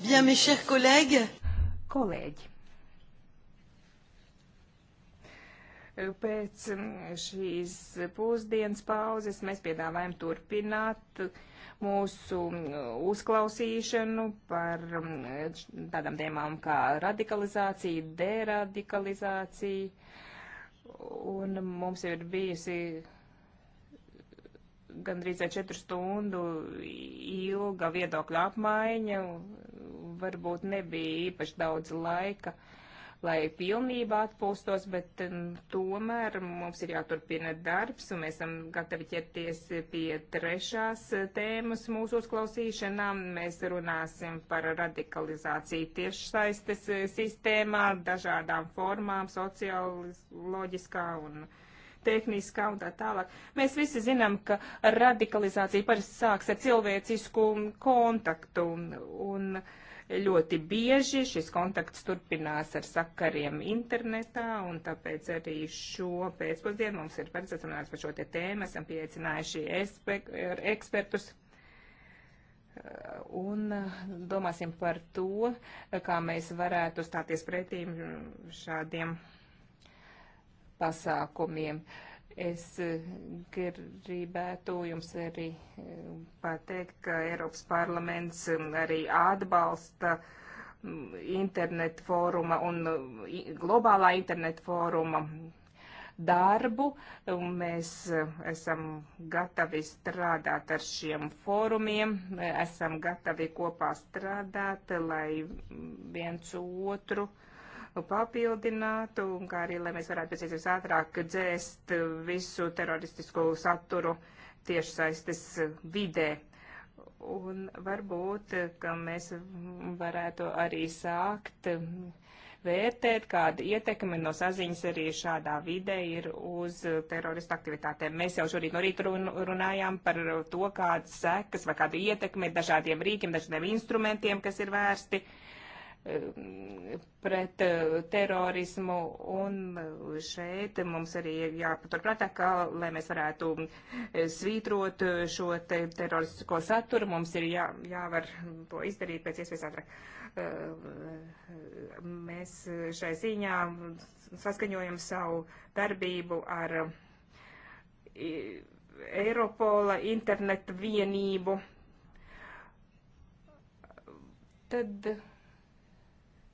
Bien, mes chers collègues. Kolēģi. Pēc mm, šīs pusdienas pauzes mēs piedāvājam turpināt mūsu mm, uzklausīšanu par mm, tādām tēmām kā radikalizācija, deradikalizācija. Un mums ir bijusi gandrīz četru stundu ilga viedokļa apmaiņa, varbūt nebija īpaši daudz laika, lai pilnībā atpūstos, bet um, tomēr mums ir jāturpina darbs, un mēs esam gatavi ķerties pie trešās tēmas mūsu uzklausīšanām. Mēs runāsim par radikalizāciju tiešsaistes sistēmā, dažādām formām, socioloģiskā un tehniskā un tā tālāk. Mēs visi zinām, ka radikalizācija parasti sāks ar cilvēcisku kontaktu un ļoti bieži šis kontakts turpinās ar sakariem internetā un tāpēc arī šo pēcpusdienu mums ir paredzēts runāt par šo te tēmu, esam pieaicinājuši er, ekspertus un uh, domāsim par to, kā mēs varētu stāties pretīm šādiem pasākumiem. Es eh, gribētu jums arī eh, pateikt, ka Eiropas parlaments eh, arī atbalsta mm, internetu fóruma un globālā internetu fóruma darbu. Mēs esam gatavi strādāt ar šiem fórumiem, esam gatavi kopā strādāt, lai mm, viens otru uh, papildinātu, un kā arī, lai mēs varētu pēc iespējas ātrāk dzēst visu teroristisko saturu tiešsaistes vidē. Un varbūt, ka mēs varētu arī sākt vērtēt, kāda ietekme no saziņas arī šādā vidē ir uz terorista aktivitātēm. Mēs jau šorīt no rīta runājām par to, kādas sekas vai kādu ietekmi dažādiem rīkiem, dažādiem instrumentiem, kas ir vērsti uh, pret eh, terorismu, un šeit mums arī jāpaturprātā, ka, lai mēs varētu eh, svītrot eh, šo te teroristisko saturu, mums ir jā, jāvar to izdarīt pēc iespējas ātrāk. Mēs šai ziņā saskaņojam savu darbību ar Eiropola internetu vienību. Tad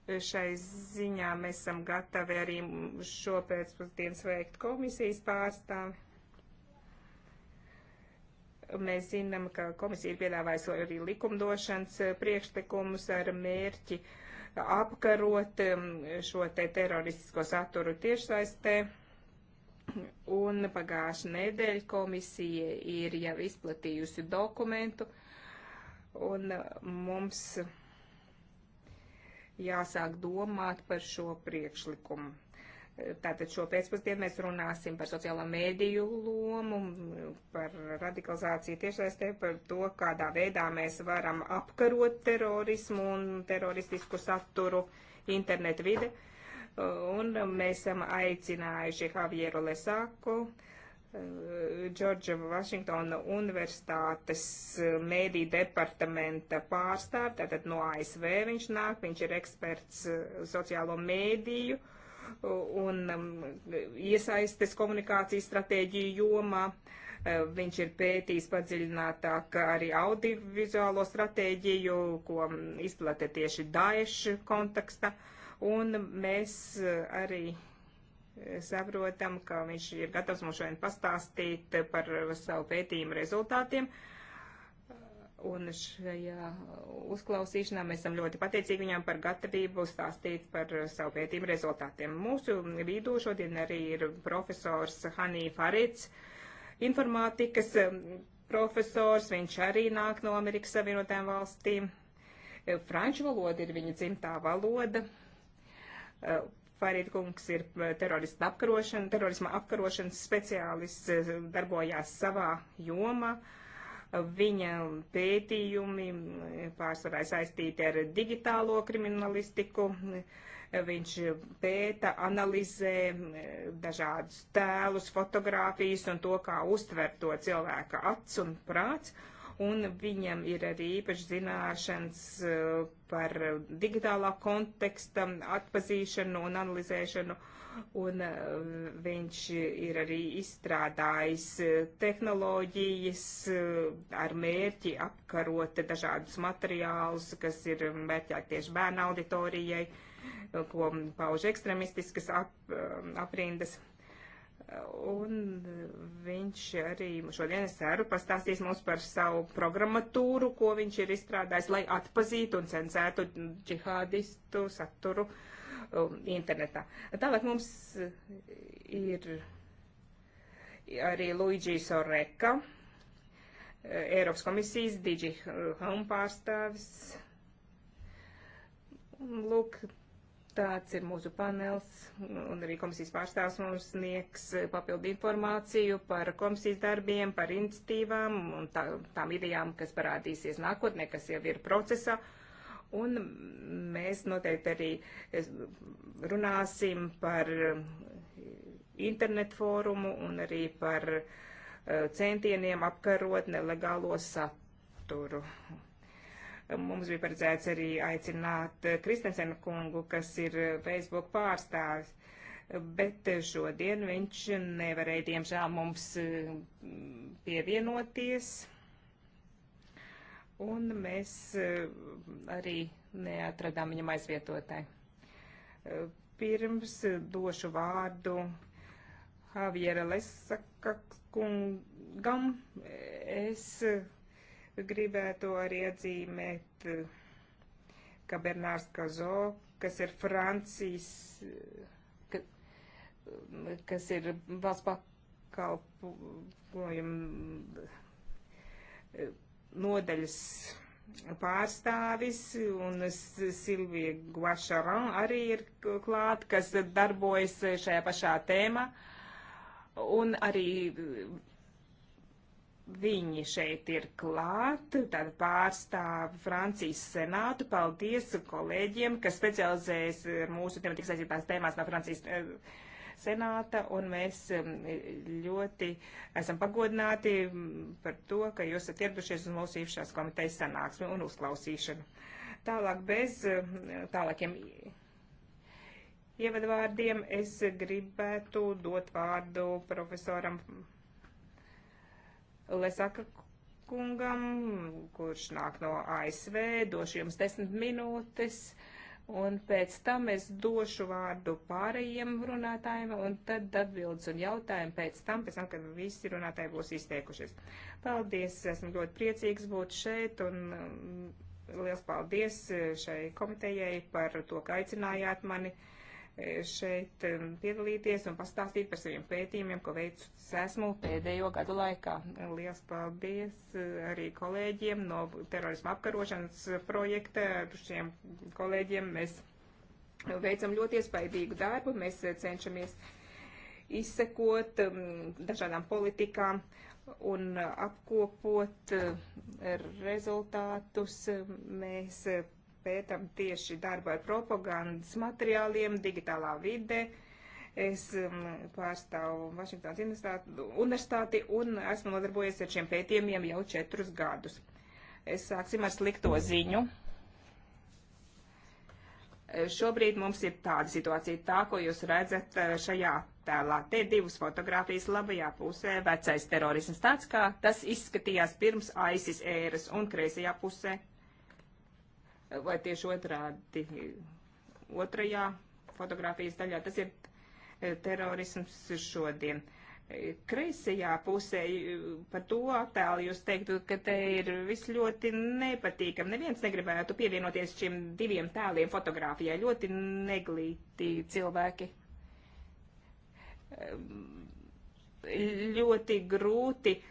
šai ziņā mēs esam gatavi arī šo pēcpusdienu sveikt komisijas pārstāvi. Mēs zinām, ka komisija ir piedāvājusi arī likumdošanas priekšlikumus ar mērķi apkarot um, šo te teroristisko saturu tiešsaistē. Un pagājušā nedēļa komisija ir jau izplatījusi dokumentu, un uh, mums jāsāk domāt par šo priekšlikumu. Tātad šo pēcpusdienu mēs runāsim par sociālo mēdīju lomu, par radikalizāciju tiešsaistē, par to, kādā veidā mēs varam apkarot terorismu un teroristisku saturu internetu vide. Un mēs esam aicinājuši Javieru Lesāku, uh, Eh, Džordža Vašingtona Universitātes eh, mēdī departamenta pārstāvi, tātad no ASV viņš nāk, viņš ir eksperts eh, sociālo mēdīju un mm, iesaistes komunikācijas stratēģiju jomā. Viņš ir pētījis padziļinātāk arī audiovizuālo stratēģiju, ko mm, izplata tieši Daesh konteksta, un mēs arī saprotam, ka viņš ir gatavs mums šodien pastāstīt par savu pētījumu rezultātiem. Un šajā uzklausīšanā mēs esam ļoti pateicīgi viņam par gatavību stāstīt par savu pētījumu rezultātiem. Mūsu vidū šodien arī ir profesors Hanī Farits, informātikas profesors, viņš arī nāk no Amerikas Savienotēm valstīm. Franču valoda ir viņa dzimtā valoda Farīd kungs ir eh, terorista apkarošana, terorisma apkarošanas speciālists, eh, darbojās savā jomā. Viņa pētījumi eh, pārsvarā saistīti ar digitālo kriminalistiku. Viņš pēta, analizē dažādus tēlus, fotogrāfijas un to, kā uztver to cilvēka acs un prāts. Uh, un viņam ir arī īpaši zināšanas eh, par digitālā konteksta atpazīšanu un analizēšanu, un eh, viņš ir arī izstrādājis eh, tehnoloģijas ar mērķi apkarot dažādus materiālus, kas ir mērķēti tieši bērnu auditorijai, ko pauž ekstremistiskas ap, aprindas. Ap Un viņš arī šodien es ceru pastāstīs mums par savu programmatūru, ko viņš ir izstrādājis, lai atpazītu un cenzētu džihādistu saturu um, internetā. Tālāk mums ir arī Luigi Soreka, Eiropas komisijas Digi Home pārstāvis. Lūk, Tāds ir mūsu panels, un arī komisijas pārstāvs mums sniegs papildu informāciju par komisijas darbiem, par iniciatīvām un tā, tām idejām, kas parādīsies nākotnē, kas jau ir procesā. Un mēs noteikti arī runāsim par internetu fórumu un arī par eh, centieniem apkarot nelegālo saturu. Mums bija paredzēts arī aicināt eh, Kristensenu kungu, kas ir eh, Facebook pārstāvis, bet eh, šodien viņš nevarēja, diemžēl, mums pievienoties. Un mēs arī neatradām viņam aizvietotāju. Pirms došu vārdu Javiera Lesaka kungam, es Gribētu arī atzīmēt, eh, ka Bernārs Kazo, kas ir Francijas, eh, ka, eh, kas ir valsts pakalpojumu nodaļas pārstāvis, un Silvija Guašaran arī ir klāt, kas darbojas šajā pašā tēmā. Un arī Viņi šeit ir klāt, tad pārstāvi Francijas senātu. Paldies kolēģiem, kas specializējas eh, mūsu tematikas saistībās tēmās no Francijas eh, senāta, un mēs mm, ļoti esam pagodināti mm, par to, ka jūs esat ieradušies uz mūsu īpašās komitejas sanāksmi un uzklausīšanu. Tālāk bez mm, tālākiem ievadvārdiem es gribētu dot vārdu profesoram Lesaka kungam, kurš nāk no ASV, došu jums desmit minūtes, un pēc tam es došu vārdu pārējiem runātājiem, un tad atbildes un jautājumi pēc tam, pēc tam, kad visi runātāji būs izteikušies. Paldies, esmu ļoti priecīgs būt šeit, un um, liels paldies eh, šai komitejai par to, ka aicinājāt mani. E, šeit e, piedalīties un pastāstīt par saviem pētījumiem, ko veicu esmu pēdējo gadu laikā. Lielas paldies e, arī kolēģiem no terorisma apkarošanas projekta. Ar šiem kolēģiem mēs veicam ļoti iespaidīgu darbu. Mēs cenšamies izsekot dažādām politikām un apkopot rezultātus. Mēs pētam tieši darbu ar propagandas materiāliem, digitālā vide. Es um, pārstāvu Vašingtonas universitāti un esmu nodarbojies ar šiem pētījumiem jau četrus gadus. Es sāksim ar slikto ziņu. Šobrīd mums ir tāda situācija, tā, ko jūs redzat uh, šajā attēlā. Te divas fotogrāfijas labajā pusē vecais terorisms tāds, kā tas izskatījās pirms ISIS ēras un kreisajā pusē vai tieši otrādi otrajā fotografijas daļā. Tas ir e, terorisms šodien. E, kreisajā pusē e, par to attēlu jūs teiktu, ka te ir viss ļoti nepatīkam. Neviens negribētu pievienoties šiem diviem tēliem fotografijā. Ļoti neglīti cilvēki. Ļoti grūti uh,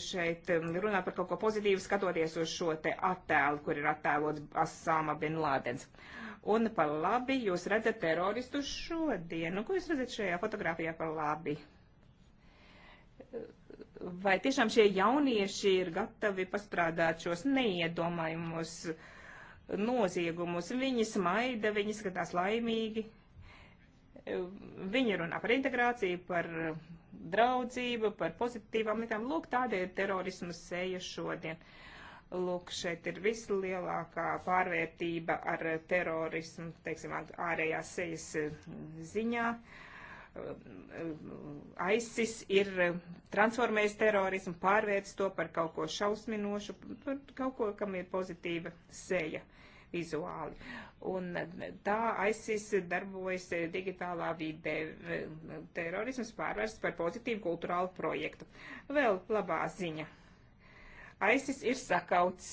šeit um, runā par kaut ko pozitīvu, skatoties uz šo te attēlu, kur ir attēlots Asama bin Lādens. Un par labi jūs redzat teroristu šodien. Nu, ko jūs redzat šajā fotografijā par labi? Vai tiešām šie jaunieši ir gatavi pastrādāt šos neiedomājumus noziegumus? Viņi smaida, viņi skatās laimīgi. Viņi runā par integrāciju, par draudzību, par pozitīvām lietām. Lūk, tāda ir terorisma seja šodien. Lūk, šeit ir vislielākā pārvērtība ar terorismu, teiksim, ārējās sejas ziņā. ISIS ir transformējis terorismu, pārvērts to par kaut ko šausminošu, par kaut ko, kam ir pozitīva seja vizuāli. Un tā ISIS darbojas digitālā vidē. Terorisms pārvērsts par pozitīvu kulturālu projektu. Vēl labā ziņa. ISIS ir sakauts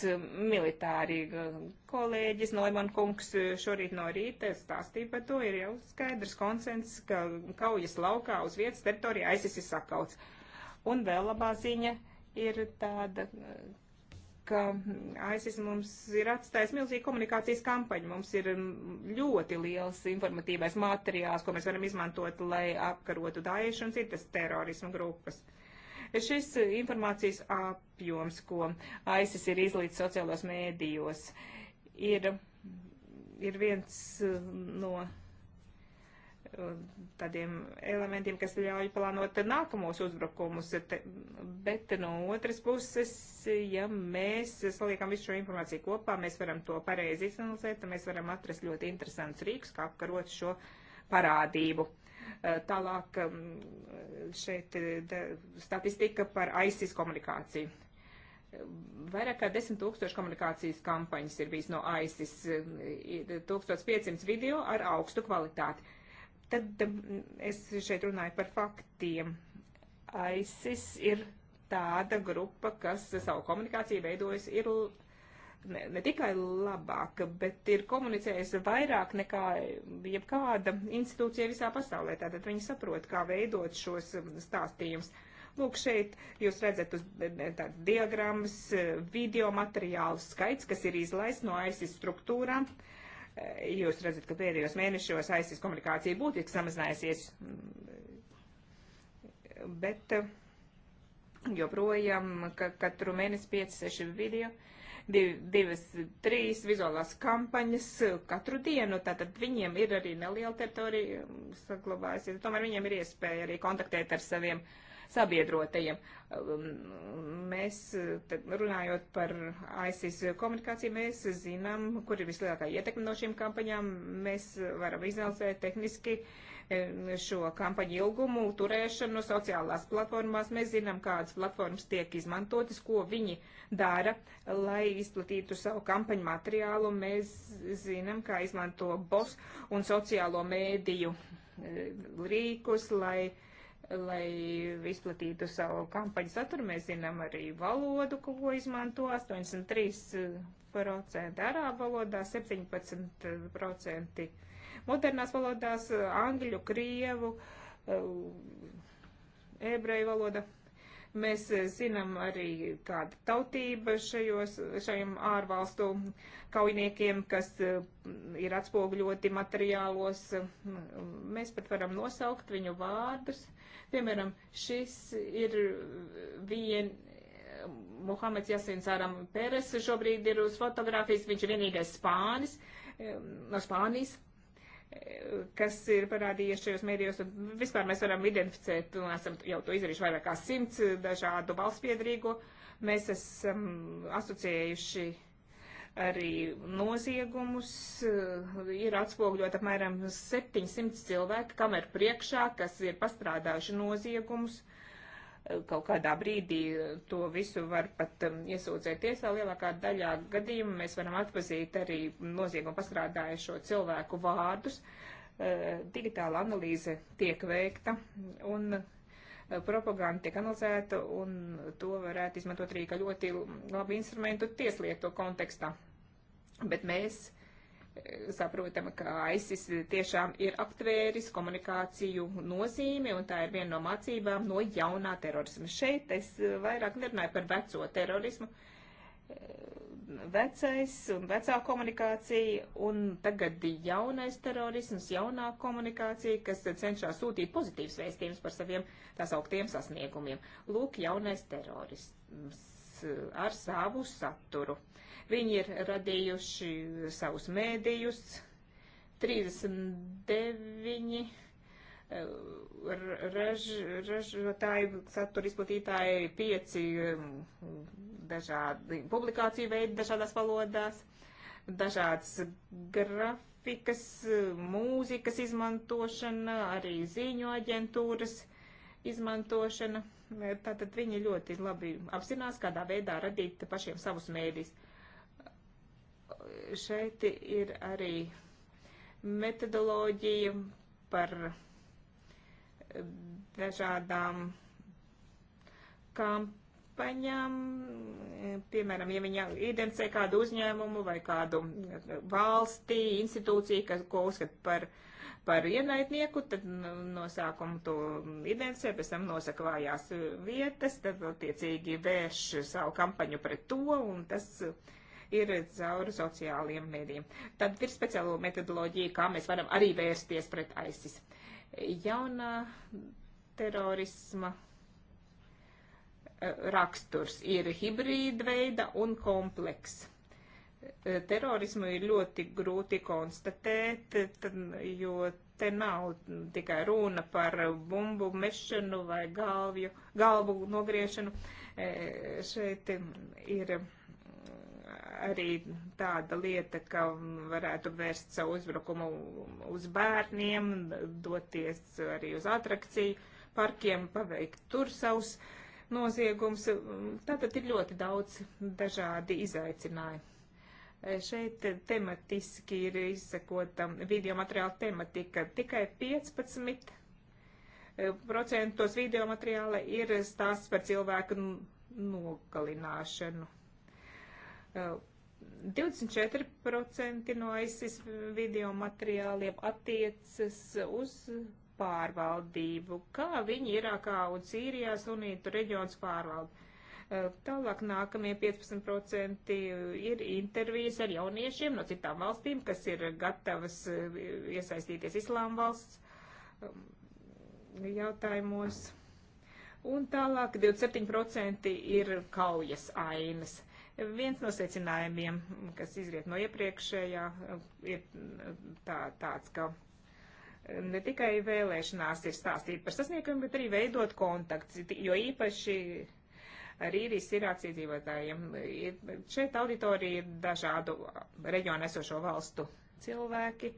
militāri. Kolēģis Noiman kungs šorīt no rīta stāstīja par to, ir jau skaidrs konsens, ka kaujas laukā uz vietas teritorija ISIS ir sakauts. Un vēl labā ziņa ir tāda, ka ASIS mums ir atstājis milzīgu komunikācijas kampaņu. Mums ir ļoti liels informatīvais materiāls, ko mēs varam izmantot, lai apkarotu Daesh un citas terorismu grupas. Šis informācijas apjoms, ko ASIS ir izlīdz sociālos mēdījos, ir, ir viens no tādiem elementiem, kas ļauj plānot nākamos uzbrukumus. Bet no otras puses, ja mēs saliekam visu šo informāciju kopā, mēs varam to pareizi izanalizēt, mēs varam atrast ļoti interesants rīks, kā apkarot šo parādību. Eh, tālāk mm, šeit eh, statistika par ISIS e komunikāciju. Vairāk kā 10 tūkstoši komunikācijas kampaņas ir bijis no ISIS, e 1500 eh, video ar augstu kvalitāti Tad mm, es šeit runāju par faktiem. ISIS ir tāda grupa, kas savu komunikāciju veidojas ir ne, ne tikai labāka, bet ir komunicējusi vairāk nekā jebkāda institūcija visā pasaulē. Tātad viņi saprot, kā veidot šos mm, stāstījumus. Lūk, šeit jūs redzat uz mm, tādas diagrammas, video materiālus skaits, kas ir izlaists no aizsis struktūrām. Uh, Jūs redzat, ka pēdējos mēnešos aizsis komunikācija būtiski samazinājusies, bet eh, joprojām ka katru mēnesi 5-6 video, div, divas, trīs vizuālās kampaņas eh, katru dienu, tātad viņiem ir arī neliela teritorija um, saglabājusies, tomēr viņiem ir iespēja arī kontaktēt ar saviem uh, sabiedrotajiem. Um, mēs, runājot par ISIS komunikāciju, mēs zinām, kur ir vislielākā ietekme no šīm kampaņām. Mēs varam izanalizēt tehniski um, šo kampaņu ilgumu, turēšanu sociālās platformās. Mēs zinām, kādas platformas tiek izmantotas, ko viņi dara, lai izplatītu savu kampaņu materiālu. Mēs zinām, kā izmanto BOS un sociālo mēdīju uh, rīkus, lai lai izplatītu savu kampaņu saturu. Mēs zinām arī valodu, ko izmanto 83% eh, arābu valodā, 17% eh, modernās valodās, eh, angļu, krievu, ebreju valoda. Mēs zinām arī kāda tautība šajos, šajiem ārvalstu kaujiniekiem, kas ir atspoguļoti materiālos. Mēs pat varam nosaukt viņu vārdus. Piemēram, šis ir vien. Muhameds Jasins Aram Pēres šobrīd ir uz fotografijas, viņš ir vienīgais spānis, no Spānijas, kas ir parādījies šajos mēdījos, un vispār mēs varam identificēt, un esam jau to izdarījuši vairāk kā simts dažādu valstspiedrīgo. Mēs esam asociējuši arī noziegumus. Eh, ir atspoguļot apmēram 700 cilvēki, kam ir priekšā, kas ir pastrādājuši noziegumus. Eh, kaut kādā brīdī eh, to visu var pat iesūdzēt tiesā. Lielākā daļā gadījumu mēs varam atpazīt arī noziegumu pastrādājušo cilvēku vārdus. Digitāla analīze tiek veikta un propaganda tiek analizēta, un to varētu izmantot arī kā ļoti labu instrumentu tieslietu kontekstā. Bet mēs eh, saprotam, ka ISIS tiešām ir aptvēris komunikāciju nozīmi, un tā ir viena no mācībām no jaunā terorisma. Šeit es eh, vairāk nerunāju par veco terorismu, eh, vecais un vecā komunikācija un tagad jaunais terorisms, jaunā komunikācija, kas cenšas sūtīt pozitīvas vēstījumus par saviem tās augtiem sasniegumiem. Lūk, jaunais terorisms eh, ar savu saturu. Viņi ir radījuši savus mēdījus 39 raž, ražotāji, satura izplatītāji pieci um, dažādi publikāciju veidi dažādās valodās, dažādas grafikas, mūzikas izmantošana, arī ziņu aģentūras izmantošana. Tātad viņi ļoti labi apzinās, kādā veidā radīt pašiem savus mēdīs. Šeit ir arī metodoloģija par dažādām kampaņām. Piemēram, ja viņi identificē kādu uzņēmumu vai kādu valsti, institūciju, kas, ko uzskata par, par ienaidnieku, tad no sākuma to identificē, pēc tam nosaka vājās vietas, tad attiecīgi vērš savu kampaņu pret to, un tas ir caur sociālajiem mēdījiem. Tad ir speciālo metodoloģija, kā mēs varam arī vērsties pret ISIS. Uh, jaunā terorisma eh, raksturs ir hibrīda veida un kompleks. Eh, terorismu ir ļoti grūti konstatēt, eh, jo te nav tikai runa par bumbu mešanu vai galvju, galvu nogriešanu. Šeit ir arī tāda lieta, ka varētu vērst savu uzbrukumu uz bērniem, doties arī uz atrakciju parkiem, paveikt tur savus noziegums. Tātad ir ļoti daudz dažādi izaicinājumi. Šeit tematiski ir izsakota video materiāla tematika. Tikai 15 eh, procentos video materiāla ir stāsts par cilvēku nogalināšanu. Eh, 24% no ISIS video materiāliem attiecas uz pārvaldību, kā viņi Irākā un Sīrijā sunītu reģions pārvalda. Eh, tālāk nākamie 15% ir intervijas ar jauniešiem no citām valstīm, kas ir gatavas eh, iesaistīties islāma valsts um, jautājumos. Un tālāk 27% ir kaujas ainas. Viens no secinājumiem, kas izriet no iepriekšējā, ir tā, tāds, ka e, ne tikai vēlēšanās ir stāstīt par sasniegumiem, bet arī veidot kontakts, jo īpaši ar īrijas sirāts iedzīvotājiem. E, šeit auditorija ir dažādu reģionu esošo valstu cilvēki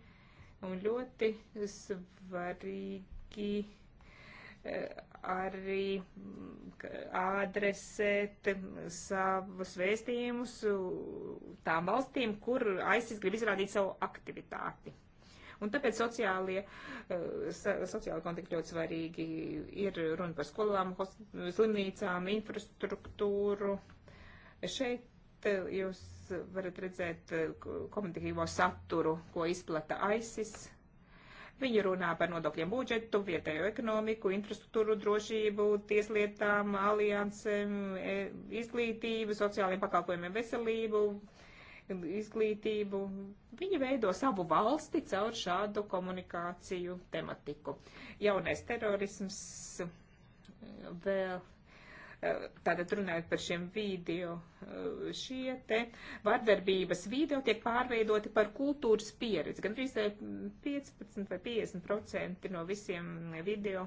un ļoti svarīgi e, arī adresēt savus vēstījumus tām valstīm, kur ISIS grib izrādīt savu aktivitāti. Un tāpēc sociālie, eh, sociāli kontakti ļoti svarīgi ir runa par skolām, slimnīcām, infrastruktūru. Šeit eh, jūs varat redzēt eh, komunikatīvo saturu, ko izplata ISIS Viņi runā par nodokļiem budžetu, vietējo ekonomiku, infrastruktūru drošību, tieslietām, aliansēm, e, izglītību, sociālajiem pakalpojumiem, veselību, izglītību. Viņi veido savu valsti caur šādu komunikāciju tematiku. Jaunais terorisms e, vēl Tātad runājot par šiem video, šie te vardarbības video tiek pārveidoti par kultūras pieredzi. Gan 15 eh, vai 50% no visiem video,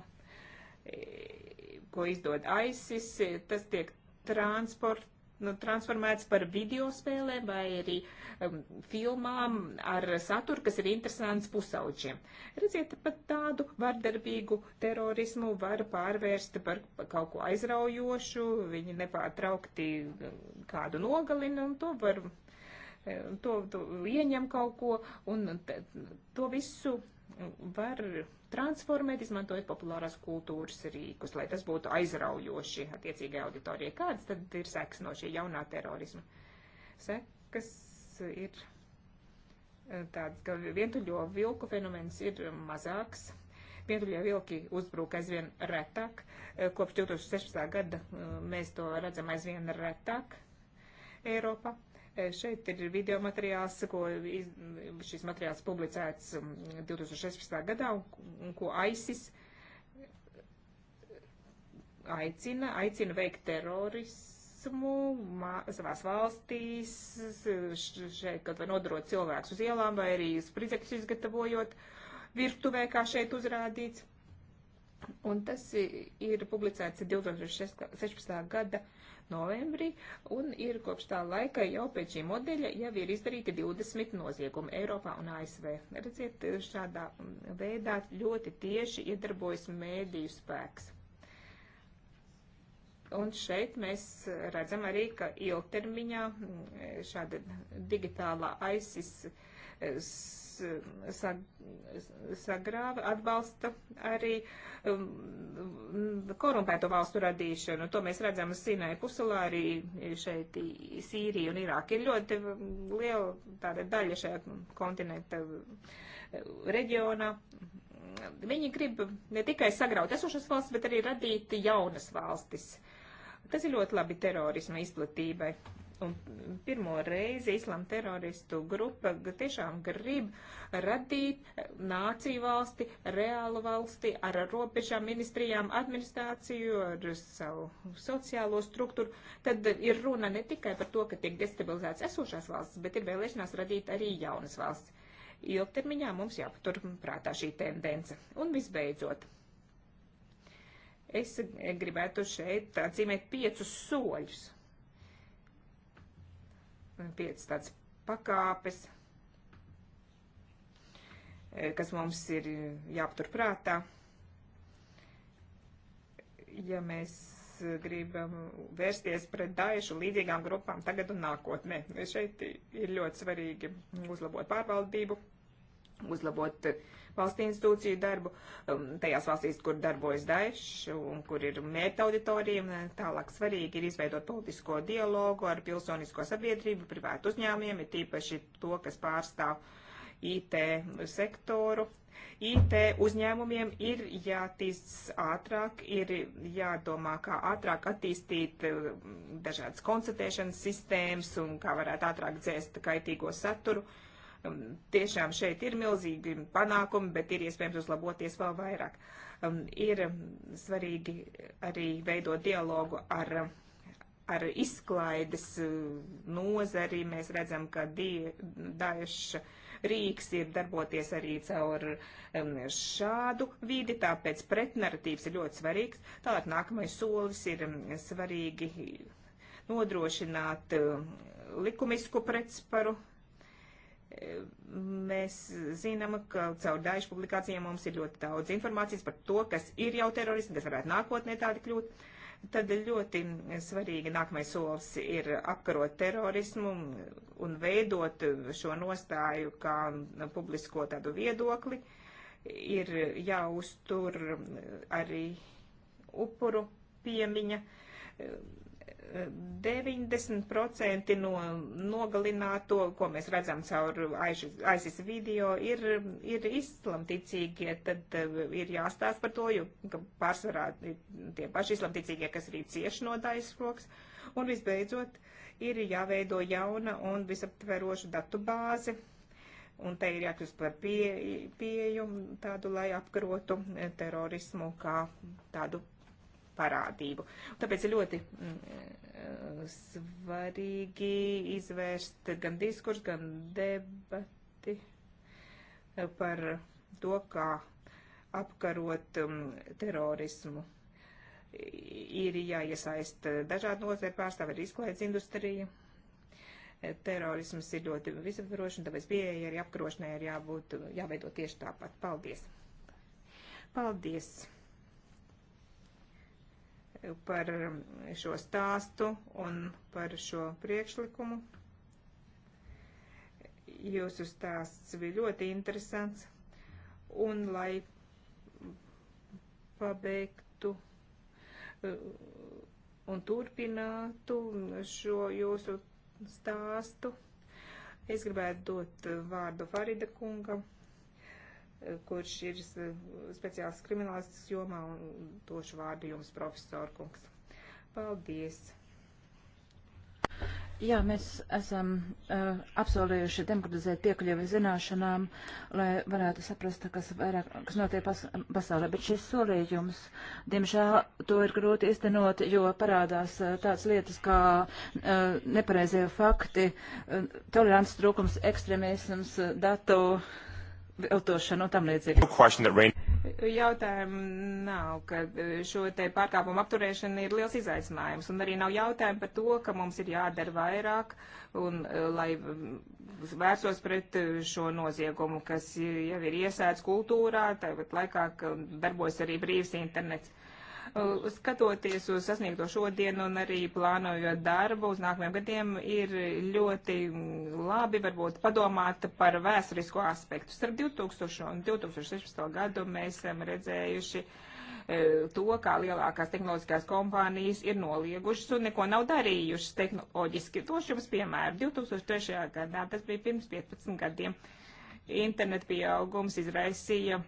eh, ko izdod ISIS, eh, tas tiek transport nu, transformēts par video spēlēm vai arī um, filmām ar saturu, kas ir interesants pusauģiem. Redziet, pat tādu vardarbīgu terorismu var pārvērst par kaut ko aizraujošu, viņi nepārtraukti um, kādu nogalina un to var, um, to, to ieņem kaut ko un to visu var transformēt, izmantojot populārās kultūras rīkus, lai tas būtu aizraujoši attiecīgai auditorijai. Kāds tad ir seks no šī jaunā terorisma? Sekas ir eh, tāds, ka vientuļo vilku fenomens ir mazāks. Vientuļie vilki uzbrūk aizvien retāk. Eh, kopš 2016. gada eh, mēs to redzam aizvien retāk Eiropā. E, šeit ir video materiāls, ko iz, šis materiāls publicēts 2016. Mm, gadā, un ko ISIS aicina, aicina veikt terorismu mā, savās valstīs, šeit kaut vai nodarot cilvēkus uz ielām, vai arī spridzekļus izgatavojot virtuvē, kā šeit uzrādīts. Un tas ir publicēts 2016. gada novembrī, un ir kopš tā laika jau pēc šī modeļa jau ir izdarīti 20 noziegumi Eiropā un ASV. Redziet, šādā mm, veidā ļoti tieši iedarbojas mēdīju spēks. Un šeit mēs redzam arī, ka ilgtermiņā mm, šāda digitālā aizsis uh, sagrāva, atbalsta arī um, korumpēto valstu radīšanu. To mēs redzam Sinai pusulā, arī šeit Sīrija un Irāka ir ļoti um, liela tāda daļa šajā kontinenta um, reģionā. Viņi grib ne tikai sagraut esošas valstis, bet arī radīt jaunas valstis. Tas ir ļoti labi terorisma izplatībai. Un pirmo reizi islama teroristu grupa tiešām grib radīt nāciju valsti, reālu valsti ar robežām, ministrijām, administrāciju, ar savu sociālo struktūru. Tad ir runa ne tikai par to, ka tiek destabilizēts esošās valsts, bet ir vēlēšanās radīt arī jaunas valsts. Ilgtermiņā mums jāpatur prātā šī tendence. Un visbeidzot. Es gribētu šeit atzīmēt piecus soļus, piecas tādas pakāpes, e, kas mums ir jāpatur prātā. Ja mēs gribam vērsties pret daiešu līdzīgām grupām tagad un nākotnē, šeit ir ļoti svarīgi uzlabot pārvaldību, uzlabot uh, valsts institūciju darbu, um, tajās valstīs, kur darbojas Daesh un kur ir mērķa auditorija. Eh, tālāk svarīgi ir izveidot politisko dialogu ar pilsonisko sabiedrību, privātu uzņēmiem, ir tīpaši to, kas pārstāv IT sektoru. IT uzņēmumiem ir jātīsts ātrāk, ir jādomā, kā ātrāk attīstīt um, dažādas konstatēšanas sistēmas un kā varētu ātrāk dzēst kaitīgo saturu. Uh, Um, tiešām šeit ir milzīgi panākumi, bet ir iespējams uzlaboties vēl vairāk. Um, ir um, svarīgi arī veidot dialogu ar, ar izklaides uh, nozari. Mēs redzam, ka Daeša rīks ir darboties arī caur šādu vidi, tāpēc pretnaratīvs ir ļoti svarīgs. Tālāk nākamais solis ir svarīgi nodrošināt likumisku pretsparu Mēs zinām, ka caur dažu publikācijām mums ir ļoti daudz informācijas par to, kas ir jau teroristi, kas varētu nākotnē tādi kļūt. Tad ļoti svarīgi nākamais solis ir apkarot terorismu un veidot šo nostāju kā publisko tādu viedokli. Ir jāuztur arī upuru piemiņa. 90% no nogalināto, ko mēs redzam caur ASIS video, ir, ir islamticīgie, tad eh, ir jāstāst par to, jo pārsvarā tie paši islamticīgie, kas arī cieši no Daesh rokas. Un visbeidzot, ir jāveido jauna un visaptveroša datu bāze. Un te ir jākļūst par pie, pieju tādu, lai apkarotu terorismu kā tādu parādību. Tāpēc ir ļoti mm, eh, svarīgi izvērst gan diskurs, gan debati eh, par to, kā apkarot mm, terorismu. Ir jāiesaist dažādi nozēri pārstāvi, ir izklaides industrija. Eh, terorisms ir ļoti visaptvarošs, un tāpēc pieeja arī apkarošanai ir jābūt, jāveido tieši tāpat. Paldies! Paldies! par um, šo stāstu un par šo priekšlikumu. Jūsu stāsts bija ļoti interesants. Un, lai pabeigtu uh, un turpinātu šo jūsu stāstu, es gribētu dot vārdu Farida kungam kurš ir speciāls kriminālists jomā, un došu vārdu jums, profesor kungs. Paldies! Jā, mēs esam uh, apsolījuši demokratizēt piekļuvi zināšanām, lai varētu saprast, kas, vairāk, kas notiek pas, pasaulē. Bet šis solījums, diemžēl, to ir grūti iztenot, jo parādās uh, tādas lietas kā uh, nepareizie fakti, uh, tolerants trūkums, ekstremisms, uh, datu. Uh, viltošanu un tam līdzīgi. Jautājumu nav, ka e, šo te pārkāpumu apturēšana ir liels izaicinājums, un arī nav jautājumu par to, ka mums ir jādara vairāk, un e, lai vērsos pret e, šo noziegumu, kas jau ir iesēts kultūrā, tāpat laikā darbojas arī brīvs internets. Uh, skatoties uz sasniegto šodien un arī plānojot darbu uz nākamajiem gadiem, ir ļoti labi varbūt padomāt par vēsturisko aspektu. Starp 2000 un 2016 gadu mēs esam redzējuši uh, to, kā lielākās tehnoloģiskās kompānijas ir noliegušas un neko nav darījušas tehnoloģiski. Došu jums piemēru. 2003. gadā, tas bija pirms 15 gadiem, internet pieaugums izraisīja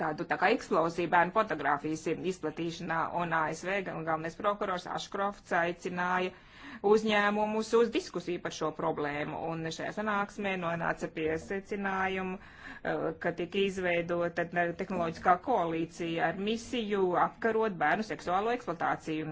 tādu tā kā eksploziju bērnu fotografijas izplatīšanā, un ASV galvenais prokurors Ashcrofts aicināja uh, uzņēmumus uz diskusiju par šo problēmu. Un šajā sanāksmē nonāca pie secinājumu, eh, ka tika izveidota tehnoloģiskā koalīcija ar misiju apkarot bērnu seksuālo eksploatāciju.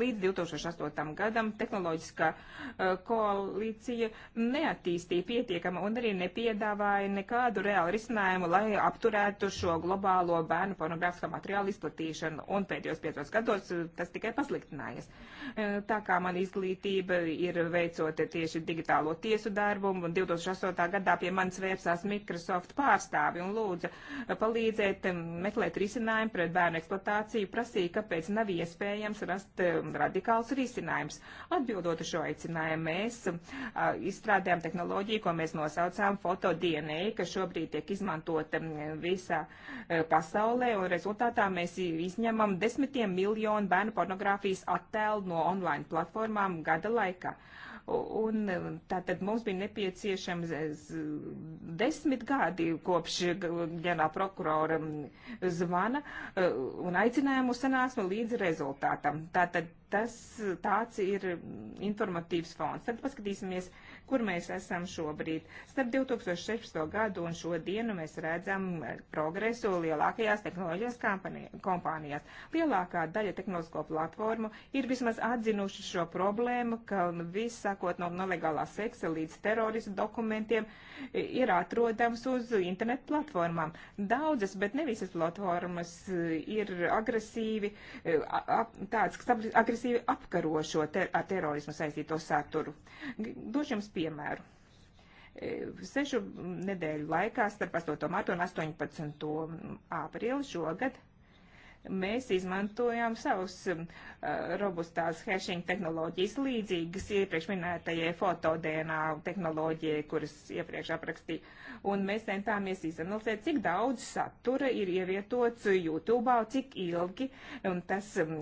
Līdz 2008. gadam tehnoloģiskā eh, koalīcija neattīstīja pietiekama un arī nepiedāvāja nekādu reālu risinājumu, lai apturētu šo globālo bērnu pornogrāfiskā materiāla izplatīšanu. Un pēdējos piecos gados eh, tas tikai pasliktinājās. Tā kā man izglīt izglītība ir veicot tieši digitālo tiesu darbu, un 2008. gadā pie manis vērsās Microsoft pārstāvi un lūdza palīdzēt um, meklēt risinājumu pret bērnu eksploatāciju, prasīja, kāpēc nav iespējams rast um, radikāls risinājums. Atbildot uz šo aicinājumu, mēs um, a, izstrādājām tehnoloģiju, ko mēs nosaucām fotodienē, kas šobrīd tiek izmantota visā uh, pasaulē, un rezultātā mēs izņemam desmitiem miljonu bērnu pornogrāfijas attēlu no online platformām gada laikā. Un e, tātad mums bija nepieciešams e, desmit gadi kopš ģenerāla prokurora zvana e, un aicinājumu sanāksmi līdz rezultātam. Tātad tas tāds ir informatīvs fons. Tad paskatīsimies uh, kur mēs esam šobrīd. Starp 2016. gadu un šo dienu mēs redzam eh, progresu lielākajās tehnoloģijas kompānijās. Lielākā daļa tehnoloģisko platformu ir vismaz atzinuši šo problēmu, ka viss, sākot no nelegālā seksa līdz teroristu dokumentiem, ir atrodams uz internetu platformām. Daudzas, bet ne visas platformas ir agresīvi, tāds, kas agresīvi apkaro šo te, ar terorismu saistīto saturu. Došu jums piemēru. E, sešu nedēļu laikā starp 8. martu un 18. aprīli šogad mēs izmantojām savus um, uh, robustās hashing tehnoloģijas līdzīgas iepriekš minētajai fotodēnā tehnoloģijai, kuras iepriekš aprakstīju. Un mēs centāmies izanalizēt, cik daudz satura ir ievietots YouTube, cik ilgi tas um,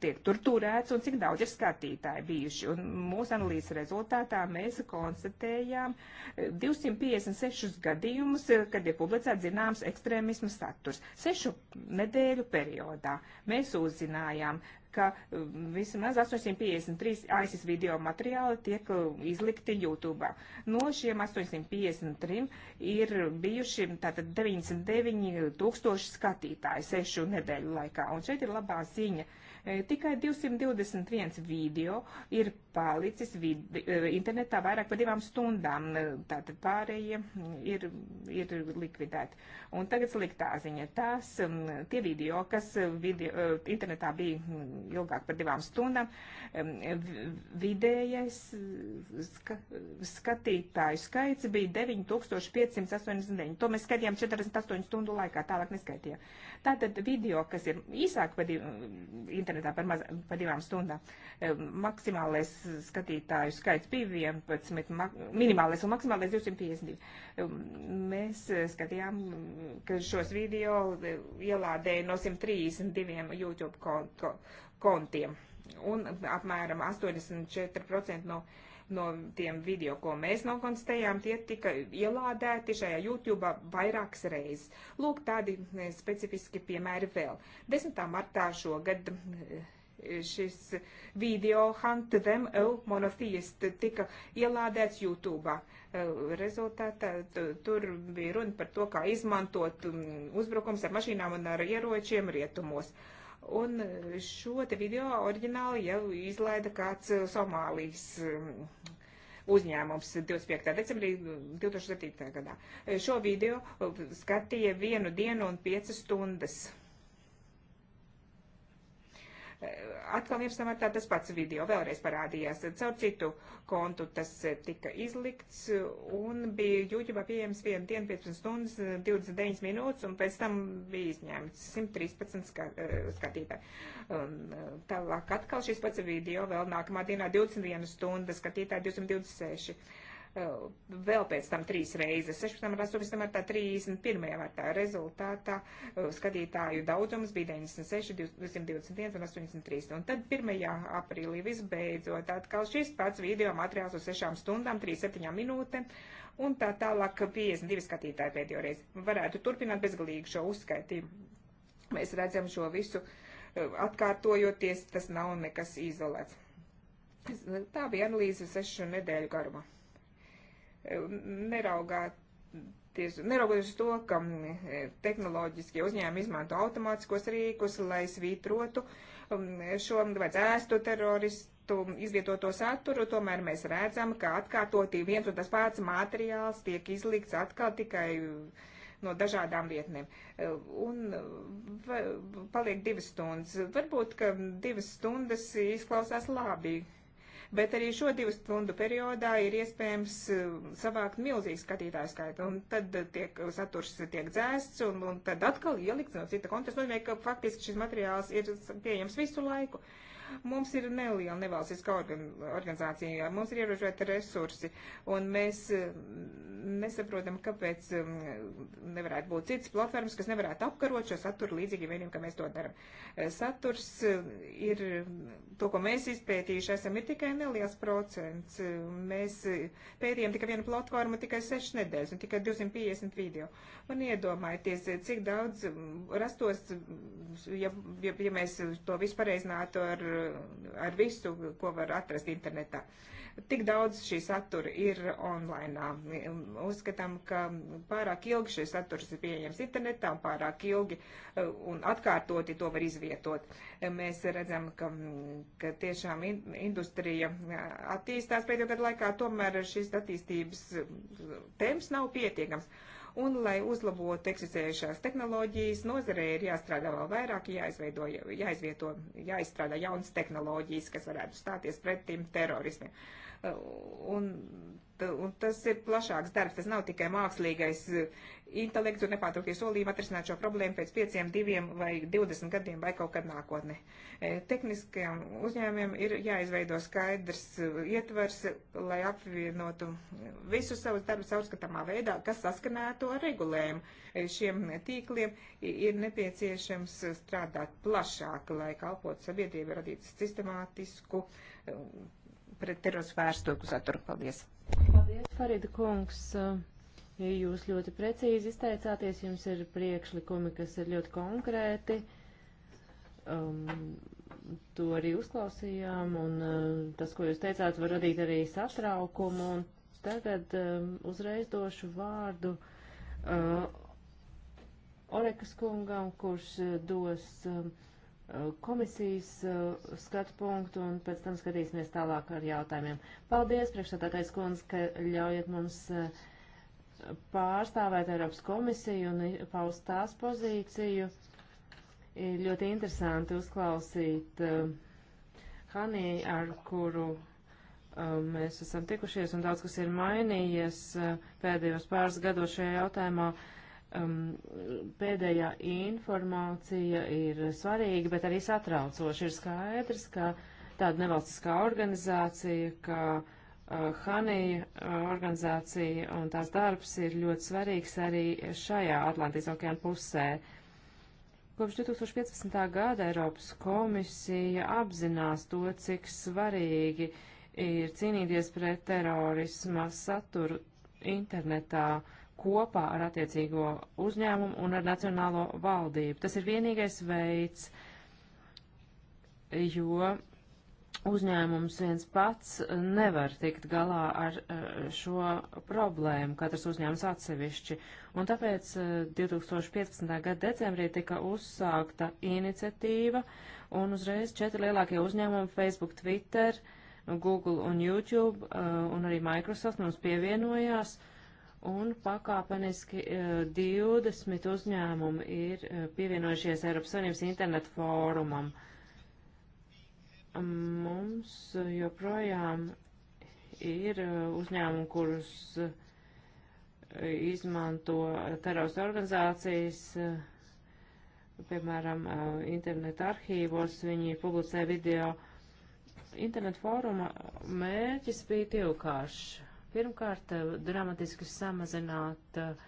tiek tur turēts un cik daudz ir skatītāji bijuši. Un mūsu analīzes rezultātā mēs konstatējām 256 uh, gadījumus, uh, kad ir publicēts zināms ekstrēmismu saturs. Sešu nedēļu periodu periodā. Mēs uzzinājām, ka mm, vismaz 853 ASIS video materiāli tiek mm, izlikti YouTube. No šiem 853 ir bijuši tātad 99 tūkstoši skatītāji sešu nedēļu laikā. Un šeit ir labā ziņa. Uh, E, tikai 221 video ir palicis vidi, e, internetā vairāk par divām stundām, e, tātad pārējie ir, ir likvidēti. Un tagad sliktā ziņa. Tās, tie video, kas video, internetā bija ilgāk par divām stundām, vidējais ska, skatītāju skaits bija 9589. To mēs skatījām 48 stundu laikā, tālāk neskaitījām. Tātad video, kas ir īsāk par div, internetā par, maz, par divām stundām, e, maksimālais skatītāju skaits bija 11, mak, minimālais un maksimālais 252. E, mēs skatījām, ka šos video e, ielādēja no 132 YouTube kontiem un apmēram 84% no. Uh, no tiem video, ko mēs nokonstatējām, tie tika ielādēti šajā YouTube vairākas reizes. Lūk, tādi eh, specifiski piemēri vēl. 10. martā šogad eh, šis video Hunt Them L monotheist tika ielādēts YouTube. Eh, rezultātā tur bija runa par to, kā izmantot mm, uzbrukums ar mašīnām un ar ieročiem rietumos. Uh, Un šo te video oriģināli jau izlaida kāds uh, Somālijas um, uzņēmums 25. decembrī 2007. gadā. Šo video uh, skatīja vienu dienu un piecas stundas. Atkal ir samatā tas pats video, vēlreiz parādījās caur citu kontu, tas eh, tika izlikts un bija YouTube pieejams vienu dienu 15 stundas 29 minūtes un pēc tam bija izņemts 113 skat, skatītāji. Un eh, tālāk atkal šis pats video vēl nākamā dienā 21 stundas skatītāji 226 Eh, vēl pēc tam trīs reizes, 16. martā, 18. martā, 31. martā. Rezultātā eh, skatītāju daudzums bija 96, 221 un 83. Un tad 1. aprīlī visbeidzot atkal šis pats video materiāls uz 6 stundām, 37 minūtēm un tā tālāk 52 skatītāji pēdējoreiz. Varētu turpināt bezgalīgi šo uzskaitību. Mēs redzam šo visu eh, atkārtojoties, tas nav nekas izolēts. Tā bija analīze sešu nedēļu garumā neraugāties, neraugoties uz to, ka eh, tehnoloģiskie uzņēmumi izmanto automātiskos rīkus, lai svītrotu um, šo vajadz ēstu teroristu izvietoto saturu, tomēr mēs redzam, ka atkārtotī viens un tas pats materiāls tiek izlikts atkal tikai no dažādām vietnēm. Eh, un eh, paliek divas stundas. Varbūt, ka divas stundas izklausās labi, Bet arī šo divu stundu periodā ir iespējams um, savākt milzīgu skatītāju skaitu, un tad uh, tiek uh, saturs tiek dzēsts, un, un tad atkal ielikts no cita konteksta. Nozīmē, ka faktiski šis materiāls ir pieejams visu laiku. Uh, Mums ir neliela nevalstiska organ, organizācija, mums ir ierobežoti resursi, un mēs mm, nesaprotam, kāpēc mm, nevarētu būt citas platformas, kas nevarētu apkarot šo saturu līdzīgi vieniem, kā mēs to darām. Eh, saturs eh, ir, mm, to, ko mēs izpētījuši, esam ir tikai neliels procents. Eh, mēs pētījām tikai vienu platformu, tikai sešas nedēļas, un tikai 250 video. Un iedomājieties, cik daudz rastos, ja, ja, ja mēs to visu pareizinātu ar Eh, ar visu, ko var atrast internetā. Tik daudz šī satura ir online. Uzskatām, ka pārāk ilgi šis saturs ir pieejams internetā un pārāk ilgi eh, un atkārtoti to var izvietot. Mēs redzam, ka, ka tiešām industrija eh, attīstās pēdējo gadu laikā, tomēr šis attīstības temps nav pietiekams. Uh, Un, lai uzlabotu eksistējušās tehnoloģijas, nozarē ir jāstrādā vēl vairāk, jāizveido, jāizvieto, jāizstrādā jaunas tehnoloģijas, kas varētu stāties pretim terorismiem. Un, un tas ir plašāks darbs, tas nav tikai mākslīgais eh, intelekts un nepārtrauktie solījumi atrisināt šo problēmu pēc pieciem, diviem vai divdesmit gadiem vai kaut kad nākotnē. Eh, Tehniskajiem uzņēmiem ir jāizveido skaidrs eh, ietvers, lai apvienotu visus savus darbus caurskatāmā veidā, kas saskanētu ar regulējumu. Šiem tīkliem ir nepieciešams strādāt plašāk, lai kalpotu sabiedrību, radītu sistemātisku pret terorismu vērstoku saturu. Paldies! Paldies, Farida kungs! Jūs ļoti precīzi izteicāties, jums ir priekšlikumi, kas ir ļoti konkrēti. Um, to arī uzklausījām, un uh, tas, ko jūs teicāt, var radīt arī satraukumu. Un tagad um, uzreiz došu vārdu uh, Orekas kungam, kurš uh, dos. Um, Eh, komisijas uh, skatu punktu un pēc tam skatīsimies tālāk ar jautājumiem. Paldies, priekšstādātais kundze, ka ļaujat mums uh, pārstāvēt Eiropas komisiju un paust tās pozīciju. Ir ļoti interesanti uzklausīt uh, Hanī, ar kuru mēs esam tikušies un daudz kas ir mainījies pēdējos pāris gados šajā jautājumā. Uh, um, pēdējā informācija ir svarīga, bet arī satraucoša. Ir skaidrs, ka tāda nevalstiskā organizācija, kā uh, Hanija uh, organizācija un tās darbs ir ļoti svarīgs arī šajā Atlantijas okeāna pusē. Kopš 2015. gada Eiropas komisija apzinās to, cik svarīgi ir cīnīties pret terorisma saturu internetā, uh, kopā ar attiecīgo uzņēmumu un ar nacionālo valdību. Tas ir vienīgais veids, jo uzņēmums viens pats nevar tikt galā ar eh, šo problēmu, katrs uzņēmums atsevišķi. Un tāpēc 2015. Eh, gada decembrī tika uzsākta iniciatīva un uzreiz četri lielākie uzņēmumi - Facebook, Twitter, Google un YouTube eh, un arī Microsoft mums pievienojās. Uh, un pakāpeniski 20 e, uzņēmumi ir e, pievienojušies Eiropas Savienības internetu fórumam. Mums joprojām ir e, uzņēmumi, kurus izmanto terorista organizācijas, piemēram, interneta arhīvos, viņi publicē video. Internet fóruma mērķis bija divkāršs Pirmkārt, eh, dramatiski samazināt eh,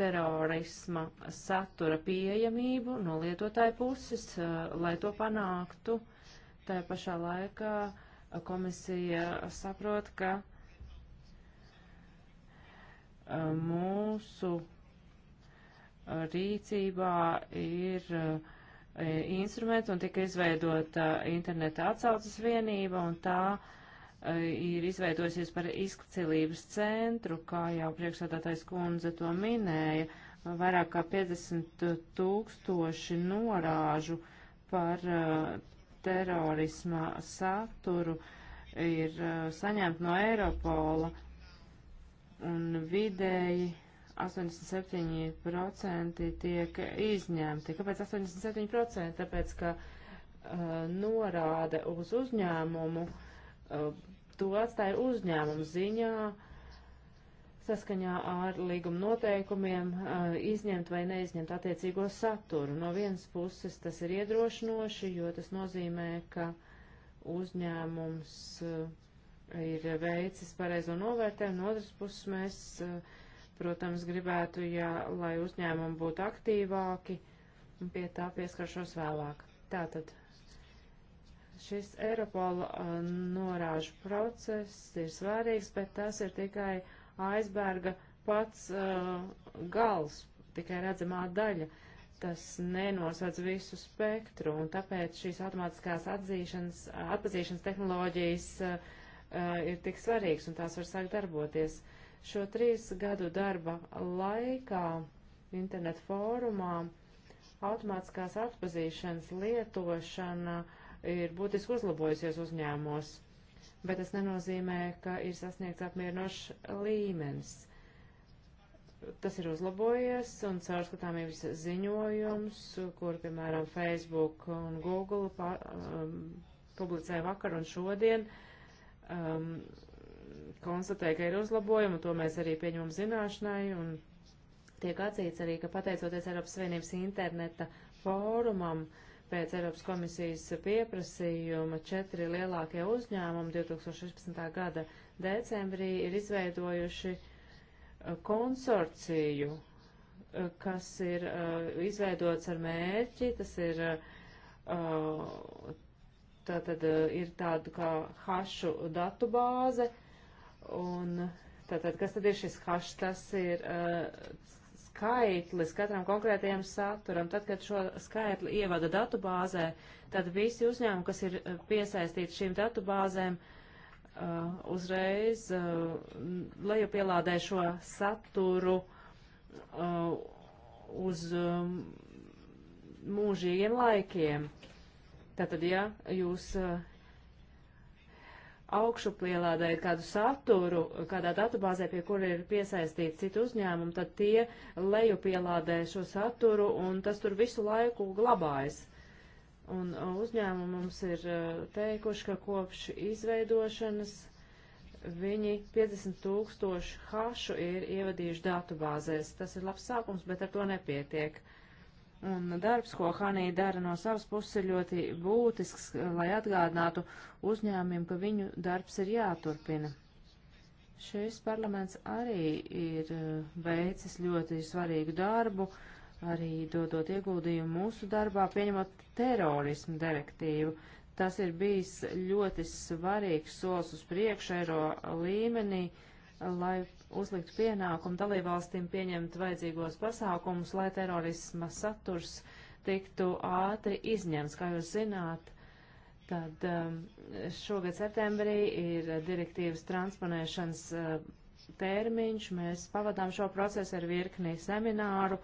terorisma satura pieejamību no lietotāju puses, eh, lai to panāktu. Tā pašā laikā komisija saprot, ka mūsu rīcībā ir instruments un tika izveidota interneta atsaucas vienība un tā uh, ir izveidojusies par izcilības centru, kā jau priekšsādātais kundze to minēja, vairāk kā 50 tūkstoši norāžu par uh, terorisma saturu ir uh, saņemt no Eiropola un vidēji 87% tiek izņemti. Kāpēc 87%? Tāpēc, ka uh, norāde uz uzņēmumu uh, Eh, to atstāja uzņēmumu ziņā saskaņā ar līguma noteikumiem eh, izņemt vai neizņemt attiecīgo saturu. No vienas puses tas ir iedrošinoši, jo tas nozīmē, ka uzņēmums eh, ir veicis pareizo novērtējumu. No otras puses mēs, protams, gribētu, ja, lai uzņēmumi būtu aktīvāki, un pie tā pieskaršos vēlāk. Tātad Šis Eiropola norāžu process ir svarīgs, bet tas ir tikai aizberga pats uh, gals, tikai redzamā daļa. Tas nenosac visu spektru, un tāpēc šīs automātiskās atzīšanas, atpazīšanas tehnoloģijas uh, ir tik svarīgas, un tās var sākt darboties. Šo trīs gadu darba laikā internet fórumā automātiskās atpazīšanas lietošana uh, ir būtiski uzlabojusies uzņēmumos, bet tas nenozīmē, ka ir sasniegts apmierinošs līmenis. Tas ir uzlabojies un caurskatāmības ziņojums, kur, piemēram, Facebook un Google pa, um, publicēja vakar un šodien, um, konstatēja, ka ir uzlabojumi, un to mēs arī pieņemam zināšanai, un tiek atzīts arī, ka pateicoties Eiropas Savienības interneta fórumam, uh, Pēc Eiropas komisijas pieprasījuma četri lielākie uzņēmumi 2016. gada decembrī ir izveidojuši uh, konsorciju, uh, kas ir uh, izveidots ar mērķi, tas ir tātad ir tāda kā hašu datubāze, un tātad kas tad ir šis hašs, tas ir skaitlis katram konkrētajam saturam. Tad, kad šo skaitli ievada datubāzē, tad visi uzņēmumi, kas ir eh, piesaistīti šīm datubāzēm, uh, uzreiz uh, lejupielādē šo saturu uh, uz um, mūžīgiem laikiem. Tātad, ja jūs uh, augšupielādējat kādu saturu kādā datubāzē, pie kura ir piesaistīti citu uzņēmumu, tad tie lejupielādē šo saturu un tas tur visu laiku glabājas. Un uh, uzņēmumi mums ir uh, teikuši, ka kopš izveidošanas viņi 50 tūkstoši hašu ir ievadījuši datubāzēs. Tas ir labs sākums, bet ar to nepietiek. Uh, Un darbs, ko Hanija dara no savas puses, ir ļoti būtisks, lai atgādinātu uzņēmumiem, ka viņu darbs ir jāturpina. Šis parlaments arī ir e, veicis ļoti svarīgu darbu, arī dodot ieguldījumu mūsu darbā, pieņemot terorismu direktīvu. Tas ir bijis ļoti svarīgs solis uz priekšu eiro līmenī. Uh, lai uzliktu pienākumu dalībvalstīm pieņemt vajadzīgos pasākumus, lai terorisma saturs tiktu ātri izņemts. Kā jūs zināt, tad um, šogad septembrī ir direktīvas transponēšanas uh, termiņš. Mēs pavadām šo procesu ar virkni semināru,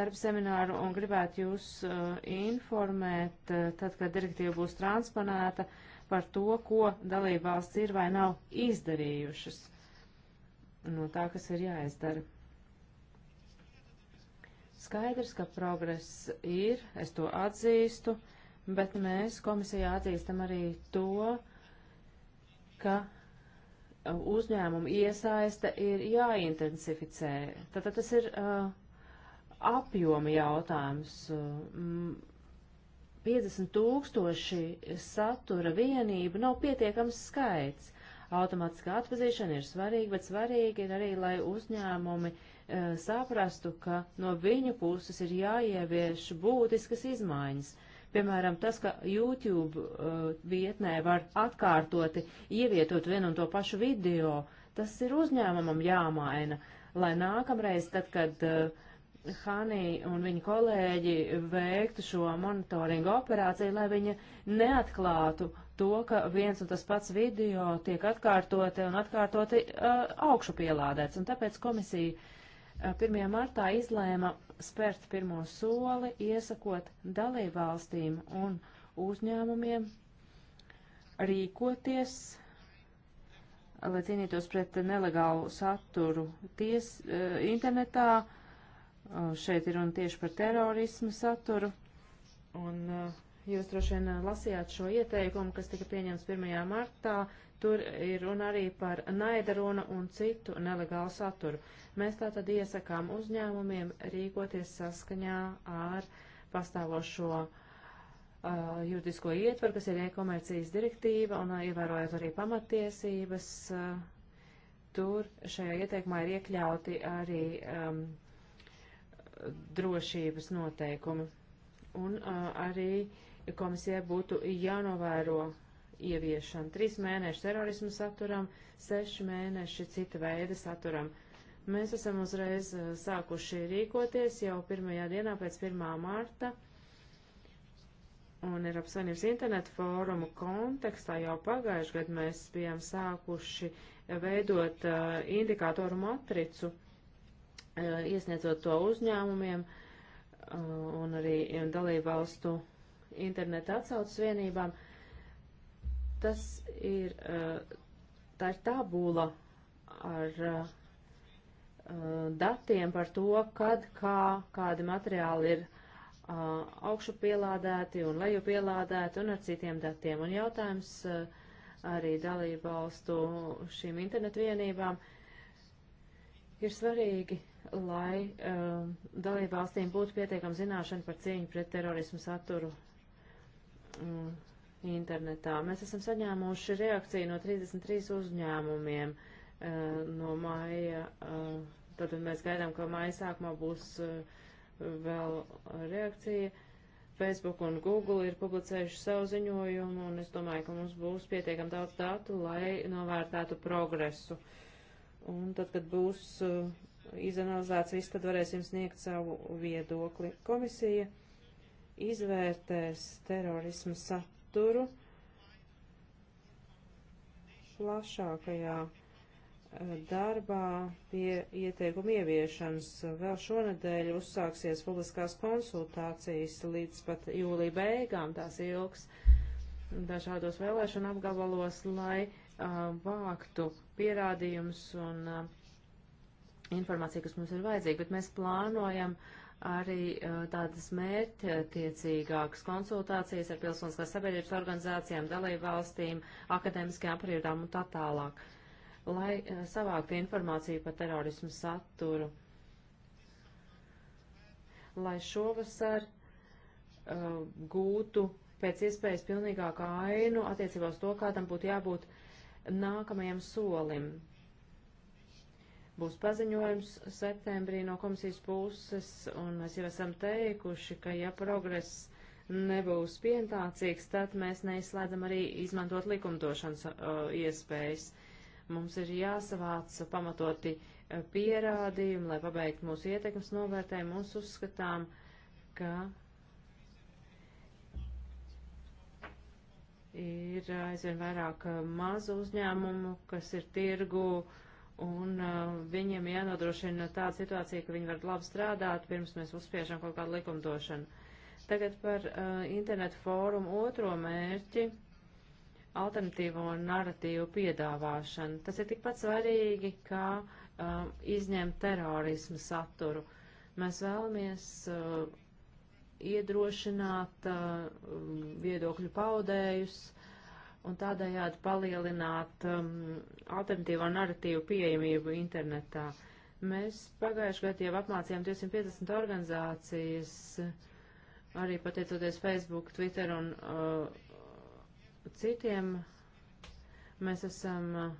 darba semināru un gribētu jūs uh, informēt, uh, tad, kad direktīva būs transponēta, par to, ko dalībvalsts ir vai nav izdarījušas no tā, kas ir jāizdara. Skaidrs, ka progress ir, es to atzīstu, bet mēs komisijā atzīstam arī to, ka uh, uzņēmumu iesaiste ir jāintensificē. Tātad tas ir uh, apjoma jautājums. 50 uh, tūkstoši satura vienību nav pietiekams skaits. Automātiskā atpazīšana ir svarīga, bet svarīgi ir arī, lai uzņēmumi uh, saprastu, ka no viņu puses ir jāievieš būtiskas izmaiņas. Piemēram, tas, ka YouTube uh, vietnē var atkārtoti ievietot vienu un to pašu video, tas ir uzņēmumam jāmaina, lai nākamreiz, tad, kad uh, Hanī un viņa kolēģi veiktu šo monitoringu operāciju, lai viņa neatklātu to, ka viens un tas pats video tiek atkārtoti un atkārtoti uh, augšu pielādēts. Un tāpēc komisija uh, 1. martā izlēma spērt pirmo soli, iesakot dalībvalstīm un uzņēmumiem rīkoties lai cīnītos pret nelegālu saturu ties, uh, internetā, uh, Uh, šeit ir runa tieši par terorismu saturu. Un uh, jūs droši vien uh, lasījāt šo ieteikumu, kas tika pieņemts 1. martā. Tur ir runa arī par naida runu un citu nelegālu saturu. Mēs tātad iesakām uzņēmumiem rīkoties saskaņā ar pastāvošo uh, juridisko ietvaru, kas ir e-komercijas direktīva un uh, ievērojot arī pamatiesības. Uh, tur šajā ieteikumā ir iekļauti arī um, drošības noteikumi. Un uh, arī komisijai būtu jānovēro ieviešana. Trīs mēneši terorismu saturam, seši mēneši cita veida saturam. Mēs esam uzreiz uh, sākuši rīkoties jau pirmajā dienā pēc 1. marta. Un Eiropas Savienības internetu fórumu kontekstā jau pagājuši gadu mēs bijām sākuši veidot uh, indikātoru matricu, uh, Eh, iesniedzot to uzņēmumiem eh, un arī dalībvalstu interneta atsaucas vienībām. Tas ir, eh, tā ir tabula ar datiem par to, kad, kā, kādi materiāli ir augšu pielādēti un leju pielādēti un ar citiem datiem. Un jautājums arī dalībvalstu šīm internetvienībām ir svarīgi, lai um, dalībvalstīm būtu pietiekama zināšana par cīņu pret terorismu saturu um, internetā. Mēs esam saņēmuši reakciju no 33 uzņēmumiem uh, no maija. Uh, tad mēs gaidām, ka maija sākumā būs uh, vēl reakcija. Facebook un Google ir publicējuši savu ziņojumu, un es domāju, ka mums būs pietiekami daudz datu, lai novērtētu progresu. Un tad, kad būs uh, izanalizēts viss, tad varēsim sniegt savu viedokli. Komisija izvērtēs terorismu saturu plašākajā eh, darbā pie ieteikuma ieviešanas. Vēl šonadēļ uzsāksies publiskās konsultācijas līdz pat jūlija beigām, tās ilgs dažādos vēlēšana apgabalos, lai uh, vāktu pierādījumus un uh, informācija, kas mums ir vajadzīga, bet mēs plānojam arī uh, tādas mērķtiecīgākas konsultācijas ar pilsoniskās sabiedrības organizācijām, dalību valstīm, akadēmiskajām prioritām un tā tālāk, lai uh, savāktu informāciju par terorismu saturu. Lai šovasar uh, gūtu pēc iespējas pilnīgāku ainu attiecībā uz to, kādam būtu jābūt nākamajam solim. Būs paziņojums septembrī no komisijas puses, un mēs jau esam teikuši, ka ja progress nebūs pientācīgs, tad mēs neizslēdzam arī izmantot likumdošanas uh, iespējas. Mums ir jāsavāc pamatoti uh, pierādījumi, lai pabeigtu mūsu ietekmes novērtējumu. Mums uzskatām, ka ir aizvien vairāk e, mazu uzņēmumu, kas ir tirgu uh, Un uh, viņiem jānodrošina tāda situācija, ka viņi var labi strādāt, pirms mēs uzspiežam kaut kādu likumdošanu. Tagad par uh, internetu fórumu otro mērķi - alternatīvo un narratīvu piedāvāšanu. Tas ir tikpat svarīgi, kā uh, izņemt terorismu saturu. Mēs vēlamies uh, iedrošināt uh, viedokļu paudējus, un tādējādi palielināt um, alternatīvo narratīvu pieejamību internetā. Mēs pagājušajā gadā jau apmācījām 250 organizācijas, arī pateicoties Facebook, Twitter un uh, citiem. Mēs esam uh,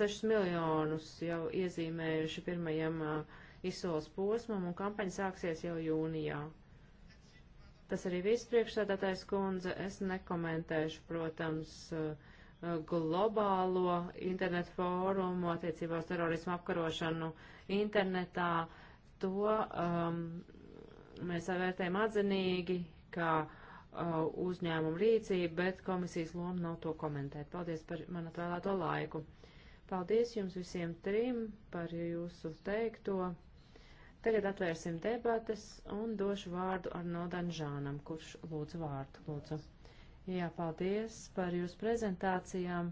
6 miljonus jau iezīmējuši pirmajam uh, izsoles posmam, un kampaņa sāksies jau jūnijā. Tas arī viss priekšsēdētājs kundze. Es nekomentēšu, protams, uh, globālo internetu fórumu attiecībā uz terorismu apkarošanu internetā. To um, mēs vērtējam atzinīgi, kā uh, uzņēmumu rīcību, bet komisijas loma nav to komentēt. Paldies par man atvēlēto laiku. Paldies jums visiem trim par jūsu teikto. Tagad atvērsim debates un došu vārdu Arno Danžānam, kurš lūdzu vārdu. Lūdzu. Jā, paldies par jūsu prezentācijām.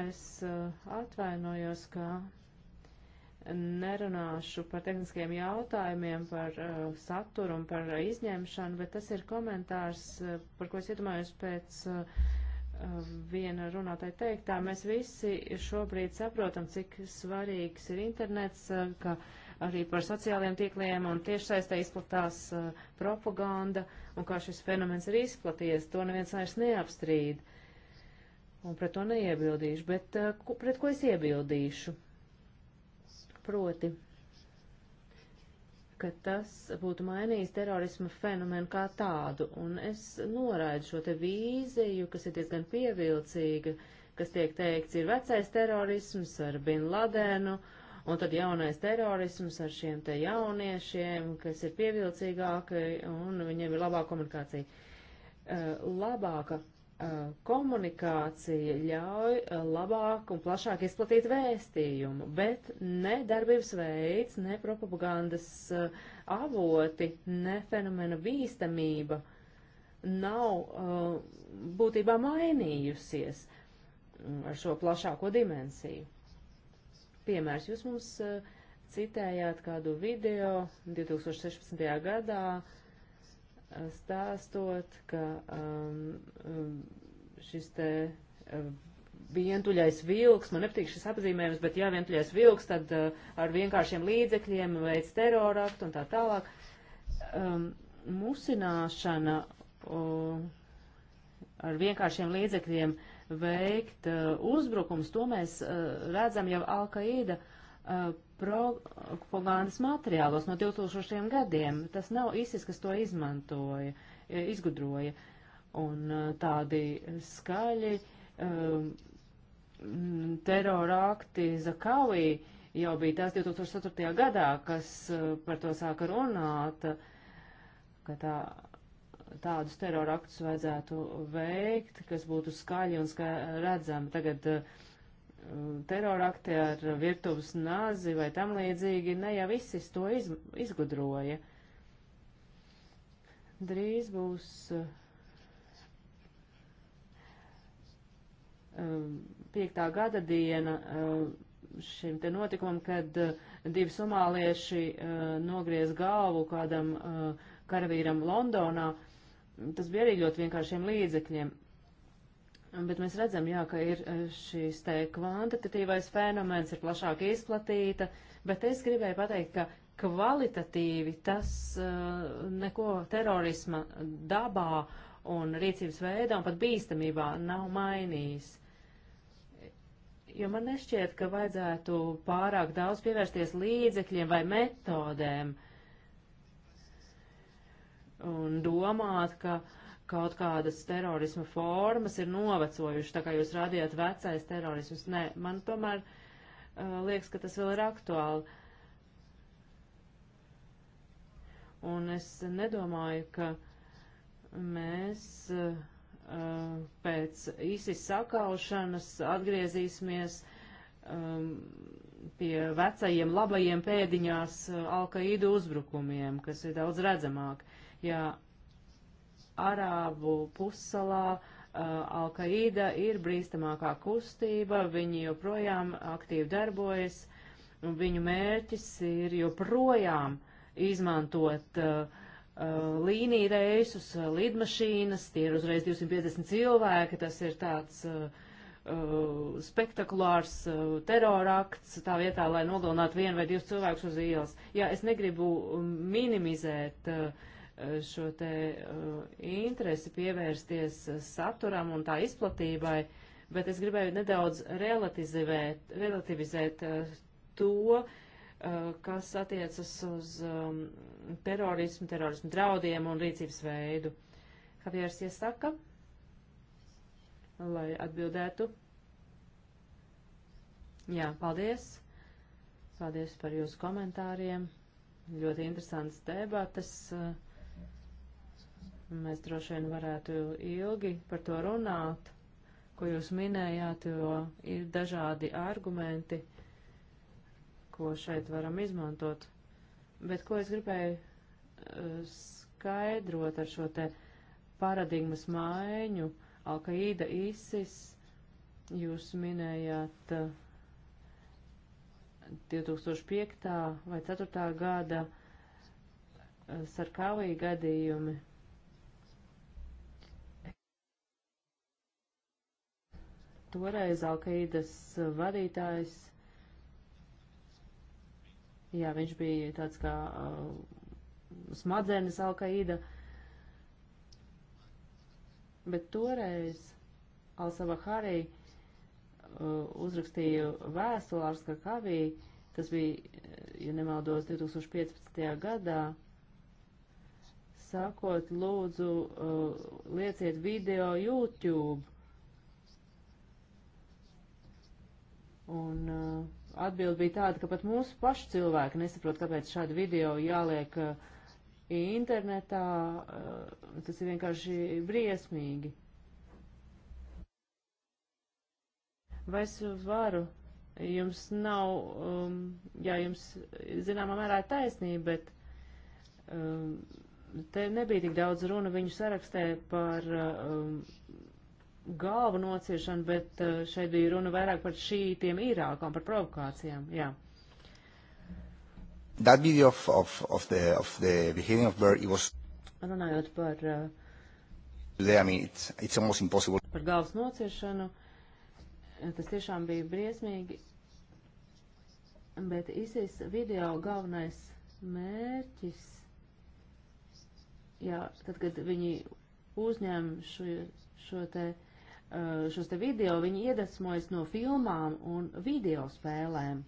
Es uh, atvainojos, ka nerunāšu par tehniskiem jautājumiem, par uh, saturu un par uh, izņemšanu, bet tas ir komentārs, uh, par ko es iedomājos pēc uh, viena runātāja teiktā, mēs visi šobrīd saprotam, cik svarīgs ir internets, eh, ka arī par sociāliem tīkliem un tiešsaistē izplatās eh, propaganda un kā šis fenomens ir izplaties, to neviens vairs neapstrīd. Un pret to neiebildīšu, bet eh, pret ko es iebildīšu? Proti, ka tas būtu mainījis terorisma fenomenu kā tādu, un es noraidu šo te vīziju, kas ir diezgan pievilcīga, kas tiek teikts ir vecais terorisms ar Bin Ladenu, un tad jaunais terorisms ar šiem te jauniešiem, kas ir pievilcīgāki, un viņiem ir labā komunikācija. Eh, labāka komunikācija ļauj labāk un plašāk izplatīt vēstījumu, bet ne darbības veids, ne propagandas avoti, ne fenomena bīstamība nav būtībā mainījusies ar šo plašāko dimensiju. Piemērs, jūs mums citējāt kādu video 2016. gadā, stāstot, ka um, šis te eh, vientuļais vilks, man nepatīk šis apzīmējums, bet jā, vientuļais vilks, tad eh, ar vienkāršiem līdzekļiem veids teroraktu un tā tālāk. Um, musināšana um, ar vienkāršiem līdzekļiem veikt uh, uzbrukums, to mēs uh, redzam jau Alkaīda uh, propagandas materiālos no 2000 gadiem. Tas nav ISIS, kas to izmantoja, izgudroja. Uh, un uh, tādi skaļi um, terora akti Zakavī jau bija tās 2004. gadā, kas uh, par to sāka runāt, ka tā, tādus terora aktus vajadzētu veikt, kas būtu skaļi un ska redzami. Tagad uh, terorakti ar virtuves nāzi vai tam līdzīgi, ne jau visis to iz, izgudroja. Drīz būs uh, 5. Um, gada diena um, šim te notikumam, kad uh, divi somālieši uh, nogriez galvu kādam uh, karavīram Londonā. Tas bija arī ļoti vienkāršiem līdzekļiem. Bet mēs redzam, jā, ka ir šīs te kvantitatīvais fenomens, ir plašāk izplatīta, bet es gribēju pateikt, ka kvalitatīvi tas neko terorisma dabā un rīcības veidā un pat bīstamībā nav mainījis jo man nešķiet, ka vajadzētu pārāk daudz pievērsties līdzekļiem vai metodēm un domāt, ka kaut kādas terorisma formas ir novecojušas, tā kā jūs rādījāt vecais terorisms. Nē, man tomēr uh, liekas, ka tas vēl ir aktuāli. Un es nedomāju, ka mēs. Uh, Eh, pēc ISIS sakaušanas atgriezīsimies um, pie vecajiem labajiem pēdiņās eh, Alkaīdu uzbrukumiem, kas ir daudz redzamāk. Ja Arābu pussalā uh, Alkaīda ir brīstamākā kustība, viņi joprojām aktīvi darbojas, un viņu mērķis ir joprojām izmantot uh, Uh, līniju reisus, uh, lidmašīnas, tie ir uzreiz 250 cilvēki, tas ir tāds uh, uh spektakulārs uh, terorakts tā vietā, lai nogalinātu vienu vai divus cilvēkus uz ielas. Jā, es negribu um, minimizēt uh, šo te interesi pievērsties saturam un tā izplatībai, bet es gribēju nedaudz relativizēt, relativizēt to, kas attiecas uz um, terorismu, terorismu draudiem un rīcības veidu. Javieris iesaka, lai atbildētu. Jā, paldies. Paldies par jūsu komentāriem. Ļoti interesants debatas. Mēs droši vien varētu ilgi par to runāt, ko jūs minējāt, jo ir dažādi argumenti, ko šeit varam izmantot. Bet ko es gribēju eh, skaidrot ar šo te paradigmas maiņu, Alkaīda ISIS, jūs minējāt 2005. Eh, vai 2004. gada eh, sarkāvī gadījumi. Toreiz Alkaīdas vadītājs Jā, viņš bija tāds kā uh, smadzenes Alkaīda. Bet toreiz Al-Savahari uh, uzrakstīja vēstuli Arska Kavī, tas bija, uh, ja nemaldos, 2015. gadā, sakot, lūdzu, uh, lieciet video YouTube. Un uh, atbildi bija tāda, ka pat mūsu pašu cilvēki nesaprot, kāpēc šādu video jāliek uh, internetā. Uh, tas ir vienkārši briesmīgi. Vai es varu? Jums nav, um, jā, jums zināmā mērā taisnība, bet um, te nebija tik daudz runa viņu sarakstē par um, galvu nociešanu, bet uh, šeit bija runa vairāk par šītiem īrākām, par provokācijām. Jā. That video of, of, of, the, of the beginning of birth, it was... Runājot par... Uh, today, I mean, it's, it's almost impossible. Par galvas nociešanu, uh, tas tiešām bija briesmīgi, bet ISIS video galvenais mērķis, jā, tad, kad viņi uzņēma šo, šo te uh, Eh, šos te video, viņi iedvesmojas no filmām un video spēlēm.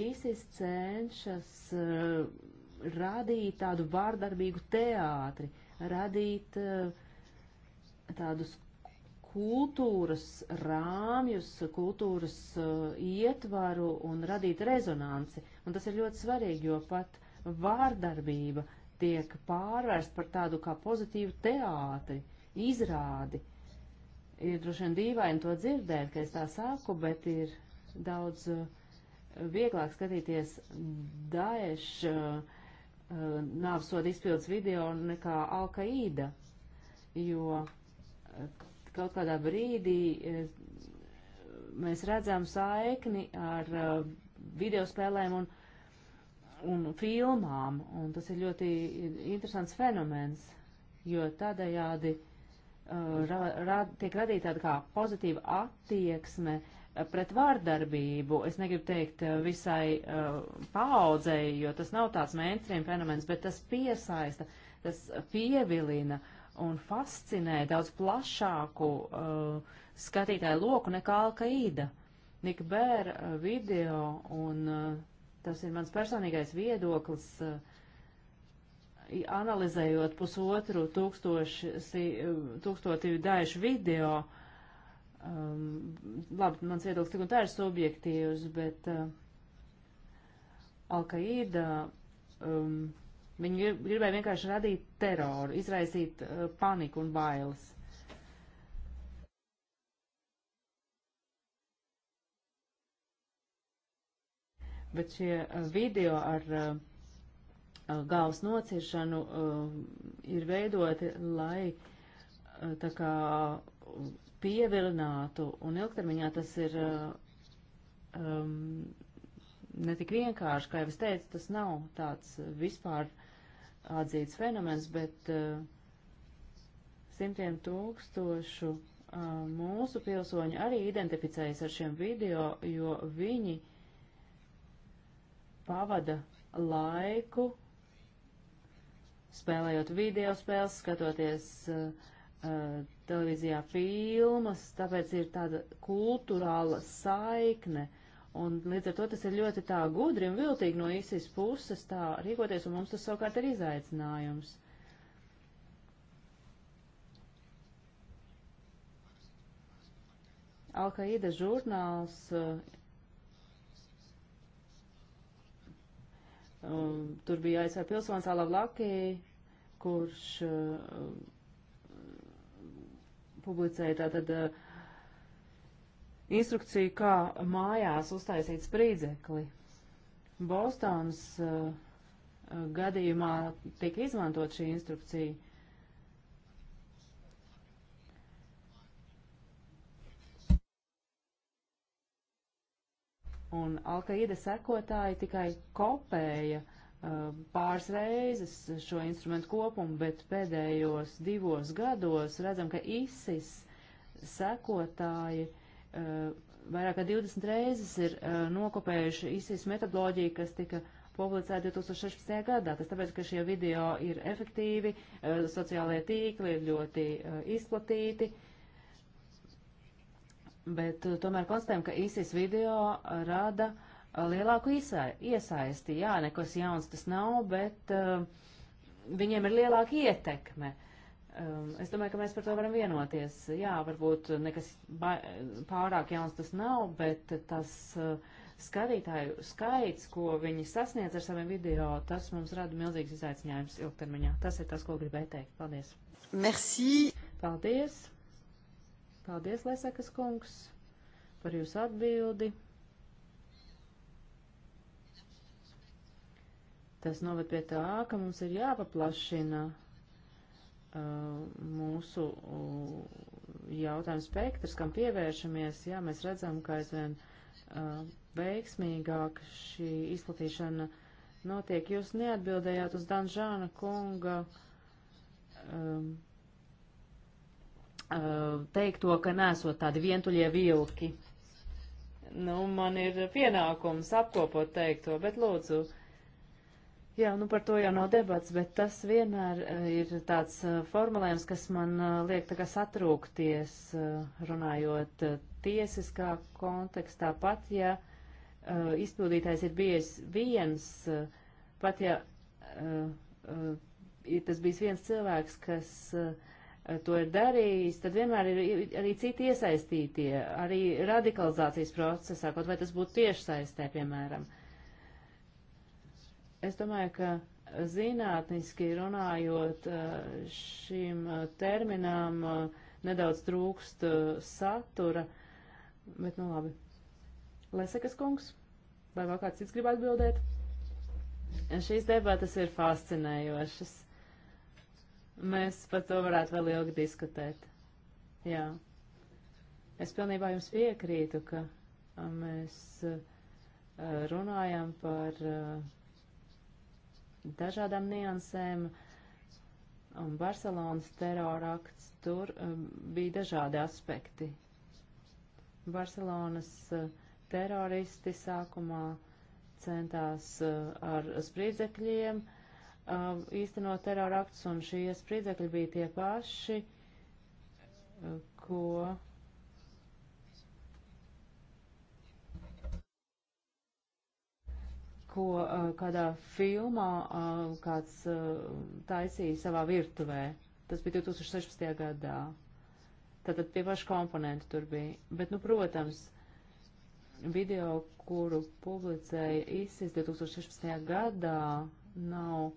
ISIS cenšas uh, radīt tādu vārdarbīgu teātri, radīt uh, tādus kultūras rāmjus, kultūras uh, ietvaru un radīt rezonanci. Un tas ir ļoti svarīgi, jo pat vārdarbība tiek pārvērst par tādu kā pozitīvu teātri. Uh, izrādi. Ir droši vien dīvaini to dzirdēt, ka es tā saku, bet ir daudz uh, vieglāk skatīties Daesh uh, uh, nāvsodu izpildus video nekā Alkaīda, jo kaut kādā brīdī mēs redzam saikni ar videospēlēm un, un filmām, un tas ir ļoti interesants fenomens, jo tādējādi Eh, ra, ra, tiek radīta tāda kā pozitīva attieksme eh, pret vārdarbību. Es negribu teikt eh, visai uh, paaudzēji, jo tas nav tāds mainstream fenomens, bet tas piesaista, tas pievilina un fascinē daudz plašāku uh, skatītāju loku nekā Alkaīda. Nika Bēra video, un uh, tas ir mans personīgais viedoklis. Uh, analizējot pusotru tūkstoši, tūkstoti daļu video, um, labi, mans viedoklis tik un tā ir subjektīvs, bet uh, Al-Qaida, um, viņi gribēja vienkārši radīt teroru, izraisīt uh, paniku un bailes. Bet šie uh, video ar uh, Uh, galvas nociešanu uh, ir veidoti, lai uh, tā kā pievilinātu, un ilgtermiņā tas ir um, netik vienkārši, kā jau es teicu, tas nav tāds vispār atzīts fenomens, bet uh, simtiem tūkstošu uh, mūsu pilsoņu arī identificējas ar šiem video, jo viņi pavada laiku spēlējot video spēles, skatoties uh, uh, televīzijā filmas, tāpēc ir tāda kultūrāla saikne. Un līdz ar to tas ir ļoti tā gudri un viltīgi no īsīs puses tā rīkoties, un mums tas savukārt ir izaicinājums. Alkaida žurnāls uh, Um, tur bija ASV pilsonis Alavlaki, kurš uh, publicēja tātad uh, instrukciju, kā mājās uztaisīt sprīdzekli. Bostonas uh, uh, gadījumā tika izmantot šī instrukcija. Un Alkaida sekotāji tikai kopēja uh, pāris reizes šo instrumentu kopumu, bet pēdējos divos gados redzam, ka ISIS sekotāji uh, vairāk kā 20 reizes ir uh, nokopējuši ISIS metodoloģiju, kas tika publicēta 2016. gadā. Tas tāpēc, ka šie video ir efektīvi, sociālajie tīkli ir ļoti izplatīti, bet eh, tomēr konstatējam, ka ISIS video rada eh, lielāku iesaisti. Jā, nekas jauns tas nav, bet uh, viņiem ir lielāka ietekme. Um, es domāju, ka mēs par to varam vienoties. Jā, varbūt nekas pārāk jauns tas nav, bet tas uh, skatītāju skaits, ko viņi sasniedz ar saviem video, tas mums rada milzīgs izaicinājums ilgtermiņā. Tas ir tas, ko gribēju teikt. Paldies! Merci! Paldies! Paldies, Lesekas kungs, par jūsu atbildi. Tas noved pie tā, ka mums ir jāpaplašina uh, mūsu uh, jautājumu spektrs, kam pievēršamies, jā, mēs redzam, ka aizvien uh, veiksmīgāk šī izplatīšana notiek. Jūs neatbildējāt uz Danžāna kunga um, Eh, teikto, ka nesot tādi vientuļie vilki. Nu, man ir pienākums apkopot teikto, bet lūdzu, jā, nu par to jau nav debats, bet tas vienmēr eh, ir tāds eh, formulējums, kas man liek tā kā satrūkties, runājot tiesiskā kontekstā, pat ja izpildītājs ir bijis viens, pat ja ir tas bijis viens cilvēks, kas uh, to ir darījis, tad vienmēr ir arī citi iesaistītie, arī radikalizācijas procesā, kaut vai tas būtu tieši saistē, piemēram. Es domāju, ka zinātniski runājot šīm terminām nedaudz trūkst satura, bet nu labi. Lesekas kungs, vai vēl kāds cits grib atbildēt? Šīs debatas ir fascinējošas Mēs par to varētu vēl ilgi diskutēt. Jā. Es pilnībā jums piekrītu, ka mēs runājam par dažādām niansēm. Un Barcelonas terorakts tur bija dažādi aspekti. Barcelonas teroristi sākumā centās ar spriedzekļiem uh, um, īstenot terora aktus, un šie spriedzekļi bija tie paši, uh, ko. ko uh, kādā filmā uh, kāds uh, taisīja savā virtuvē. Tas bija 2016. gadā. Tātad tie paši komponenti tur bija. Bet, nu, protams, video, kuru publicēja ISIS 2016. gadā, nav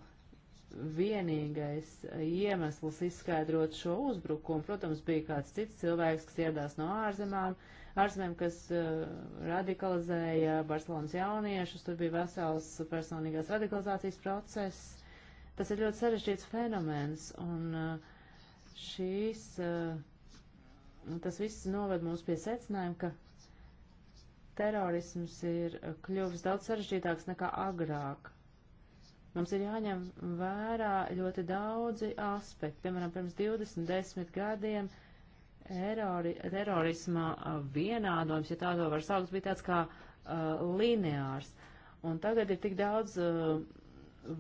vienīgais eh, iemesls izskaidrot šo uzbrukumu. Protams, bija kāds cits cilvēks, kas ieradās no ārzemām, ārzemēm, kas uh, radikalizēja Barcelonas jauniešus, tur bija vesels personīgās radikalizācijas process. Tas ir ļoti sarežģīts fenomens, un uh, šīs, uh, tas viss noved mums pie secinājuma, ka terorisms ir kļuvis daudz sarežģītāks nekā agrāk Mums ir jāņem vērā ļoti daudzi aspekti. Piemēram, pirms 20, 10 gadiem erori, terorisma vienādojums, ja tā to var saukt, bija tāds kā uh, lineārs. Un tagad ir tik daudz uh,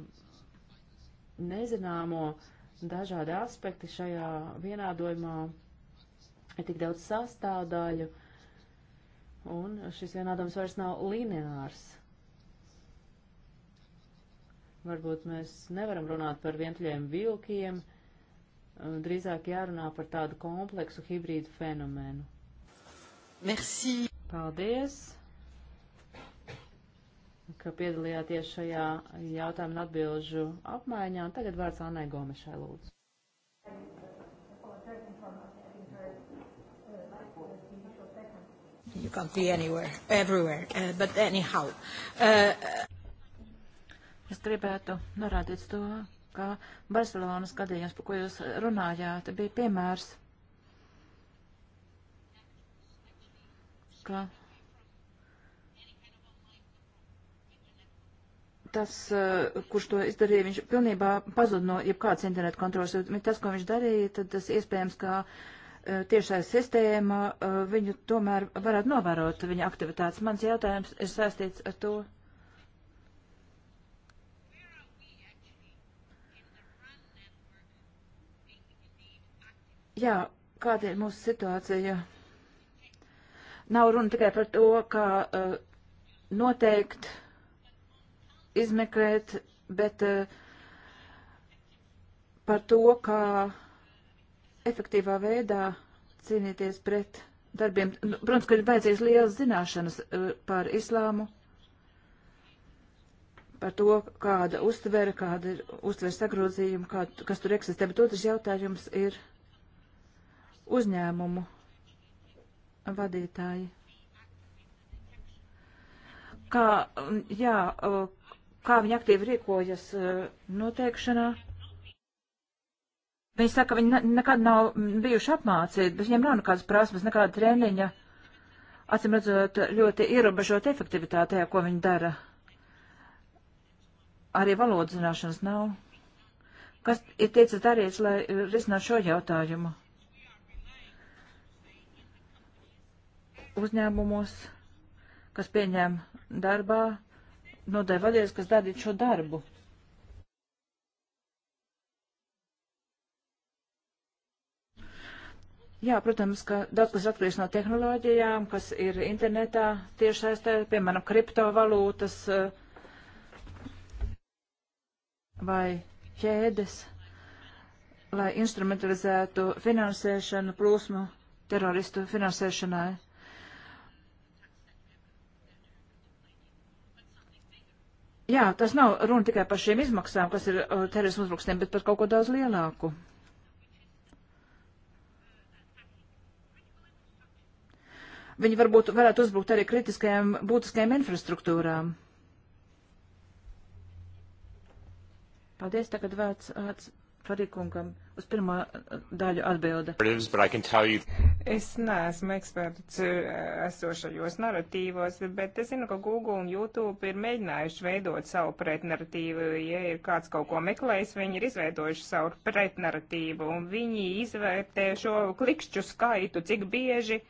nezināmo dažādi aspekti šajā vienādojumā, ir tik daudz sastāvdaļu, un šis vienādojums vairs nav lineārs Varbūt mēs nevaram runāt par vientuļiem vilkiem, drīzāk jārunā par tādu kompleksu hibrīdu fenomenu. Merci! Paldies, ka piedalījāties šajā jautājumu un atbilžu apmaiņā. Un tagad vārds Annai Gomešai lūdzu. You can't be anywhere, everywhere, uh, but anyhow. Uh, Es gribētu norādīt to, ka Barcelonas gadījums, par ko jūs runājāt, bija piemērs, ka tas, eh, kurš to izdarīja, viņš pilnībā pazuda no jebkādas internetu kontrolas. Tas, ko viņš darīja, tad tas iespējams, ka eh, tiešais sistēma eh, viņu tomēr varētu novērot viņa aktivitātes. Mans jautājums ir saistīts ar to, Jā, kāda ir mūsu situācija? Nav runa tikai par to, kā uh, noteikt, izmeklēt, bet uh, par to, kā efektīvā veidā cīnīties pret darbiem. Nu, protams, ka ir vajadzīgs liels zināšanas uh, par islāmu, par to, kāda uztvere, kāda ir uztvere sagrozījuma, kā, kas tur eksistē. Bet otrs jautājums ir uzņēmumu vadītāji. Kā, jā, kā viņi aktīvi rīkojas noteikšanā. Viņi saka, ka viņi ne, nekad nav bijuši apmācīti, bet viņiem nav nekādas prasmes, nekāda treniņa. Acim redzot, ļoti ierobežot efektivitātē, ko viņi dara. Arī valodas zināšanas nav. Kas ir teicis darīts, lai risinātu šo jautājumu? uzņēmumus, kas pieņem darbā, nodeļ nu, vadītājs, kas darītu šo darbu. Jā, protams, ka daudz kas atkarīgs no tehnoloģijām, kas ir internetā tiešsaistē, piemēram, kriptovalūtas eh, vai ķēdes, lai instrumentalizētu finansēšanu plūsmu teroristu finansēšanai. Jā, tas nav runa tikai par šiem izmaksām, kas ir uh, terorismu uzbrukstiem, bet par kaut ko daudz lielāku. Viņi varbūt varētu uzbrukt arī kritiskajām būtiskajām infrastruktūrām. Paldies, tagad vārds, vārds Farīkungam uz pirmo eh, daļu atbilde. Es neesmu eksperts eh, esošajos narratīvos, bet es zinu, ka Google un YouTube ir mēģinājuši veidot savu pretnarratīvu. Ja ir kāds kaut ko meklējis, viņi ir izveidojuši savu pretnarratīvu un viņi izvērtē šo klikšķu skaitu, cik bieži uh,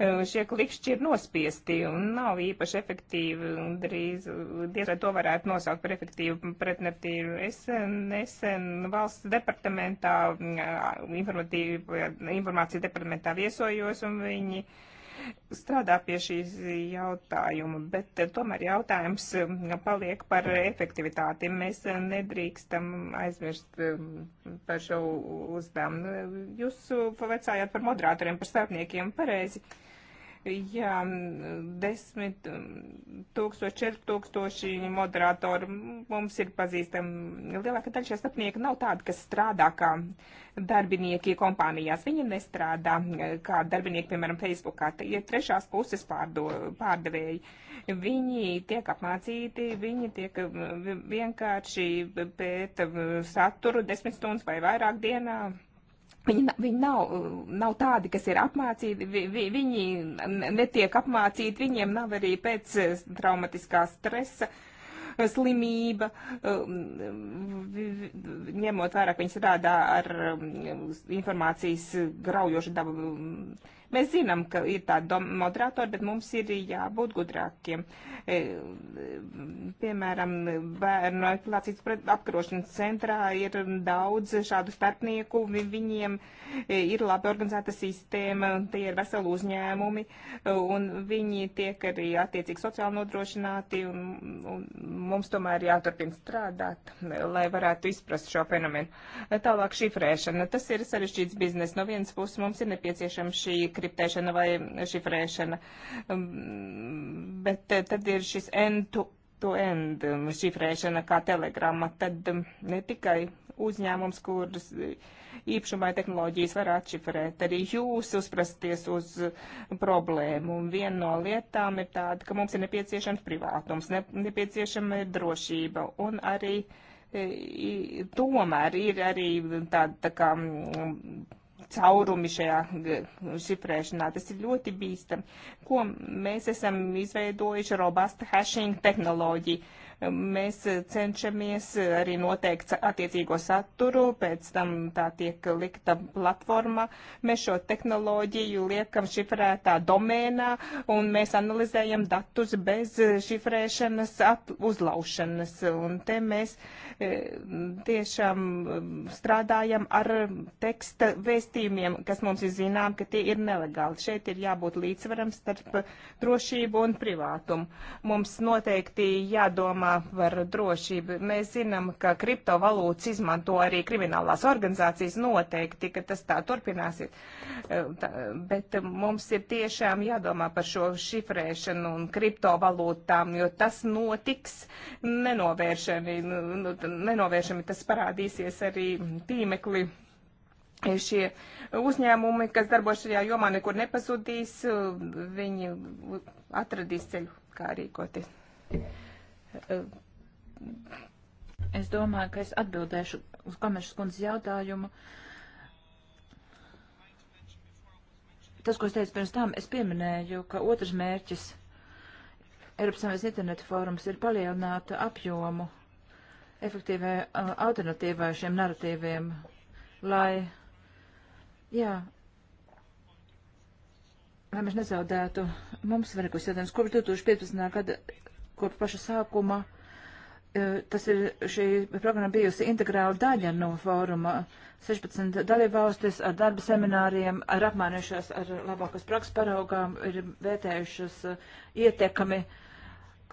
Eh, šie klikšķi ir nospiesti un nav īpaši efektīvi. Drīz diez vai to varētu nosaukt par efektīvu pretneftīvu. Es eh, nesen valsts departamentā, eh, informācijas departamentā viesojos un viņi strādā pie šīs jautājuma, bet eh, tomēr jautājums eh, paliek par efektivitāti. Mēs eh, nedrīkstam aizmirst par šo uzdevumu. Jūs pavaicājāt par moderatoriem, par starpniekiem pareizi. Uh, Jā, 10 tūkstoši, 4 tūkstoši moderātori mums ir pazīstami. Lielākā daļa šie starpnieki nav tādi, kas strādā kā darbinieki kompānijās. Viņi nestrādā e, kā darbinieki, piemēram, Facebookā. Tie ir trešās puses pārdo, pārdevēji. Viņi tiek apmācīti, viņi tiek vienkārši pēta saturu 10 stundas vai vairāk dienā Viņi, viņi nav, nav tādi, kas ir apmācīti, vi, vi, viņi netiek apmācīti, viņiem nav arī pēc traumatiskā stresa slimība, um, ņemot vairāk, viņi strādā ar um, informācijas graujošu dabu um, Mēs zinām, ka ir tādi moderātori, bet mums ir jābūt gudrākiem. E, piemēram, bērnu eksploatācijas apkarošanas centrā ir daudz šādu starpnieku, viņiem e, ir labi organizēta sistēma, tie ir veseli uzņēmumi, un viņi tiek arī attiecīgi sociāli nodrošināti, un, un mums tomēr jāturpina strādāt, lai varētu izprast šo fenomenu. Tālāk šifrēšana. Tas ir sarežģīts biznes. No vienas puses mums ir nepieciešama šī dekriptēšana vai šifrēšana. Um, bet eh, tad ir šis end-to-end -end um, šifrēšana kā telegrama. Tad um, ne tikai uzņēmums, kuras eh, īpašumā tehnoloģijas var atšifrēt. Arī jūs uzprasties uz uh, problēmu. Un viena no lietām ir tāda, ka mums ir nepieciešams privātums, ne, nepieciešama ir drošība un arī. Eh, I, tomēr ir arī tāda tā kā mm, caurumi šajā šifrēšanā. Tas ir ļoti bīstami. Ko mēs esam izveidojuši robasta hashing tehnoloģiju? Mēs cenšamies arī noteikt attiecīgo saturu, pēc tam tā tiek likta platforma. Mēs šo tehnoloģiju liekam šifrētā domēnā un mēs analizējam datus bez šifrēšanas uzlaušanas. Un te mēs e, tiešām e, strādājam ar teksta vēstījumiem, kas mums ir zinām, ka tie ir nelegāli. Šeit ir jābūt līdzsvaram starp drošību un privātumu. Mums noteikti jādomā jautājumā par drošību. Mēs zinām, ka kriptovalūtas izmanto arī kriminālās organizācijas noteikti, ka tas tā turpināsies. E, bet mums ir tiešām jādomā par šo šifrēšanu un kriptovalūtām, jo tas notiks nenovēršami. Nu, nu, nenovēršami tas parādīsies arī tīmekli e, šie uzņēmumi, kas darbojas šajā jomā, nekur nepazudīs, viņi atradīs ceļu, kā rīkoties. Eh, es domāju, ka es atbildēšu uz Komešas kundzes jautājumu. Tas, ko es teicu pirms tam, es pieminēju, ka otrs mērķis Eiropas Savienības interneta fórums ir palielināt apjomu efektīvai eh, alternatīvai šiem narratīviem, lai, jā, lai mēs nezaudētu mums svarīgus jautājumus. Kopš 2015. gada kur paša sākuma e, tas ir šī programma bijusi integrāla daļa no fóruma. 16 dalībvalstis ar darba semināriem, ar apmainījušās ar labākas prakses paraugām, ir vērtējušas e, ietekami,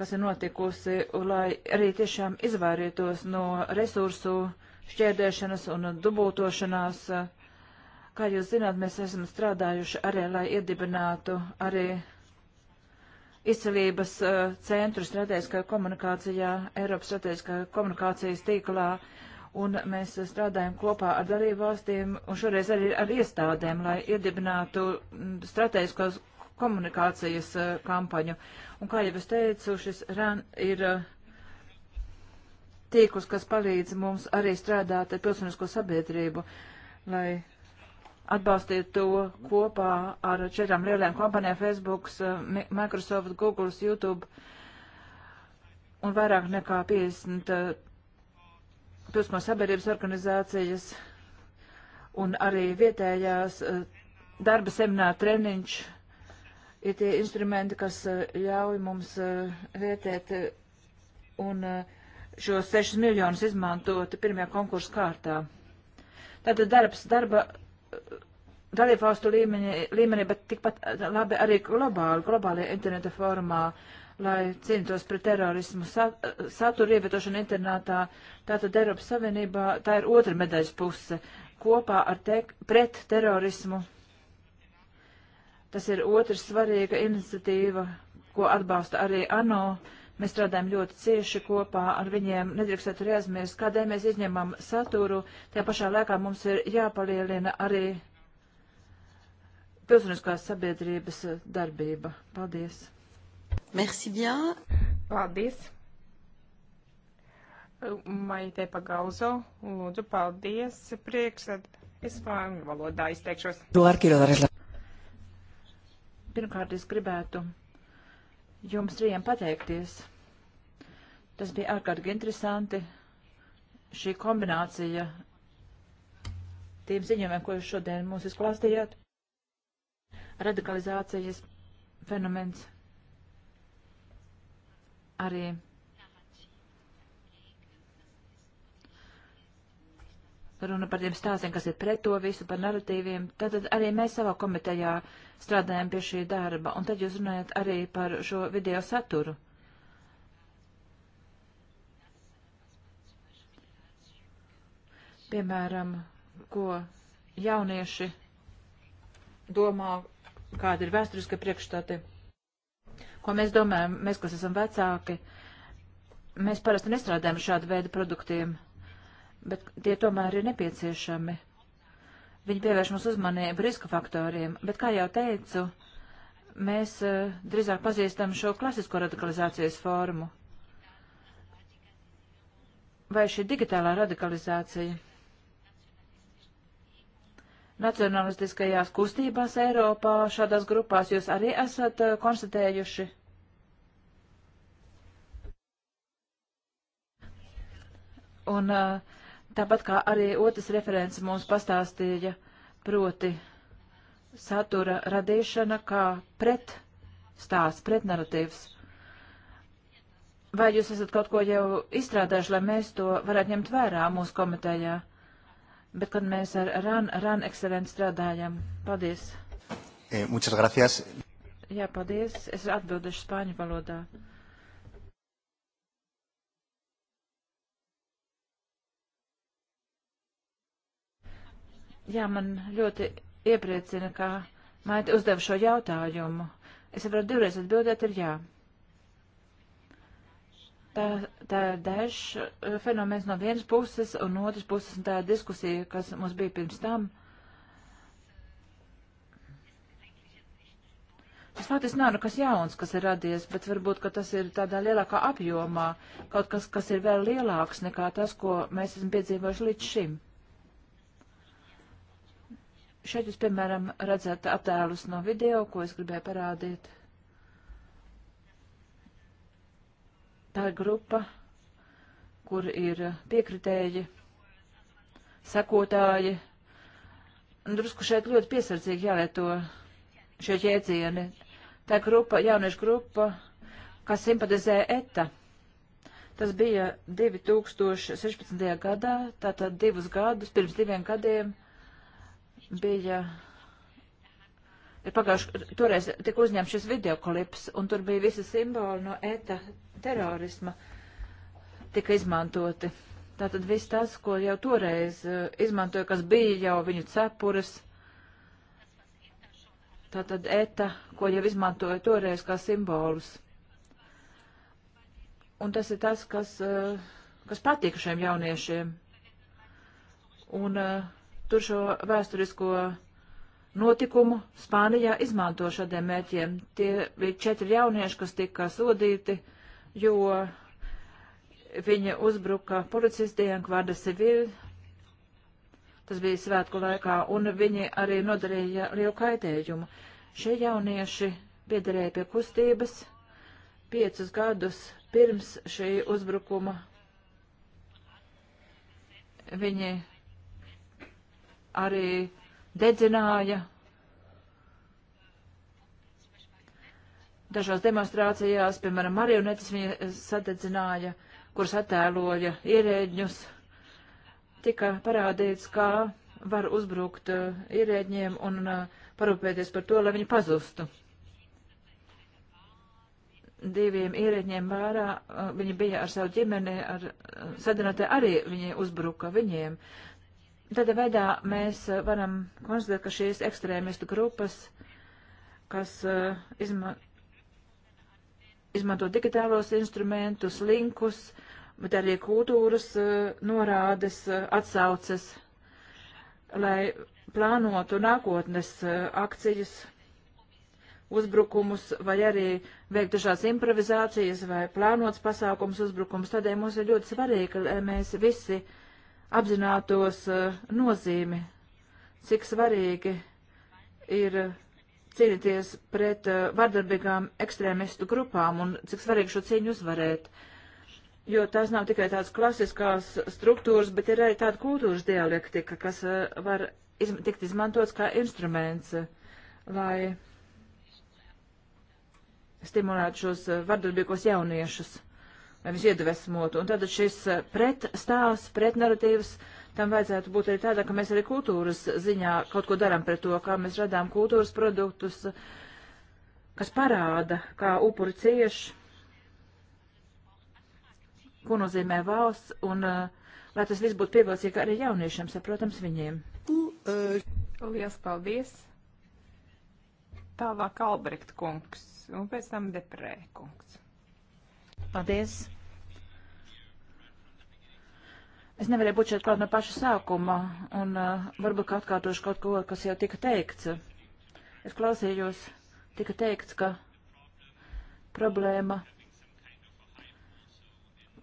kas ir notikusi, lai arī tiešām izvairītos no resursu šķērdēšanas un dubultošanās. E, kā jūs zināt, mēs esam strādājuši arī, lai iedibinātu arī izcelības uh, centru strateģiskajā komunikācijā, Eiropas strateģiskajā komunikācijas tīklā, un mēs eh, strādājam kopā ar dalību valstīm un šoreiz arī ar iestādēm, lai iedibinātu mm, strateģiskos komunikācijas uh, kampaņu. Un kā jau es teicu, šis RAN ir uh, tīklus, kas palīdz mums arī strādāt ar pilsonisko sabiedrību, lai atbalstīt to kopā ar četrām lielajām kompanijām - Facebook, Microsoft, Google, YouTube un vairāk nekā 50 eh, pilsmo sabiedrības organizācijas un arī vietējās eh, darba semināra treniņš ir tie instrumenti, kas eh, ļauj mums vietēt un šos 6 miljonus izmantot pirmajā konkursu kārtā. Tātad darbs, darba dalībvalstu līmenī, līmenī, bet tikpat labi arī globāli, globālajā interneta formā, lai cīnītos pret terorismu sat, saturu ievietošanu internetā. Tātad Eiropas Savienībā tā ir otra medaļas puse kopā ar te, pret terorismu. Tas ir otrs svarīga iniciatīva, ko atbalsta arī ANO. Uh, Mēs strādājam ļoti cieši kopā ar viņiem, nedrīkstētu arī aizmirst, kādēļ mēs izņemam saturu. Tajā pašā laikā mums ir jāpalielina arī pilsoniskās sabiedrības darbība. Paldies! Merci bien! Paldies! Maitē Pagauzo, lūdzu, paldies, priekšsēd. Es spāņu valodā izteikšos. Pirmkārt, es gribētu jums trijiem pateikties. Tas bija ārkārtīgi interesanti. Šī kombinācija tiem ziņojumiem, ko jūs šodien mums izklāstījāt, radikalizācijas fenomens arī runa par tiem stāstiem, kas ir pret to visu, par narratīviem. Tad arī mēs savā komitejā uh, strādājam pie šī darba. Un tad jūs runājat arī par šo video saturu. Piemēram, ko jaunieši domā, kāda ir vēsturiska priekšstati, ko mēs domājam, mēs, kas esam vecāki, mēs parasti nestrādājam šādu veidu produktiem, bet tie tomēr ir nepieciešami. Viņi pievērš mums uzmanību riska faktoriem, bet, kā jau teicu, mēs uh, drīzāk pazīstam šo klasisko radikalizācijas formu. Vai šī digitālā radikalizācija nacionalistiskajās kustībās Eiropā šādās grupās jūs arī esat uh, konstatējuši? Un uh, Tāpat kā arī otrs referents mums pastāstīja, proti satura radīšana kā pret stāsts, pret narratīvs. Vai jūs esat kaut ko jau izstrādājuši, lai mēs to varētu ņemt vērā mūsu komitejā? Bet kad mēs ar RAN, RAN ekscelenci strādājam, paldies. E, muchas gracias. Jā, paldies. Es atbildēšu spāņu valodā. Jā, man ļoti iepriecina, ka maita uzdev šo jautājumu. Es varu divreiz atbildēt, ir jā. Tā, tā ir dažs eh, fenomens no vienas puses, un otras puses un tā ir diskusija, kas mums bija pirms tam. Tas faktiski nav nekas nu, jauns, kas ir radies, bet varbūt, ka tas ir tādā lielākā apjomā, kaut kas, kas ir vēl lielāks nekā tas, ko mēs esam piedzīvojuši līdz šim. Šeit jūs, piemēram, redzat attēlus no video, ko es gribēju parādīt. Tā ir grupa, kur ir piekritēji, sakotāji. Drusku šeit ļoti piesardzīgi jālieto šie jēdzieni. Tā ir grupa, jauniešu grupa, kas simpatizē ETA. Tas bija 2016. gadā, tātad divus gadus, pirms diviem gadiem bija. Ir pagājuši, toreiz tika uzņemts šis videoklips, un tur bija visi simboli no ETA terorisma tika izmantoti. Tātad viss tas, ko jau toreiz uh, izmantoja, kas bija jau viņu cepures, tātad ETA, ko jau izmantoja toreiz kā simbolus. Un tas ir tas, kas, uh, kas patīk šiem jauniešiem. Un uh, tur šo vēsturisko notikumu Spānijā izmanto šādiem mērķiem. Tie bija četri jaunieši, kas tika sodīti, jo viņi uzbruka policistiem Kvada Sevilla. Tas bija svētku laikā, un viņi arī nodarīja lielu kaitējumu. Šie jaunieši piederēja pie kustības piecus gadus pirms šī uzbrukuma. Viņi arī dedzināja dažās demonstrācijās, piemēram, marionetes viņa sadedzināja, kuras attēloja ierēģņus. Tika parādīts, kā var uzbrukt uh, ierēģiem un uh, parūpēties par to, lai viņi pazustu. Diviem ierēģiem vērā uh, eh, viņi bija ar savu ģimeni, ar sadarbotē arī viņi uzbruka viņiem. Uh, Tādā veidā mēs uh, varam konstatēt, ka šīs ekstrēmistu grupas, kas uh, izma izmanto digitālos instrumentus, linkus, bet arī kultūras uh, norādes, uh, atsauces, lai plānotu nākotnes uh, akcijas, uzbrukumus vai arī veikt dažādas improvizācijas vai plānots pasākums uzbrukums. Tādēļ mums ir ļoti svarīgi, lai mēs visi uh, apzinātos eh, nozīmi, cik svarīgi ir cīnīties pret eh, vardarbīgām ekstrēmistu grupām un cik svarīgi šo cīņu uzvarēt. Jo tās nav tikai tādas klasiskās struktūras, bet ir arī tāda kultūras dialektika, kas eh, var izm tikt izmantots kā instruments, lai stimulētu šos vardarbīgos jauniešus lai viņus iedvesmotu. Un tad šis eh, pretstāvs, pretnarratīvs, tam vajadzētu būt arī tādā, ka mēs arī kultūras ziņā kaut ko darām pret to, kā mēs radām kultūras produktus, kas parāda, kā upuri cieš, ko nozīmē valsts, un eh, lai tas viss būtu pievilcīgi arī jauniešiem, saprotams, viņiem. Eh, Lielas paldies! Tālāk Albrecht kungs, un pēc tam Deprē kungs. Paldies! Es nevarēju būt šeit klāt no paša sākuma, un uh, varbūt ka atkārtošu kaut ko, kas jau tika teikts. Es klausījos, tika teikts, ka problēma,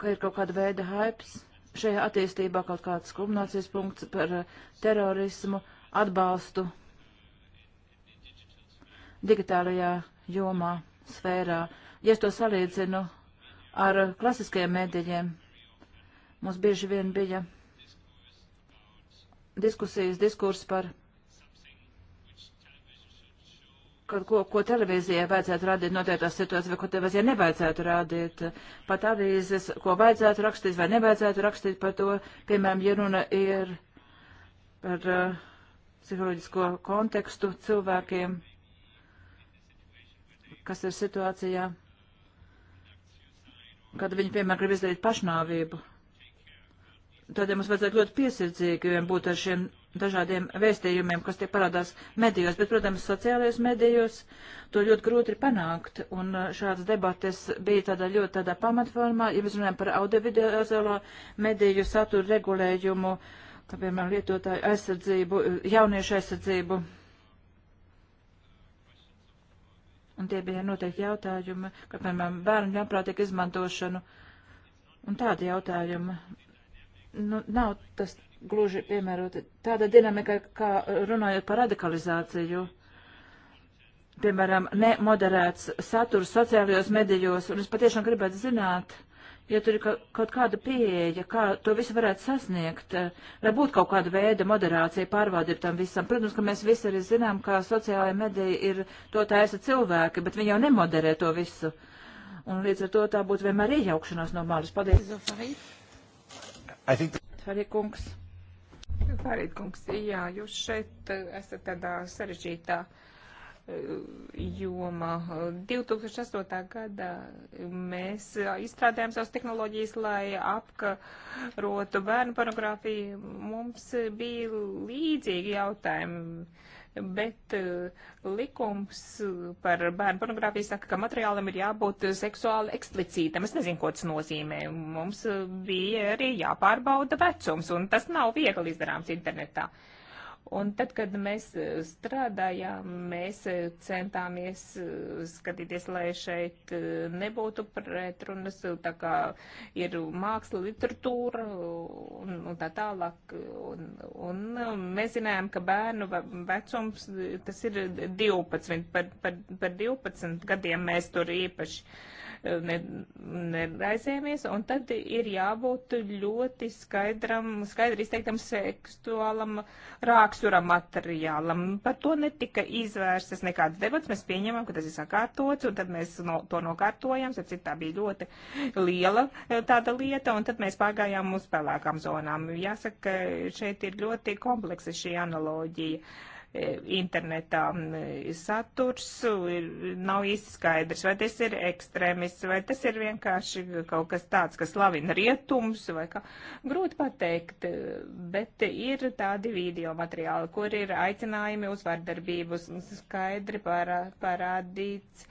ka ir kaut kāda veida hypes, šajā attīstībā kaut kāds kulminācijas punkts par uh, terorismu, atbalstu digitālajā jomā, sfērā. Ja es to salīdzinu ar klasiskajiem mēdījiem. Mums bieži vien bija diskusijas, diskurs par kaut ko, ko televīzijai vajadzētu rādīt noteiktās situācijās, vai ko televīzijai nevajadzētu rādīt. Pat avīzes, ko vajadzētu rakstīt vai nevajadzētu rakstīt par to, piemēram, ja runa ir par uh, psiholoģisko kontekstu cilvēkiem, kas ir situācijā, kad viņi, piemēram, grib izdarīt pašnāvību. Tādēļ mums vajadzētu ļoti piesardzīgiem būt ar šiem dažādiem vēstījumiem, kas tiek parādās medijos, bet, protams, sociālajos medijos to ļoti grūti ir panākt. Un uh, šādas debates bija tādā ļoti tādā pamatformā, ja mēs runājam par audiovizuālo mediju saturu regulējumu, kā, piemēram, lietotāju aizsardzību, uh, jauniešu aizsardzību. Un tie bija noteikti jautājumi, kā piemēram bērnu ļaunprātīgu izmantošanu un tādi jautājumi. Nu, nav tas gluži piemēroti. Tāda dinamika, kā runājot par radikalizāciju, piemēram, nemoderēts saturs sociālajos medijos, un es patiešām gribētu zināt, ja tur ir kaut kāda pieeja, kā to visu varētu sasniegt, eh, lai būtu kaut kāda veida moderācija pārvalde tam visam. Protams, ka mēs visi arī zinām, ka sociālajā medija ir to taisa cilvēki, bet viņi jau nemoderē to visu. Un līdz ar to tā būtu vienmēr iejaukšanās no malas. Paldies. Farī kungs. Farī kungs, jā, jūs šeit eh, esat tādā sarežģītā. Uh, jomā. 2008. gadā mēs izstrādājām savas tehnoloģijas, lai apkarotu bērnu pornogrāfiju. Mums bija līdzīgi jautājumi, bet eh, likums par bērnu pornogrāfiju saka, ka materiālam ir jābūt seksuāli eksplicītam. Es nezinu, ko tas nozīmē. Mums bija arī jāpārbauda vecums, un tas nav viegli izdarāms internetā. Uh, Un tad, kad mēs e, strādājām, mēs e, centāmies e, skatīties, lai šeit nebūtu pretrunas, tā kā ir māksla, literatūra un, un tā tālāk. Un, un mēs zinājām, ka bērnu vecums tas ir 12, par, par, par 12 gadiem mēs tur īpaši ne, neraizējamies, un tad ir jābūt ļoti skaidram, skaidri izteiktam seksuālam rāksturam materiālam. Par to netika izvērstas nekādas debats, mēs pieņemam, ka tas ir sakārtots, un tad mēs no, to nokārtojam, sapcīt, tā bija ļoti liela eh, tāda lieta, un tad mēs pārgājām uz pelēkām zonām. Jāsaka, šeit ir ļoti kompleksa šī analoģija. Uh, E, internetā e, saturs nav īsti skaidrs, vai tas ir ekstrēmists, vai tas ir vienkārši kaut kas tāds, kas slavina rietums, vai kā. Grūti pateikt, e, bet ir tādi video materiāli, kur ir aicinājumi uz vardarbību, skaidri parā, parādīts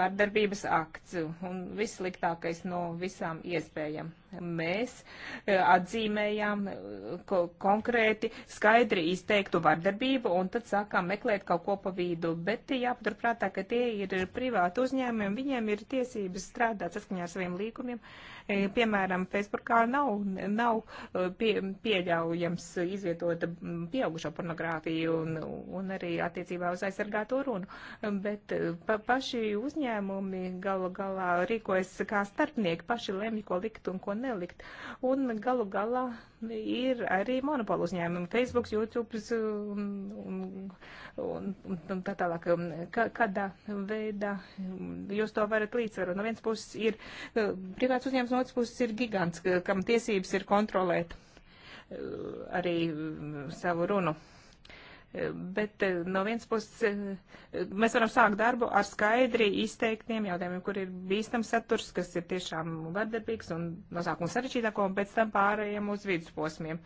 vardarbības akts un vissliktākais no visām iespējām mēs eh, atzīmējām eh, ko, konkrēti skaidri izteiktu vardarbību un tad sākām meklēt kaut ko pa vidu. Bet jāpaturprātā, ka tie ir privāti uzņēmumi, viņiem ir tiesības strādāt saskaņā ar saviem līgumiem. Eh, piemēram, Facebookā nav, nav pie, pieļaujams izvietot mm, pieaugušo pornogrāfiju un, un arī attiecībā uz aizsargāto runu. Bet pa, paši uzņēmumi galu galā rīkojas kā starpnieki, paši lemj, ko likt un ko nelikt. Un galu galā ir arī monopolu uzņēmumi - Facebook, YouTube un, un, un, un tā tālāk. Um, Kā, kādā veidā um, jūs to varat līdzsvarot? No vienas puses ir uh, privāts uzņēmums, no otras puses ir gigants, kam tiesības ir kontrolēt uh, arī um, savu runu. Bet eh, no vienas puses eh, mēs varam sākt darbu ar skaidri izteiktiem jautājumiem, kur ir bīstams saturs, kas ir tiešām vardarbīgs un no sākuma sarežģītāko, un pēc tam pārējiem uz vidusposmiem.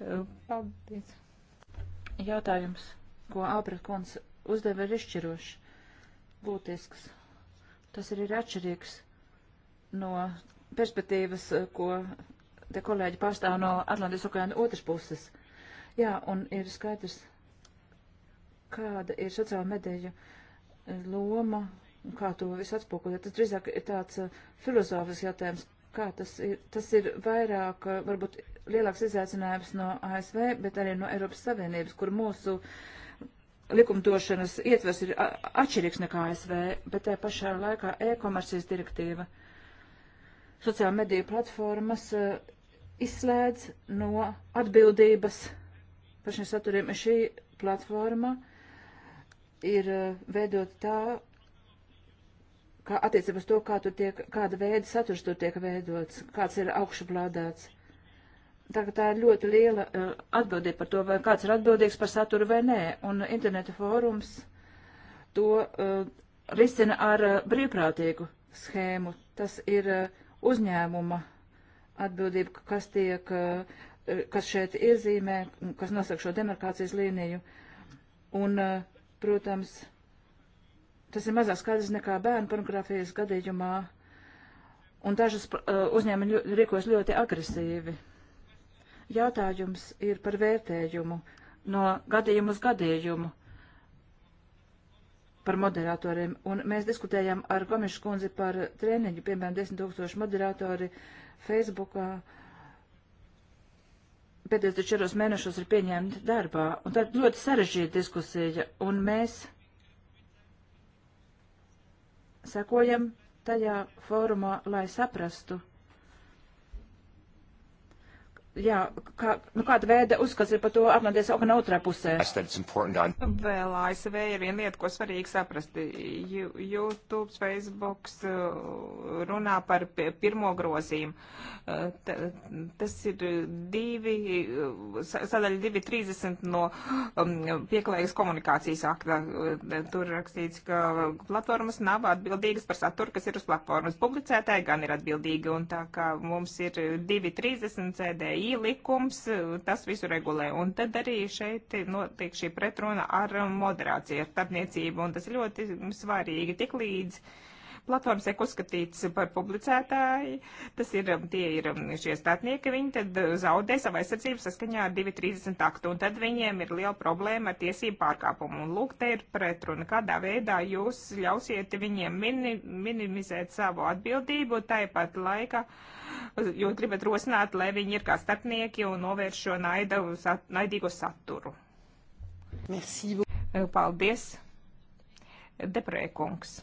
Eh, paldies. Jautājums, ko Ābra kundze uzdeva, ir izšķirošs, būtisks. Tas ir, ir atšķirīgs no perspektīvas, ko te kolēģi pārstāv no Atlantijas okeāna otras puses. Jā, un ir skaidrs, kāda ir sociāla medeja eh, loma un kā to visu atspoguļot. Tas drīzāk ir tāds eh, filozofisks jautājums, kā tas ir. Tas ir vairāk, eh, varbūt lielāks izaicinājums no ASV, bet arī no Eiropas Savienības, kur mūsu likumdošanas ietvers ir atšķirīgs nekā ASV, bet tajā pašā laikā e-komercijas direktīva sociāla mediju platformas izslēdz no atbildības par šiem saturiem. Šī platforma uh, ir eh, veidot tā, kā attiecībā uz to, kā tur tiek, kāda veida saturs tur tiek veidots, kāds ir augšuplādēts. Tā, tā ir ļoti liela uh, atbildība par to, vai kāds ir atbildīgs par saturu vai nē. Un interneta fórums to uh, risina ar uh, brīvprātīgu schēmu. Tas ir uh, uzņēmuma atbildība, kas tiek, uh, kas šeit iezīmē, kas nosaka šo demarkācijas līniju. Un uh, Protams, tas ir mazāk skaidrs nekā bērnu pornogrāfijas gadījumā, un dažas uh, uzņēmumi ļo, rīkojas ļoti agresīvi. Jautājums ir par vērtējumu no gadījumu uz gadījumu par moderatoriem, un mēs diskutējām ar Gomišu kundzi par treniņu, piemēram, 10 tūkstoši moderatori Facebookā. Uh, pēdējos četros mēnešos ir pieņemti darbā. Un tā ļoti sarežģīta diskusija, un mēs sekojam tajā fórumā, lai saprastu, Jā, kā, nu kāda veida uzskats ir par to Atlantijas okeāna otrā pusē? Vēl ASV ir viena lieta, ko svarīgi saprast. YouTube, Facebook uh, runā par pirmo grozījumu. Uh, T tas ir divi, uh, sadaļa 230 no um, pieklājīgas komunikācijas aktā. Tur rakstīts, ka platformas nav atbildīgas par saturu, kas ir uz platformas. Publicētāji gan ir atbildīgi, un tā kā mums ir 230 CDI I likums, tas visu regulē. Un tad arī šeit notiek šī pretruna ar moderāciju, ar starpniecību, un tas ļoti svarīgi tik līdz platformas tiek uzskatīts par publicētāju, tas ir, um, tie ir um, šie statnieki, viņi tad uh, zaudē savu aizsardzību saskaņā ar 230 aktu, un tad viņiem ir liela problēma ar tiesību pārkāpumu. Un lūk, te ir pretruna, kādā veidā jūs ļausiet viņiem mini, minimizēt savu atbildību, tāpat laikā jūs gribat rosināt, lai viņi ir kā starpnieki un novērš šo naida, sat, naidīgo saturu. Merci. Paldies. Deprēkungs.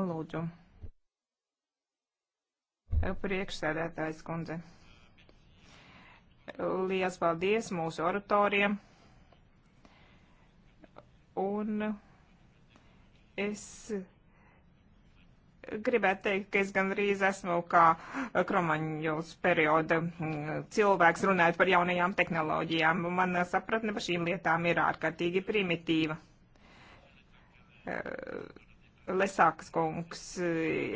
Lūdzu. Priekšsēdētājs kundze. Lielas paldies mūsu oratoriem. Un es gribētu teikt, ka es gandrīz esmu kā kromaņos perioda mm, cilvēks runājot par jaunajām tehnoloģijām. Man sapratne par šīm lietām ir ārkārtīgi primitīva. Lesākas kungs,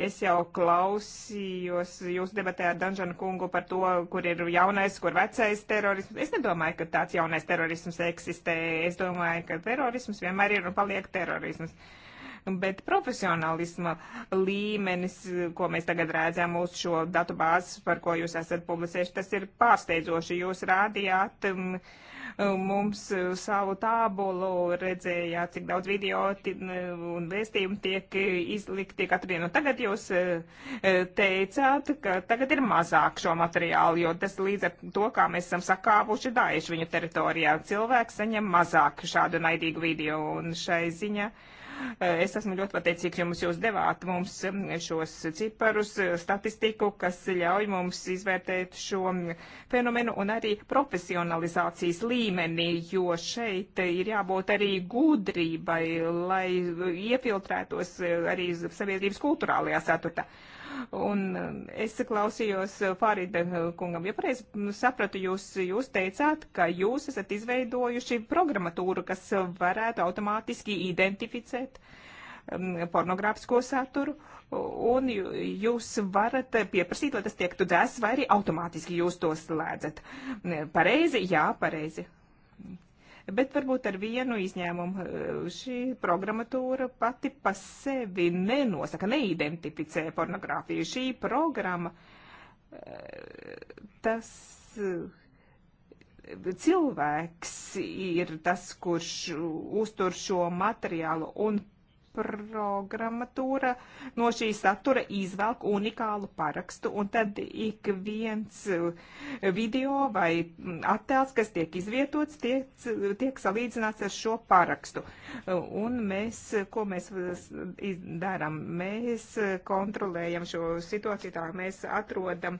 es jau klausījos jūs debatē ar Danžanu kungu par to, kur ir jaunais, kur vecais terorisms. Es nedomāju, ka tāds jaunais terorisms eksistē. Es domāju, ka terorisms vienmēr ir un paliek terorisms. Bet profesionālisma līmenis, ko mēs tagad redzam uz šo datubāzes, par ko jūs esat publicējuši, tas ir pārsteidzoši. Jūs rādījāt. Um, mums e, savu tābulu, redzējāt, cik daudz video un vēstījumu tiek izlikti katru dienu. Tagad jūs e, e, teicāt, ka tagad ir mazāk šo materiālu, jo tas līdz ar to, kā mēs esam sakāpuši daišu viņu teritorijā, cilvēks saņem mazāk šādu naidīgu video un šai ziņā. Uh, Es esmu ļoti pateicīgs jums, jūs devāt mums um, šos ciparus, statistiku, kas ļauj mums izvērtēt šo um, fenomenu un arī profesionalizācijas līmenī, jo šeit ir jābūt arī gudrībai, lai iefiltrētos uh, arī sabiedrības kultūrālajā saturtā un um, es klausījos uh, Fārida uh, kungam. Ja pareizi mm, sapratu, jūs, jūs teicāt, ka jūs esat izveidojuši programmatūru, kas varētu automātiski identificēt um, pornogrāfisko saturu, un jūs varat pieprasīt, lai tas tiektu dzēsts, vai arī automātiski jūs to slēdzat. Pareizi? Jā, pareizi bet varbūt ar vienu izņēmumu. Eh, šī programmatūra pati pa sevi nenosaka, neidentificē pornogrāfiju. Šī programma, eh, tas eh, cilvēks ir tas, kurš uztur šo materiālu un programmatūra no šī satura izvelk unikālu parakstu, un tad ik viens eh, video vai mm, attēls, kas tiek izvietots, tiek, tiek salīdzināts ar šo parakstu. Eh, un mēs, ko mēs darām? Mēs eh, kontrolējam šo situāciju, tā mēs atrodam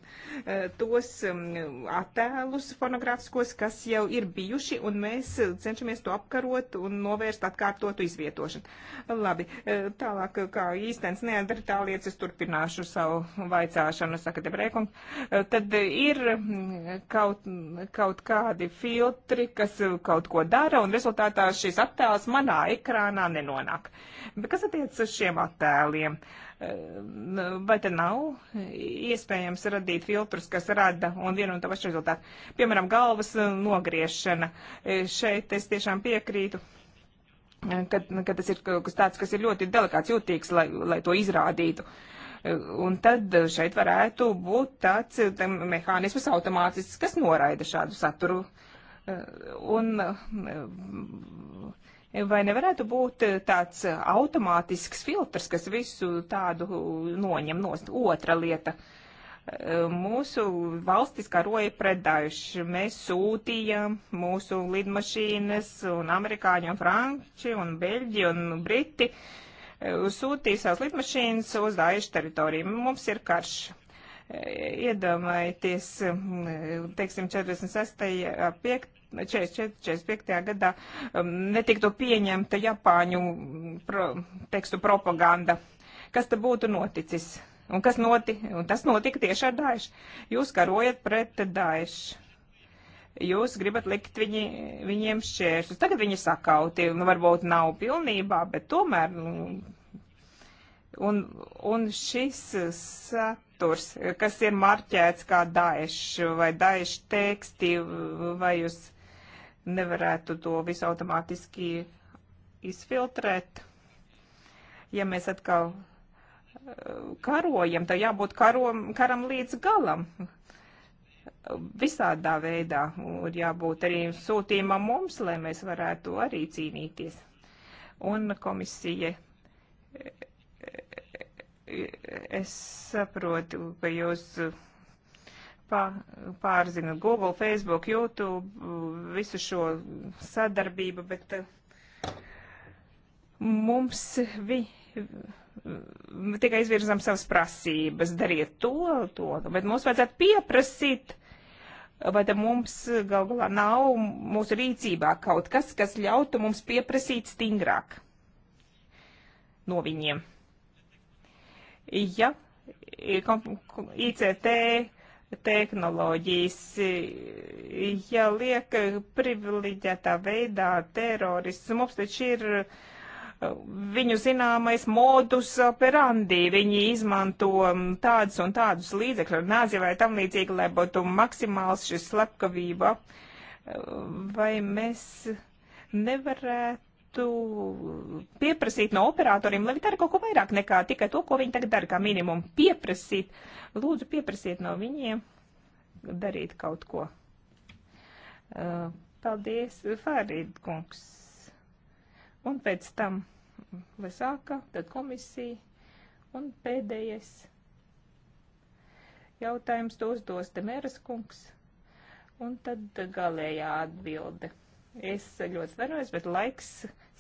tos mm, attēlus fonogrāfiskos, kas jau ir bijuši, un mēs cenšamies to apkarot un novērst atkārtotu izvietošanu. Labi, Eh, tālāk, eh, kā īstenis neandertālietis, turpināšu savu vaicāšanu, saka Debrēkums. Eh, tad ir mm, kaut, kaut kādi filtri, kas kaut ko dara, un rezultātā šis attēls manā ekrānā nenonāk. Bet kas attiec uz šiem attēliem? vai te nav iespējams radīt filtrus, kas rada un vienu un to pašu rezultātu. Piemēram, galvas nogriešana. Šeit es tiešām piekrītu kad, kad tas ir kaut kas tāds, kas ir ļoti delikāts, jūtīgs, lai, lai to izrādītu. Un tad šeit varētu būt tāds tā, mehānisms automātisks, kas noraida šādu saturu. Un vai nevarētu būt tāds automātisks filtrs, kas visu tādu noņem nost? Otra lieta. Uh, mūsu valstis karoja pret daļuši. Mēs sūtījām mūsu lidmašīnas un amerikāņi un franči un beļģi un briti e, sūtīja savas lidmašīnas uz daļuši teritoriju. Mums ir karš. E, iedomājieties, teiksim, 46. 5. 44, 45. gadā netiktu pieņemta Japāņu pro, tekstu propaganda. Kas te būtu noticis? Un, kas noti, un tas notika tieši ar Daešu. Jūs karojat pret Daešu. Jūs gribat likt viņi, viņiem šķēršļus. Tagad viņi sakauti, nu, varbūt nav pilnībā, bet tomēr. Nu, un, un šis saturs, kas ir marķēts kā Daešu vai Daešu teksti, vai jūs nevarētu to visu automātiski izfiltrēt? Ja mēs atkal karojam, tam jābūt karom, karam līdz galam. Visādā veidā ir jābūt arī sūtījumam mums, lai mēs varētu arī cīnīties. Un komisija, es saprotu, ka jūs pārzina Google, Facebook, YouTube, visu šo sadarbību, bet eh, mums vi, tikai izvirzam savas prasības, dariet to, to, bet mums vajadzētu pieprasīt, vai te mums gal galā nav mūsu rīcībā kaut kas, kas ļautu mums pieprasīt stingrāk no viņiem. Ja ICT tehnoloģijas, ja liek privileģētā veidā terorismu, mums taču ir uh, viņu zināmais modus operandi. Viņi izmanto mm, tādus un tādus līdzekļus, nāzi vai tam līdzīgi, lai būtu maksimāls šis slepkavība. Vai mēs nevarētu pieprasīt no operatoriem, lai viņi dara kaut ko vairāk nekā tikai to, ko viņi tagad dara, kā minimumu pieprasīt. Lūdzu, pieprasiet no viņiem darīt kaut ko. Paldies, Fārīd kungs un pēc tam Lesāka, tad komisija, un pēdējais jautājums to uzdos Demēras kungs, un tad galējā atbilde. Es ļoti svarojos, bet laiks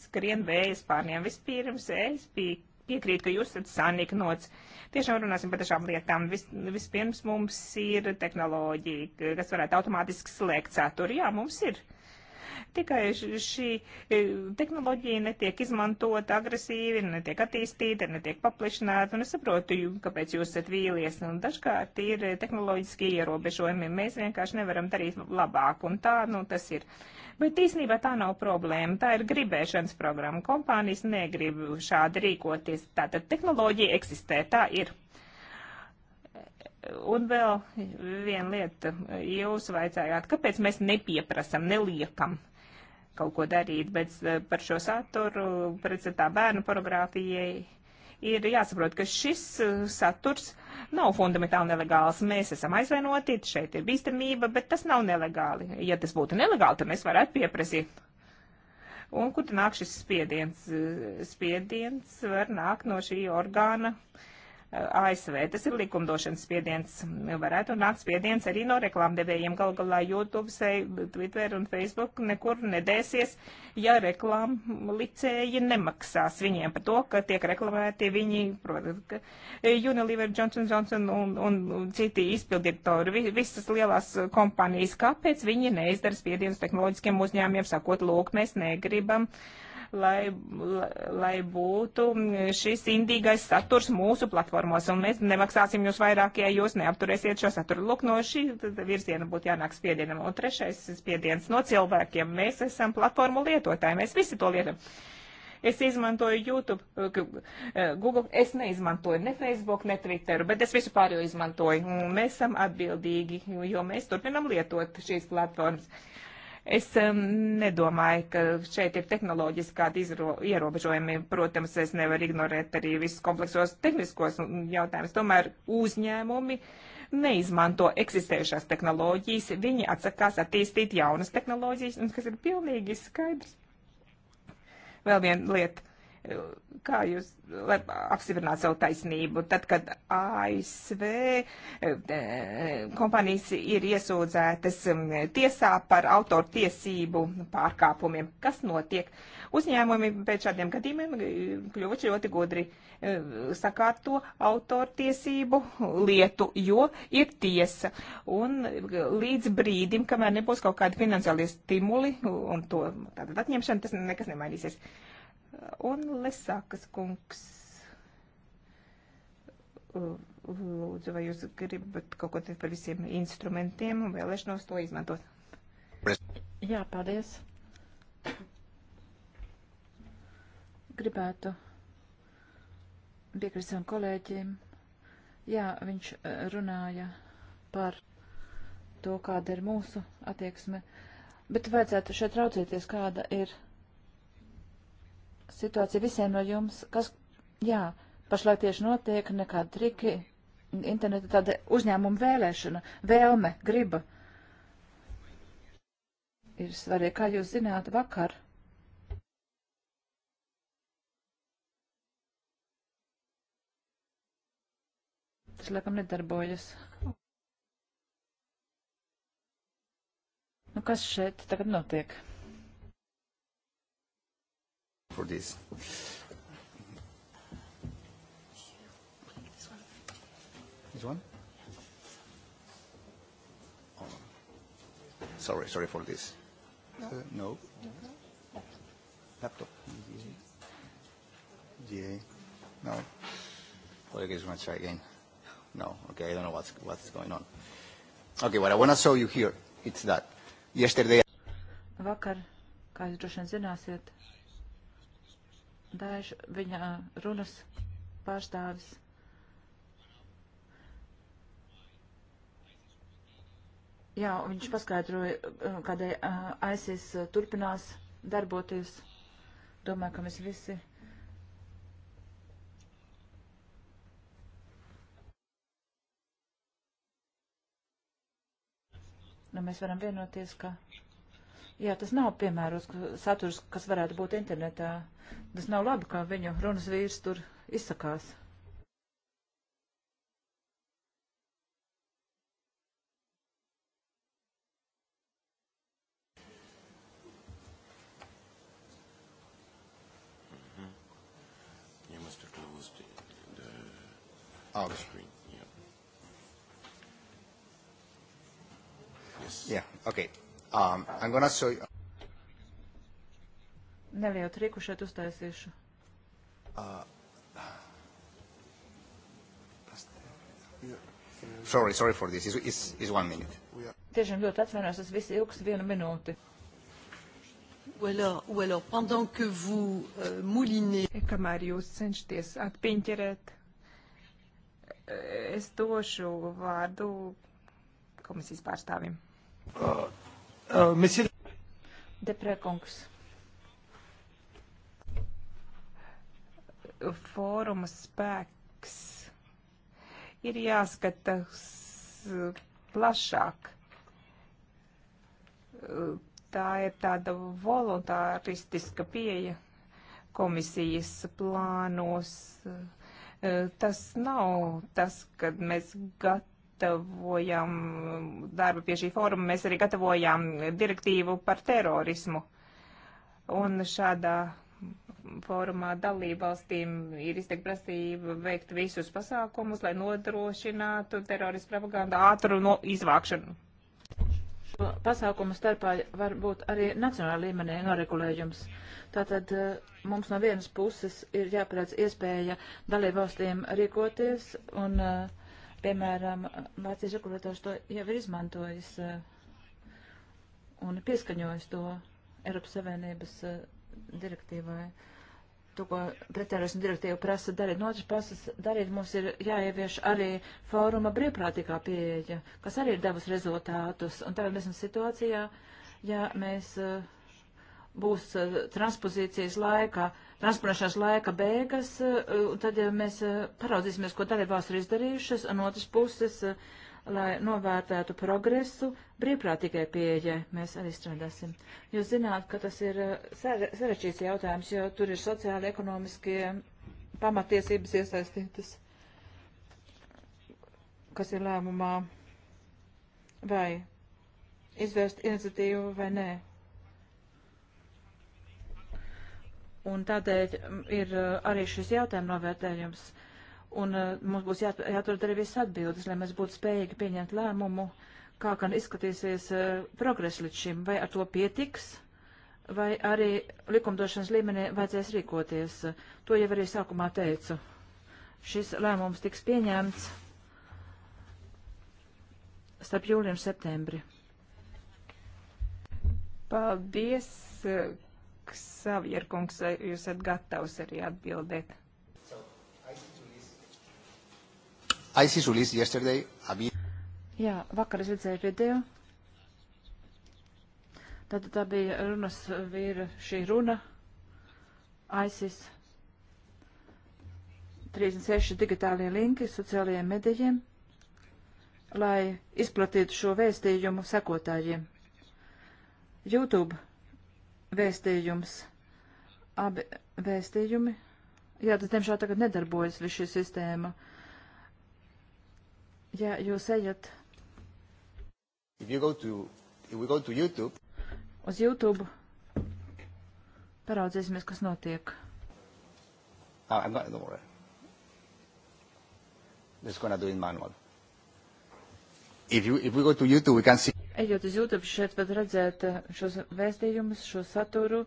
skrien vējas pārniem. Vispirms es biju piekrītu, ka jūs esat saniknots. Tiešām runāsim par dažām lietām. Vis, vispirms mums ir tehnoloģija, kas varētu automātiski slēgt saturu. Jā, mums ir. Uh, Tikai šī e, tehnoloģija netiek izmantota agresīvi, netiek attīstīta, netiek paplišināta, un es saprotu, kāpēc jūs esat vīlies, un dažkārt ir e, tehnoloģiski ierobežojumi, mēs vienkārši nevaram darīt labāk, un tā, nu, tas ir. Bet īsnībā tā nav problēma, tā ir gribēšanas programma. Kompānijas negrib šādi rīkoties. Tātad tehnoloģija eksistē, tā ir. Un vēl viena lieta, jūs vaicājāt, kāpēc mēs nepieprasam, neliekam kaut ko darīt, bet eh, par šo saturu, pretstatā bērnu pornogrāfijai, ir jāsaprot, ka šis eh, saturs nav fundamentāli nelegāls. Mēs esam aizvainoti, šeit ir bīstamība, bet tas nav nelegāli. Ja tas būtu nelegāli, tad mēs varētu pieprasīt. Un kur nāk šis spiediens? Eh, spiediens var nākt no šī orgāna. Uh, ASV. Tas ir likumdošanas spiediens. Varētu nākt spiediens arī no reklāmdevējiem. Gal galā YouTube, Twitter un Facebook nekur nedēsies, ja reklāmlicēji nemaksās viņiem par to, ka tiek reklamēti viņi, protams, Unilever, Johnson Johnson un, un, un citi izpildirektori, visas lielās kompānijas. Kāpēc viņi neizdara spiedienus tehnoloģiskiem uzņēmiem, sakot, lūk, mēs negribam uh, lai, lai būtu šis indīgais saturs mūsu platformos, un mēs nemaksāsim jūs vairāk, ja jūs neapturēsiet šo saturu. Lūk, no šī virziena būtu jānāk spiedienam. Un trešais spiediens no cilvēkiem. Mēs esam platformu lietotāji, mēs visi to lietojam. Es izmantoju YouTube, Google, es neizmantoju ne Facebook, ne Twitter, bet es visu pārējo izmantoju. Mēs esam atbildīgi, jo mēs turpinam lietot šīs platformas. Uh, Es um, nedomāju, ka šeit ir tehnoloģiski kādi ierobežojumi. Protams, es nevaru ignorēt arī visus kompleksos tehniskos jautājumus. Tomēr uzņēmumi neizmanto eksistējušās tehnoloģijas, viņi atsakās attīstīt jaunas tehnoloģijas, un kas ir pilnīgi skaidrs. Vēl viena lieta kā jūs apstiprināt savu taisnību, tad, kad ASV eh, eh, kompānijas ir iesūdzētas mm, tiesā par autoru tiesību pārkāpumiem, kas notiek? Uzņēmumi pēc šādiem gadījumiem eh, kļuvuši ļoti gudri sakārto autoru tiesību lietu, jo ir tiesa. Un līdz brīdim, kamēr nebūs kaut kādi finansiālie stimuli un to tātad atņemšana, tas nekas nemainīsies. Uh, Un Lesakas kungs, lūdzu, vai jūs gribat kaut ko teikt par visiem instrumentiem un vēlēšanos to izmantot? Jā, paldies. Gribētu piekrist savam kolēģiem. Jā, viņš e, runāja par to, kāda ir mūsu attieksme, bet vajadzētu šeit raucīties, kāda ir situācija visiem no jums, kas, jā, pašlaik tieši notiek, nekādi triki, interneta tāda uzņēmuma vēlēšana, vēlme, griba. Ir svarīgi, kā jūs zināt, vakar. Tas, laikam, nedarbojas. Nu, kas šeit tagad notiek? for this. This one? Oh. Sorry, sorry for this. No. Uh, no. Laptop. Yeah. yeah. No. Well, I guess we're going to try again. No. Okay, I don't know what's, what's going on. Okay, what I want to show you here, it's that. Yesterday... Vakar, kā jūs droši vien zināsiet, Daži viņa uh, runas pārstāvis. Jā, viņš paskaidroja, uh, kādēļ uh, ISIS turpinās darboties. Domāju, ka mēs visi. Nu, mēs varam vienoties, ka Jā, tas nav piemērots saturs, kas varētu būt internetā. Tas nav labi, kā viņu runas vīrs tur izsakās. I'm gonna show you. Nelielu triku šeit uztaisīšu. Uh, sorry, sorry for this. It's, it's, it's one minute. Tiešām ļoti atvainojos, tas viss ilgs vienu minūti. Ou alors, ou alors, pendant que vous euh, moulinez... Kamēr jūs cenšaties atpiņķerēt, es došu vārdu komisijas pārstāvim. Uh. Uh, monsieur... Deprekungs. Fóruma spēks ir jāskatās plašāk. Tā ir tāda voluntāristiska pieeja komisijas plānos. Tas nav tas, kad mēs gatavojamies gatavojam darbu pie šī fóruma, mēs arī gatavojam direktīvu par terorismu. Un šādā fórumā dalībvalstīm ir izteikta prasība veikt visus pasākumus, lai nodrošinātu teroristu propagandu ātru no izvākšanu. Šo pasākumu starpā var būt arī nacionāla līmenī noregulējums. Tātad eh, mums no vienas puses ir jāparedz iespēja dalībvalstīm rīkoties un uh, Piemēram, Vācijas regulators to jau ir izmantojis eh, un pieskaņojis to Eiropas Savienības eh, direktīvai. To, ko pretterorismu direktīva prasa darīt, no otras puses darīt, mums ir jāievieš arī fóruma brīvprātīgā pieeja, kas arī ir devus rezultātus. Un tagad mēs esam situācijā, ja mēs eh, būs transpozīcijas laikā, uh, transponēšanas laika beigas, eh, tad mēs eh, paraudzīsimies, ko dalībās ir izdarījušas, un otras puses, eh, lai novērtētu progresu, brīvprātīgai pieejai mēs arī strādāsim. Jūs zināt, ka tas ir sarežģīts jautājums, jo tur ir sociāli ekonomiskie pamatiesības iesaistītas, kas ir lēmumā vai izvērst iniciatīvu vai nē. Un tādēļ mm, ir eh, arī šis jautājuma novērtējums. Un eh, mums būs jāatrod arī viss atbildes, lai mēs būtu spējīgi pieņemt lēmumu, kā gan izskatīsies eh, progress līdz šim, vai ar to pietiks, vai arī likumdošanas līmenī vajadzēs rīkoties. To jau arī sākumā teicu. Šis lēmums tiks pieņemts starp jūliju un septembri. Paldies! Ksavjerkungs, jūs esat gatavs arī atbildēt. Jā, vakar es redzēju video. Tad tā bija runas vīra šī runa. ISIS 36 digitālie linki sociālajiem medijiem, lai izplatītu šo vēstījumu sekotājiem. YouTube vēstījums. Abi vēstījumi. Jā, tas diemžēl tagad nedarbojas viss šī sistēma. Ja jūs ejat. You to, YouTube. Uz YouTube paraudzēsimies, kas notiek. Ah, I'm not, don't worry. This is gonna do it manual. If you, if we go to YouTube, we can see. Ejot uz YouTube, šeit var redzēt eh, šos vēstījumus, šo saturu,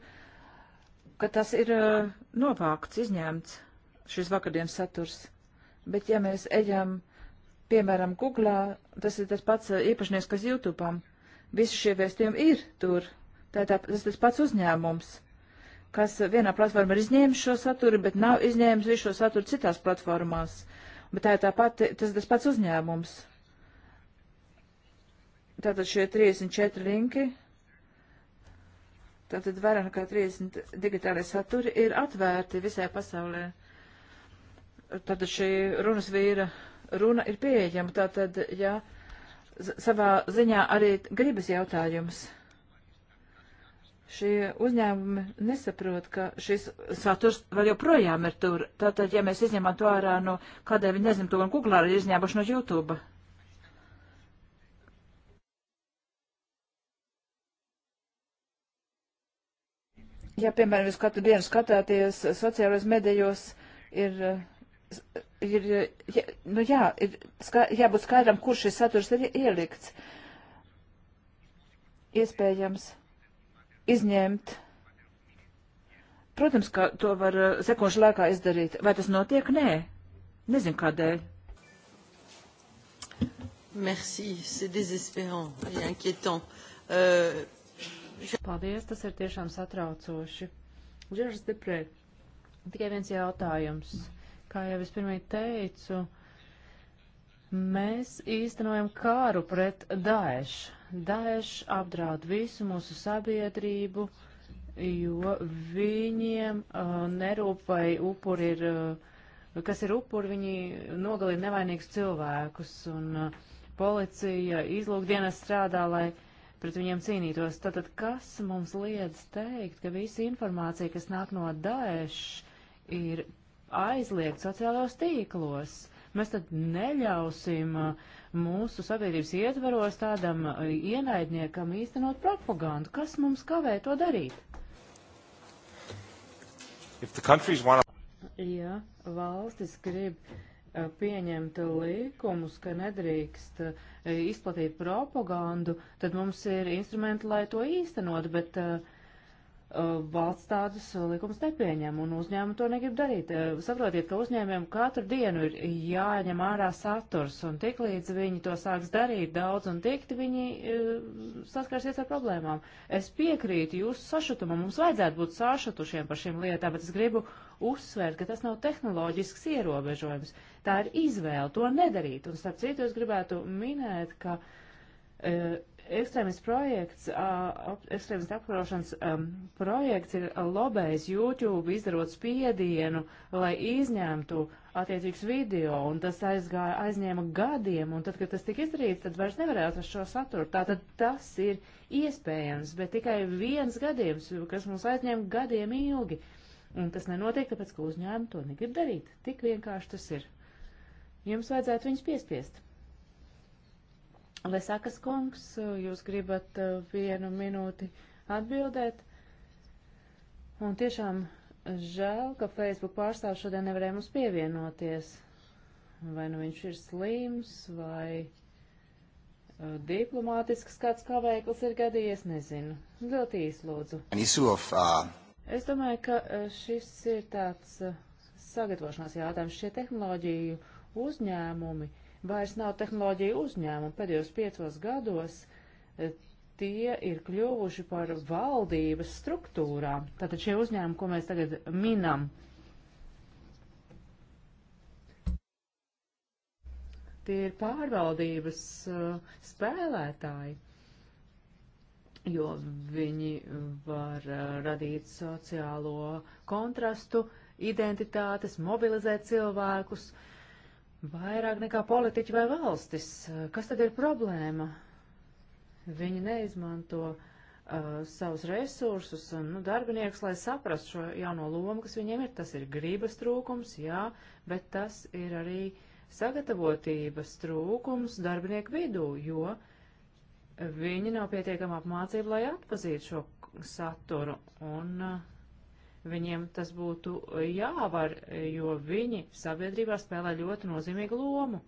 ka tas ir eh, novākts, izņemts, šis vakardienas saturs. Bet ja mēs ejam, piemēram, Googlā, tas ir tas pats eh, īpašnieks, kas YouTube, visi šie vēstījumi ir tur. Tā, tā, tas ir tas pats uzņēmums, kas vienā platformā ir izņēmis šo saturu, bet nav izņēmis visu šo saturu citās platformās. Bet tā ir tā pati, tas ir tas pats uzņēmums Tātad šie 34 linki, tātad vairāk nekā 30 digitālai saturi ir atvērti visai pasaulē. Tātad šī runas vīra runa ir pieejama, tātad, ja savā ziņā arī gribas jautājums. Šie uzņēmumi nesaprot, ka šis saturs vēl joprojām ir tur. Tātad, ja mēs izņemam to ārā no, kādēļ viņi nezinu, to gan Google arī izņēmuši no YouTube. A. Ja, piemēram, jūs katru dienu skatāties sociālajos medijos, ir, ir ja, nu jā, ir ska, jābūt skaidram, kur šis saturs ir ielikts. Iespējams izņemt. Protams, ka to var uh, sekošu laikā izdarīt. Vai tas notiek? Nē. Nezinu, kādēļ. Merci, c'est désespérant et inquiétant. Euh, Paldies, tas ir tiešām satraucoši. Žeržas Deprē, tikai viens jautājums. Kā jau es pirmie teicu, mēs īstenojam kāru pret Daešu. Daesh apdraud visu mūsu sabiedrību, jo viņiem uh, nerūp vai upuri ir, uh, kas ir upuri, viņi nogalina nevainīgus cilvēkus, un uh, policija izlūkdienas strādā, lai uh, pret viņiem cīnītos. Tātad, kas mums liedz teikt, ka visa informācija, kas nāk no Daesh, ir aizliegta sociālajos tīklos? Mēs tad neļausim uh, mūsu sabiedrības ietvaros tādam uh, ienaidniekam īstenot propagandu. Kas mums kavē to darīt? Wanna... Ja valstis grib uh, Eh, pieņemt likumus, ka nedrīkst eh, izplatīt propagandu, tad mums ir instrumenti, lai to īstenot, bet uh, Uh, valsts tādus uh, likumus nepieņem, un uzņēmumi to negrib darīt. Uh, saprotiet, ka uzņēmumiem katru dienu ir jāņem ārā saturs, un tik līdz viņi to sāks darīt daudz un tikti, viņi saskarsies ar problēmām. Es piekrītu jūsu sašutumam, mums vajadzētu būt sašutušiem par šīm lietām, bet es gribu uzsvērt, ka tas nav tehnoloģisks ierobežojums. Tā ir izvēle to nedarīt, un starp citu es gribētu minēt, ka Ekstrēmists projekts, ekstrēmists apkarošanas um, projekts ir lobējis YouTube, izdarot spiedienu, lai izņemtu attiecīgs video, un tas aizgāja, aizņēma gadiem, un tad, kad tas tika izdarīts, tad vairs nevarēja atrast šo saturu. Tātad tas ir iespējams, bet tikai viens gadījums, kas mums aizņēma gadiem ilgi, un tas nenotiek, tāpēc, ka uzņēmumi to negrib darīt. Tik vienkārši tas ir. Jums vajadzētu viņus piespiest. Lesakas kungs, jūs gribat eh, vienu minūti atbildēt. Un tiešām žēl, ka Facebook pārstāvs šodien nevarēja mums pievienoties. Vai nu viņš ir slims, vai eh, diplomātisks kāds kavēklis ir gadījies, nezinu. Ļoti īsi lūdzu. Uh, es domāju, ka eh, šis ir tāds sagatavošanās jautājums. Šie tehnoloģiju uzņēmumi vairs nav tehnoloģija uzņēmumi. Pēdējos piecos gados e, tie ir kļuvuši par valdības struktūrām. Tātad šie uzņēmumi, ko mēs tagad minam, tie ir pārvaldības uh, spēlētāji, jo viņi var uh, radīt sociālo kontrastu, identitātes, mobilizēt cilvēkus. Uh, vairāk nekā politiķi vai valstis. Kas tad ir problēma? Viņi neizmanto uh, savus resursus un nu, darbiniekus, lai saprastu šo jauno lomu, kas viņiem ir. Tas ir gribas trūkums, jā, bet tas ir arī sagatavotības trūkums darbinieku vidū, jo viņi nav pietiekami apmācība, lai atpazītu šo saturu. Un, uh, Viņiem tas būtu jāvar, jo viņi sabiedrībā spēlē ļoti nozīmīgu lomu.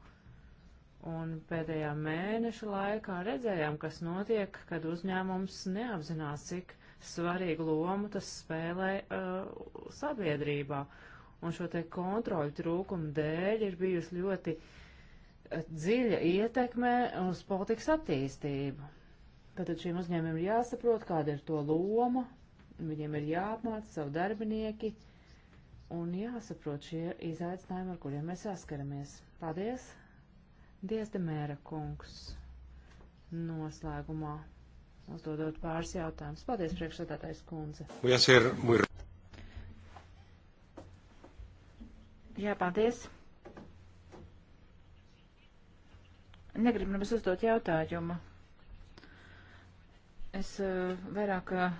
Un pēdējā mēneša laikā redzējām, kas notiek, kad uzņēmums neapzinās, cik svarīgu lomu tas spēlē uh, sabiedrībā. Un šo te kontroļu trūkumu dēļ ir bijusi ļoti uh, dziļa ietekme uz politikas attīstību. Tātad šiem uzņēmumiem ir jāsaprot, kāda ir to loma, Viņiem ir jāapmāca savu darbinieki un jāsaprot šie izaicinājumi, ar kuriem mēs saskaramies. Paldies! Dievs, Demēra kungs! Noslēgumā uzdodot pāris jautājumus. Paldies, priekšsēdētājs kundze! Jā, paldies! Negribu nemaz uzdot jautājumu. Es uh, vairāk uh,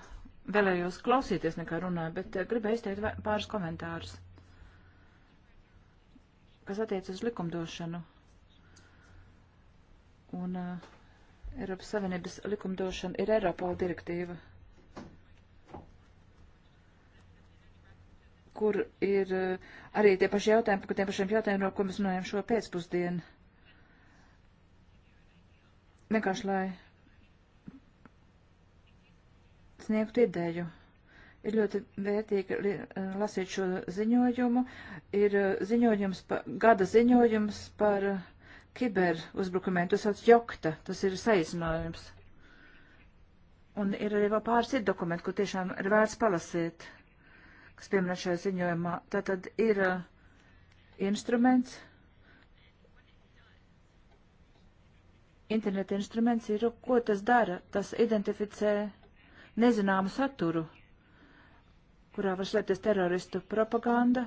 vēlējos klausīties, nekā runāju, bet eh, gribēju izteikt pāris komentārus, kas attiec uz likumdošanu un uh, Eiropas Savienības likumdošana ir Eiropola direktīva, kur ir uh, arī tie paši jautājumi, par tiem pašiem jautājumiem, no ko mēs runājam šo pēcpusdienu. Vienkārši, lai sniegtu ideju. Ir ļoti vērtīgi eh, lasīt šo ziņojumu. Ir eh, ziņojums, pa, gada ziņojums par eh, kiber uzbrukumiem. Tas sauc jokta, tas ir saīsinājums. Un ir arī vēl pāris citu dokumentu, ko tiešām ir vērts palasīt, kas pieminē šajā ziņojumā. Tātad ir instruments, interneta instruments ir, ko tas dara, tas identificē nezināmu saturu, kurā var slēpties teroristu propaganda,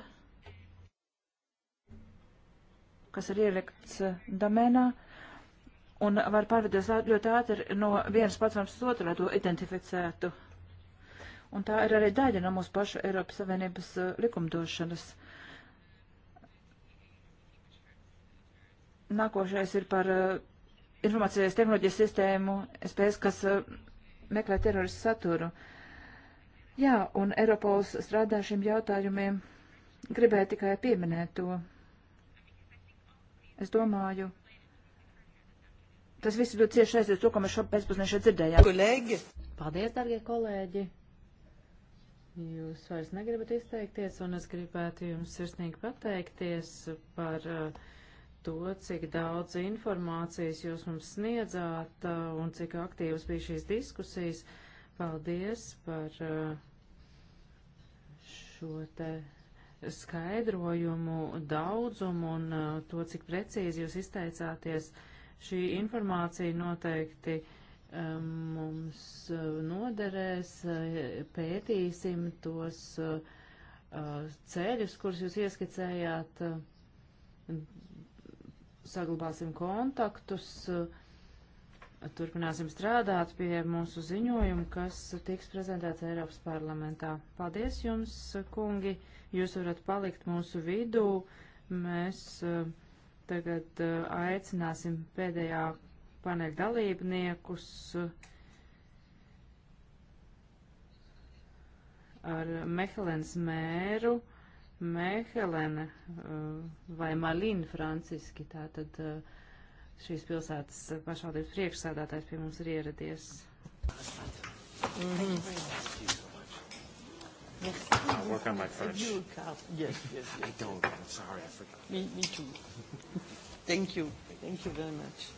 kas ir ielikts eh, domēnā, un var pārvietoties ļoti ātri no vienas platformas uz otru, lai to identificētu. Un tā ir arī daļa no mūsu pašu Eiropas Savienības eh, likumdošanas. Nākošais ir par eh, informācijas tehnoloģijas sistēmu SPS, kas meklē teroristu saturu. Jā, un Eiropols strādā šiem jautājumiem. Gribēju tikai pieminēt to. Es domāju, tas viss ļoti cieši aizies to, ko mēs šo pēcpusdienu šeit dzirdējām. Kolēģi! Paldies, darbie kolēģi! Jūs vairs negribat izteikties, un es gribētu jums sirsnīgi pateikties par uh, to, cik daudz informācijas jūs mums sniedzāt uh, un cik aktīvas bija šīs diskusijas. Paldies par uh, šo te skaidrojumu, daudzumu un uh, to, cik precīzi jūs izteicāties. Šī informācija noteikti um, mums noderēs, pētīsim tos ceļus, kurus jūs ieskicējāt saglabāsim kontaktus, eh, turpināsim strādāt pie mūsu ziņojuma, kas tiks prezentēts Eiropas parlamentā. Paldies jums, kungi, jūs varat palikt mūsu vidū. Mēs eh, tagad eh, aicināsim pēdējā paneļa dalībniekus ar Mehelens mēru. Mehelene eh, vai Malina franciski, tātad eh, šīs pilsētas pašvaldības priekšsādātājs pie mums ir ieradies. Mm -hmm. Yes. I'll work on my French. Yes, yes, yes. I don't. I'm sorry, I forgot. Me, me too. Thank you. Thank you very much.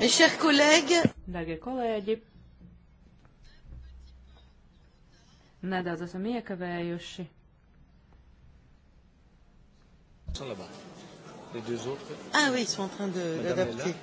Darbie kolēģi, nedaudz esam iekavējuši. Ah oui, ils sont en train d'adapter.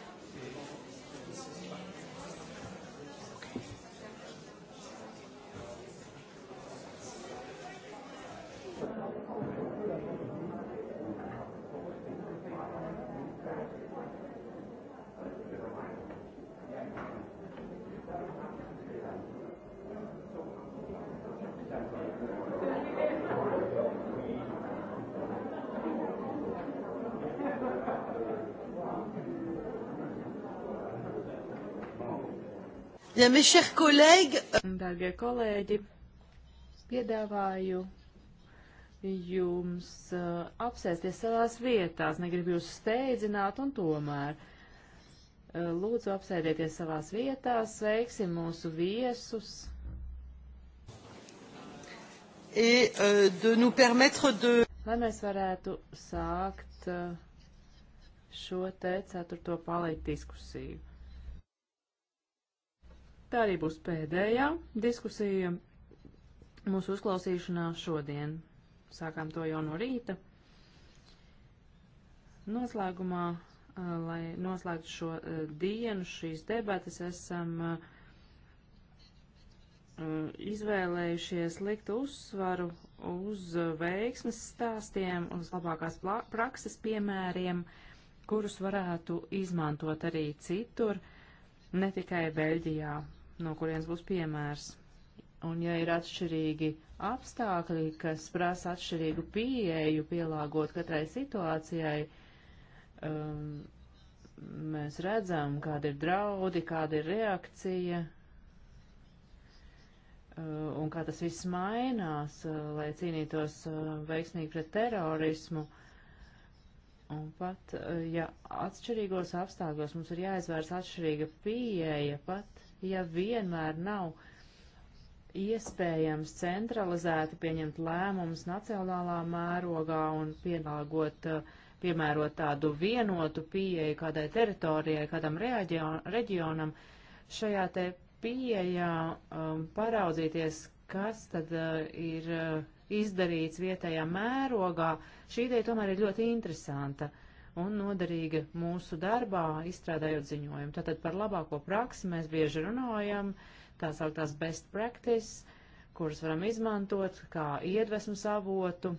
Bien, mes chers collègues. Dargie kolēģi, piedāvāju jums uh, apsēsties savās vietās. Negribu jūs steidzināt un tomēr. Uh, lūdzu, apsēdieties savās vietās, sveiksim mūsu viesus. Et, uh, de nous permettre de... Lai mēs varētu sākt uh, šo te ceturto palīdz diskusiju. Tā arī būs pēdējā diskusija mūsu uzklausīšanā šodien. Sākām to jau no rīta. Noslēgumā, lai noslēgtu šo dienu, šīs debatas, esam izvēlējušies likt uzsvaru uz veiksmes stāstiem, uz labākās prakses piemēriem, kurus varētu izmantot arī citur, ne tikai Beļģijā no kurienes būs piemērs. Un ja ir atšķirīgi apstākļi, kas prasa atšķirīgu pieeju, pielāgot katrai situācijai, um, mēs redzam, kāda ir draudi, kāda ir reakcija uh, un kā tas viss mainās, uh, lai cīnītos uh, veiksmīgi pret terorismu. Un pat, uh, ja atšķirīgos apstākļos mums ir jāizvērs atšķirīga pieeja, pat ja vienmēr nav iespējams centralizēti pieņemt lēmumus nacionālā mērogā un pielāgot, eh, piemērot tādu vienotu pieeju kādai teritorijai, kādam reģionam, šajā te pieejā um, paraudzīties, kas tad uh, ir uh, izdarīts vietējā mērogā, šī ideja tomēr ir ļoti interesanta. Uh, un noderīga mūsu darbā, izstrādājot ziņojumu. Tātad par labāko praksi mēs bieži runājam, tā sauktās best practice, kuras varam izmantot kā iedvesmu savotu,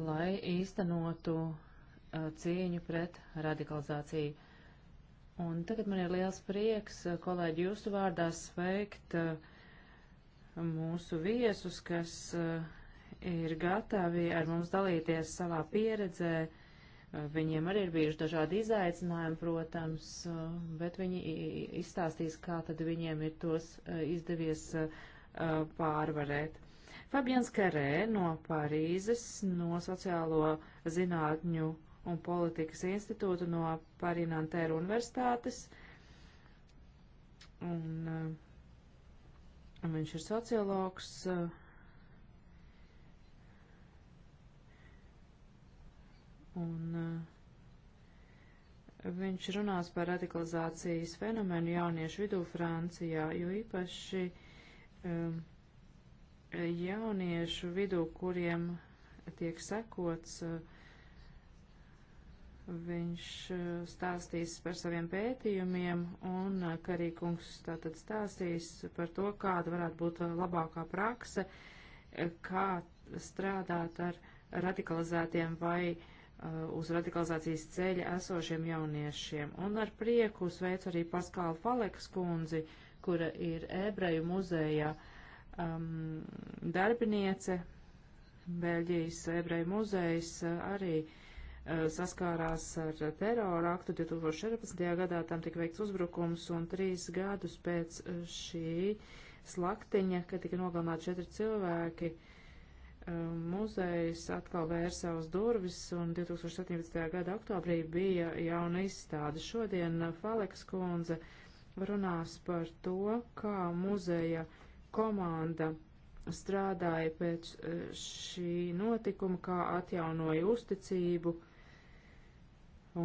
lai īstenotu uh, cīņu pret radikalizāciju. Un tagad man ir liels prieks, uh, kolēģi, jūsu vārdā sveikt uh, mūsu viesus, kas uh, ir gatavi ar mums dalīties savā pieredzē. Viņiem arī ir bijuši dažādi izaicinājumi, protams, bet viņi izstāstīs, kā tad viņiem ir tos e, izdevies e, e, pārvarēt. Fabians Karē no Parīzes, no Sociālo zinātņu un politikas institūta no Parinantēra universitātes. Un, uh, Viņš ir sociologs, uh, un eh, viņš runās par radikalizācijas fenomenu jauniešu vidū Francijā, jo īpaši um, jauniešu vidū, kuriem tiek sekots, eh, viņš stāstīs par saviem pētījumiem, un Karīkungs tātad stāstīs par to, kāda varētu būt labākā prakse, kā strādāt ar radikalizētiem vai uh, Uh, uz radikalizācijas ceļa esošiem jauniešiem. Un ar prieku sveicu arī Paskālu Faleks kundzi, kura ir ebreju muzeja um, darbiniece. Beļģijas ebreju muzejs uh, arī uh, saskārās ar terora aktu 2014. gadā, tam tika veikts uzbrukums, un trīs gadus pēc uh, šī slaktiņa, kad tika nogalināti četri cilvēki, uh, muzejs atkal vērs savus durvis, un 2017. gada oktobrī bija jauna izstāde. Šodien Faleks kundze runās par to, kā muzeja komanda strādāja pēc e, šī notikuma, kā atjaunoja uzticību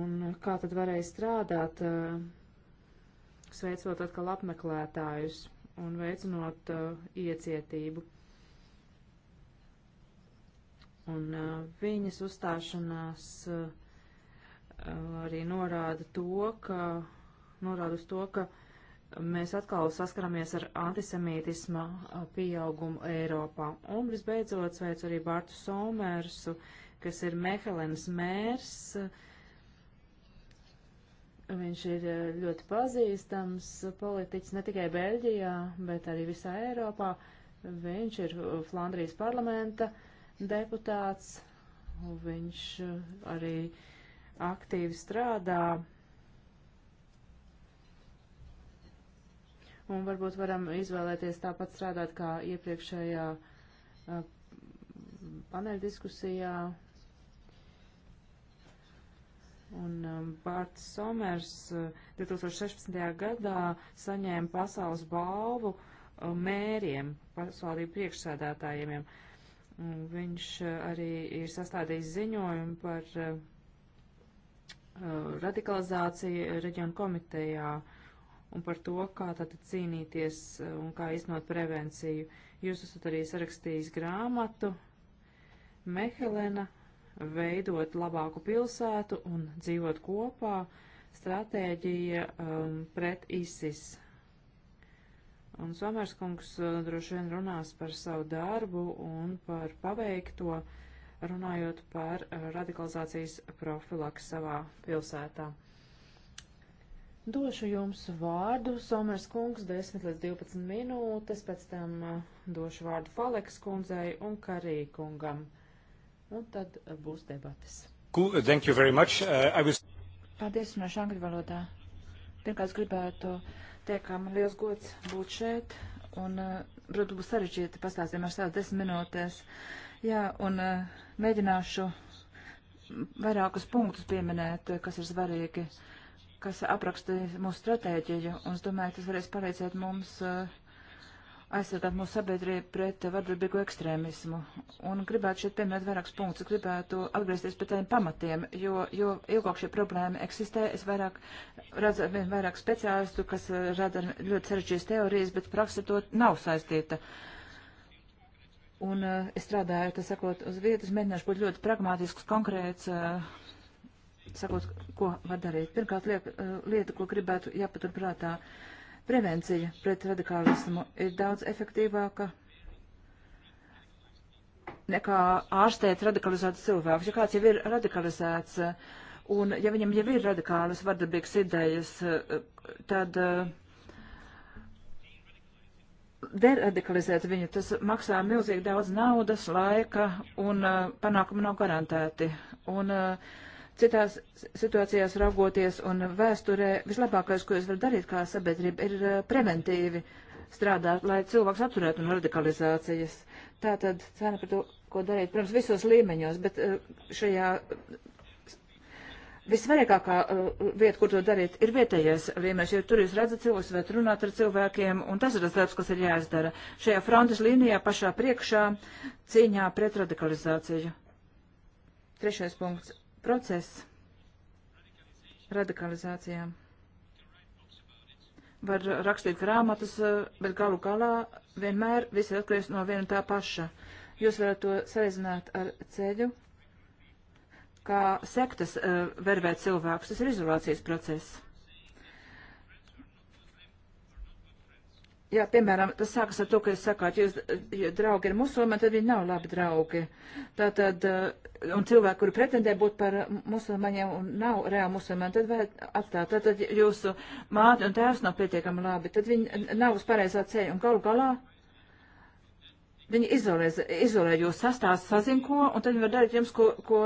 un kā tad varēja strādāt, e, sveicot atkal apmeklētājus un veicinot e, iecietību un uh, viņas uzstāšanās uh, arī norāda to, ka, norāda uz to, ka mēs atkal saskaramies ar antisemītisma pieaugumu Eiropā. Un visbeidzot sveicu arī Bārtu Somersu, kas ir Mehelens mērs. Viņš ir ļoti pazīstams politiķis ne tikai Beļģijā, bet arī visā Eiropā. Viņš ir Flandrijas parlamenta uh, deputāts. Viņš eh, arī aktīvi strādā. Un varbūt varam izvēlēties tāpat strādāt kā iepriekšējā eh, paneļa diskusijā. Un eh, Bārts Somers 2016. gadā saņēma pasaules balvu mēriem, pašvaldību priekšsēdētājiem. Uh, Mm, viņš eh, arī ir sastādījis ziņojumu par eh, eh, radikalizāciju reģionu komitejā un par to, kā tātad cīnīties un kā iznot prevenciju. Jūs esat arī sarakstījis grāmatu Mehelena veidot labāku pilsētu un dzīvot kopā stratēģija um, pret ISIS. Un Somerskungs uh, droši vien runās par savu darbu un par paveikto, runājot par uh, radikalizācijas profilaks savā pilsētā. Došu jums vārdu, Somers kungs, 10 līdz 12 minūtes, pēc tam uh, došu vārdu Faleks kundzei un Karī kungam. Un tad būs debatas. Cool, thank you very much. Uh, I was... Paldies, no šāngļu valodā. Pirmkārt, gribētu uh, Tiekam liels gods būt šeit, un, protams, eh, būs sarežģīti pastāstīt ar savu desmit minūtēs. Jā, un eh, mēģināšu vairākus punktus pieminēt, eh, kas ir svarīgi, kas aprakstīja mūsu stratēģiju, un es domāju, tas varēs palīdzēt mums uh, aizsargāt mūsu sabiedrību pret vardarbīgu ekstrēmismu. Un gribētu šeit pieminēt vairākus punktus. Gribētu atgriezties pie tiem pamatiem, jo, jo ilgāk šī problēma eksistē, es vairāk redzu vien vairāk speciālistu, kas eh, rada ļoti sarežģītas teorijas, bet praksa to nav saistīta. Un uh, es strādāju, tas sakot, uz vietas, mēģināšu būt ļoti pragmātisks, konkrēts. Uh, sakot, ko var darīt. Pirmkārt, liek, lieta, ko gribētu jāpaturprātā. Uh, Prevencija pret radikālismu ir daudz efektīvāka nekā ārstēt radikalizētus cilvēkus. Ja kāds jau ir radikalizēts, uh, un ja viņam jau ir radikālas vardarbīgas idejas, uh, tad uh, deradikalizēt viņu, tas maksā milzīgi daudz naudas, laika un uh, panākumi nav garantēti. Un uh, Citās situācijās raugoties un vēsturē vislabākais, ko es varu darīt kā sabiedrība, ir eh, preventīvi strādāt, lai cilvēks atturētu no radikalizācijas. Tā tad cena par to, ko darīt, protams, visos līmeņos, bet eh, šajā visvarīgākā uh, vieta, kur to darīt, ir vietējais līmenis, jo tur jūs redzat cilvēkus, varat runāt ar cilvēkiem, un tas ir tas darbs, kas ir jāizdara. Šajā frontes līnijā pašā priekšā cīņā pret radikalizāciju. Trešais punkts process radikalizācijām. Var rakstīt grāmatas, eh, bet galu galā vienmēr viss ir atkarīgs no viena tā paša. Jūs varat to sareizināt ar ceļu, kā sektas uh, vervē cilvēkus. Tas ir izolācijas process. Jā, piemēram, tas sākas ar to, ka jūs sakāt, jūs, ja draugi ir musulmaņi, tad viņi nav labi draugi. Tātad, eh, un cilvēki, kuri pretendē būt par musulmaņiem un nav reāli musulmaņi, tad vajag atstāt. Tātad jūsu māte un tēvs nav pietiekami labi, tad viņi nav uz pareizā ceļa. Un galu galā viņi izolē, izolē jūs sastāst sazinko, un tad viņi var darīt jums, ko, ko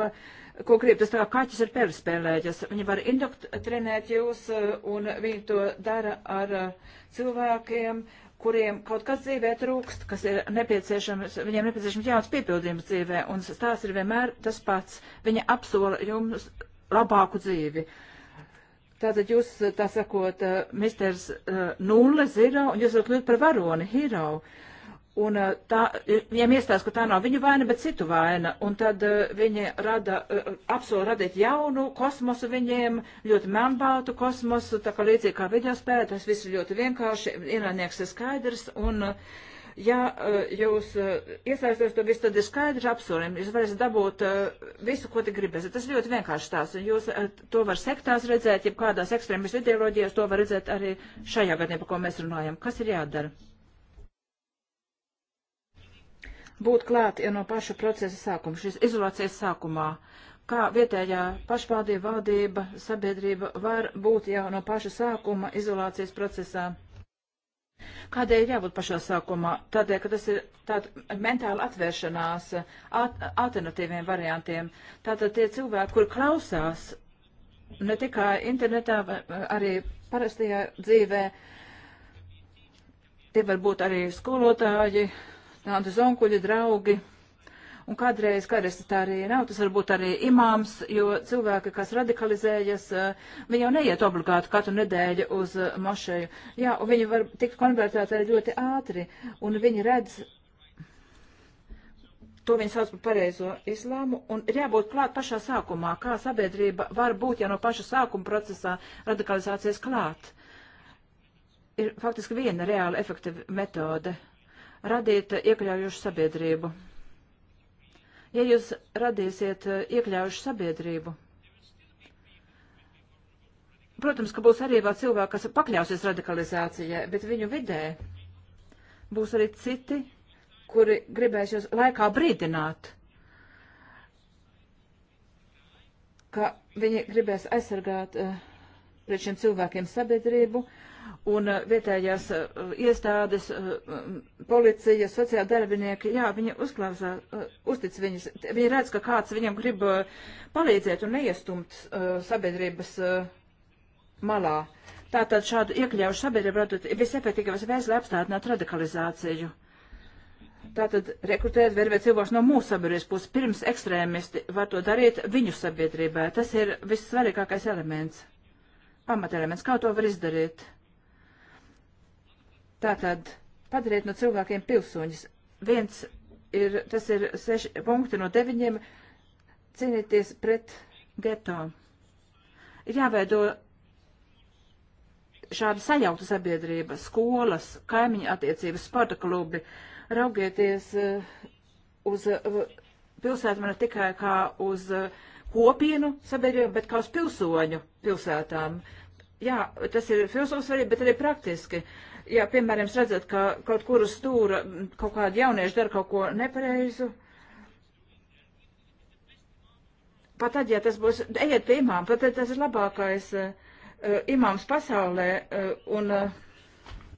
ko grib, tas tā kā kaķis ir perspēlēģis. Viņi var indoktrinēt jūs, eh, un viņi to dara ar eh, cilvēkiem, kuriem kaut kas dzīvē trūkst, kas ir nepieciešams, viņiem nepieciešams jauns piepildījums dzīvē, un stāsts ir vienmēr tas pats. Viņa apsola jums labāku dzīvi. Tātad jūs, eh, tā sakot, misters nulle, zero, un jūs varat kļūt par varoni, hero. Uh, Un eh, tā, viņiem iestājas, ka tā nav viņu vaina, bet citu vaina. Un tad uh, viņi rada, uh, apsola radīt jaunu kosmosu viņiem, ļoti membātu kosmosu, tā kā līdzīgi kā videospēlē, tas viss ir ļoti vienkārši, ienaidnieks ir skaidrs. Un, uh, ja jūs iesaistos, tad viss tad ir skaidrs apsolim, jūs varat dabūt visu, ko te gribēsiet. Tas ļoti vienkārši tās, un jūs to var sektās redzēt, ja kādās ekstrēmistu ideoloģijās to var redzēt arī šajā gadījumā, par ko mēs runājam. Kas ir jādara? būt klāt jau no paša procesa sākuma, šīs izolācijas sākumā, kā vietējā pašvaldība, valdība, sabiedrība var būt jau no paša sākuma izolācijas procesā. Kādēļ ir jābūt pašā sākumā? Tādēļ, ka tas ir tāda mentāla atvēršanās at, alternatīviem variantiem. Tātad tie cilvēki, kur klausās ne tikai internetā, arī parastajā dzīvē, tie var būt arī skolotāji, tādu zonkuļu draugi. Un kādreiz kariste tā arī nav, tas varbūt arī imāms, jo cilvēki, kas radikalizējas, eh, viņi jau neiet obligāti katru nedēļu uz eh, mošeju. Jā, un viņi var tikt konvertēti arī ļoti ātri, un viņi redz, to viņi sauc par pareizo islāmu, un ir jābūt klāt pašā sākumā, kā sabiedrība var būt jau no paša sākuma procesā radikalizācijas klāt. Ir faktiski viena reāla efektīva metode radīt iekļaujušu sabiedrību. Ja jūs radīsiet eh, iekļaujušu sabiedrību, protams, ka būs arī vēl cilvēki, kas pakļausies radikalizācijai, bet viņu vidē būs arī citi, kuri gribēs jūs laikā brīdināt, ka viņi gribēs aizsargāt uh, pret šiem cilvēkiem sabiedrību, uh, un uh, vietējās uh, iestādes, uh, policija, sociāla darbinieki, jā, viņi uzklausā, uztic viņus, viņi redz, ka kāds viņam grib palīdzēt un neiestumt sabiedrības malā. Tātad šādu iekļaušu sabiedrību radot visefektīgākais veids, lai apstādinātu radikalizāciju. Tātad rekrutēt vervēt cilvēkus no mūsu sabiedrības puses, pirms ekstrēmisti var to darīt viņu sabiedrībā. Tas ir vissvarīgākais elements, pamatelements, kā to var izdarīt. Tātad padariet no cilvēkiem pilsoņus. Viens ir, tas ir seši punkti no deviņiem, cīnīties pret geto. Ir jāveido šāda sajauta sabiedrība, skolas, kaimiņa attiecības, sporta klubi. Raugieties eh, uz eh, pilsētu man tikai kā uz eh, kopienu sabiedrību, bet kā uz pilsoņu pilsētām. Jā, tas ir filozofs arī, bet arī praktiski. Uh, ja, piemēram, jūs redzat, ka kaut kur uz stūra kaut kādi jaunieši dara kaut ko nepareizu, pat tad, ja tas būs, ejiet pie imām, pat tad tas ir labākais uh, imāms pasaulē, uh, un, uh,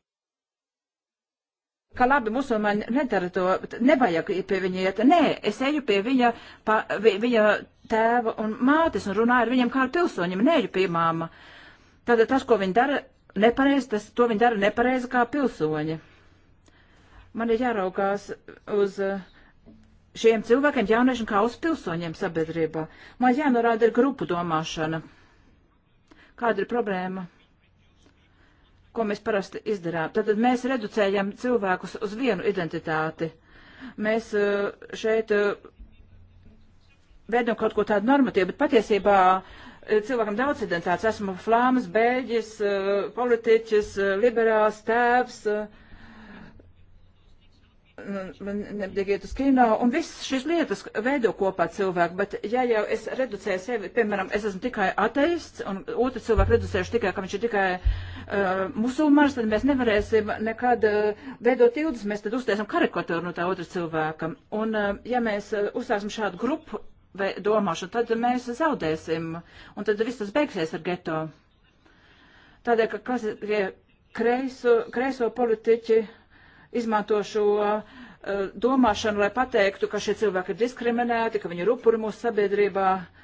ka labi musulmaņi nedara to, nevajag pie viņa iet, nē, es eju pie viņa, pa, vi, viņa tēva un mātes un runāju ar viņiem kā ar pilsoņiem, neeju pie imāma. Tātad tas, ko viņi dara, nepareizi, tas, to viņi dara nepareizi kā pilsoņi. Man ir jāraukās uz uh, šiem cilvēkiem, jauniešiem, kā uz pilsoņiem sabiedrībā. Man jānorāda ir grupu domāšana. Kāda ir problēma? Ko mēs parasti izdarām? Tad mēs reducējam cilvēkus uz vienu identitāti. Mēs uh, šeit uh, veidojam kaut ko tādu normatīvu, bet patiesībā uh, cilvēkam daudz identitātes. Esmu flāmas, bēģis, eh, politiķis, eh, liberāls, tēvs. Eh, man nepatīk iet uz kino, un viss šīs lietas veido kopā cilvēku, bet ja jau es reducēju sevi, piemēram, es esmu tikai ateists, un otru cilvēku reducēšu tikai, ka viņš ir tikai uh, musulmanis, tad mēs nevarēsim nekad uh, veidot ilgas, mēs tad uztaisim karikatūru no tā otra cilvēka. Un uh, ja mēs uh, uzsāksim šādu grupu domāšanu, tad mēs zaudēsim, un tad viss tas beigsies ar geto. Tādēļ, ka kas, kreiso, kreiso politiķi izmanto šo uh, domāšanu, lai pateiktu, ka šie cilvēki ir diskriminēti, ka viņi ir upuri mūsu sabiedrībā. Uh,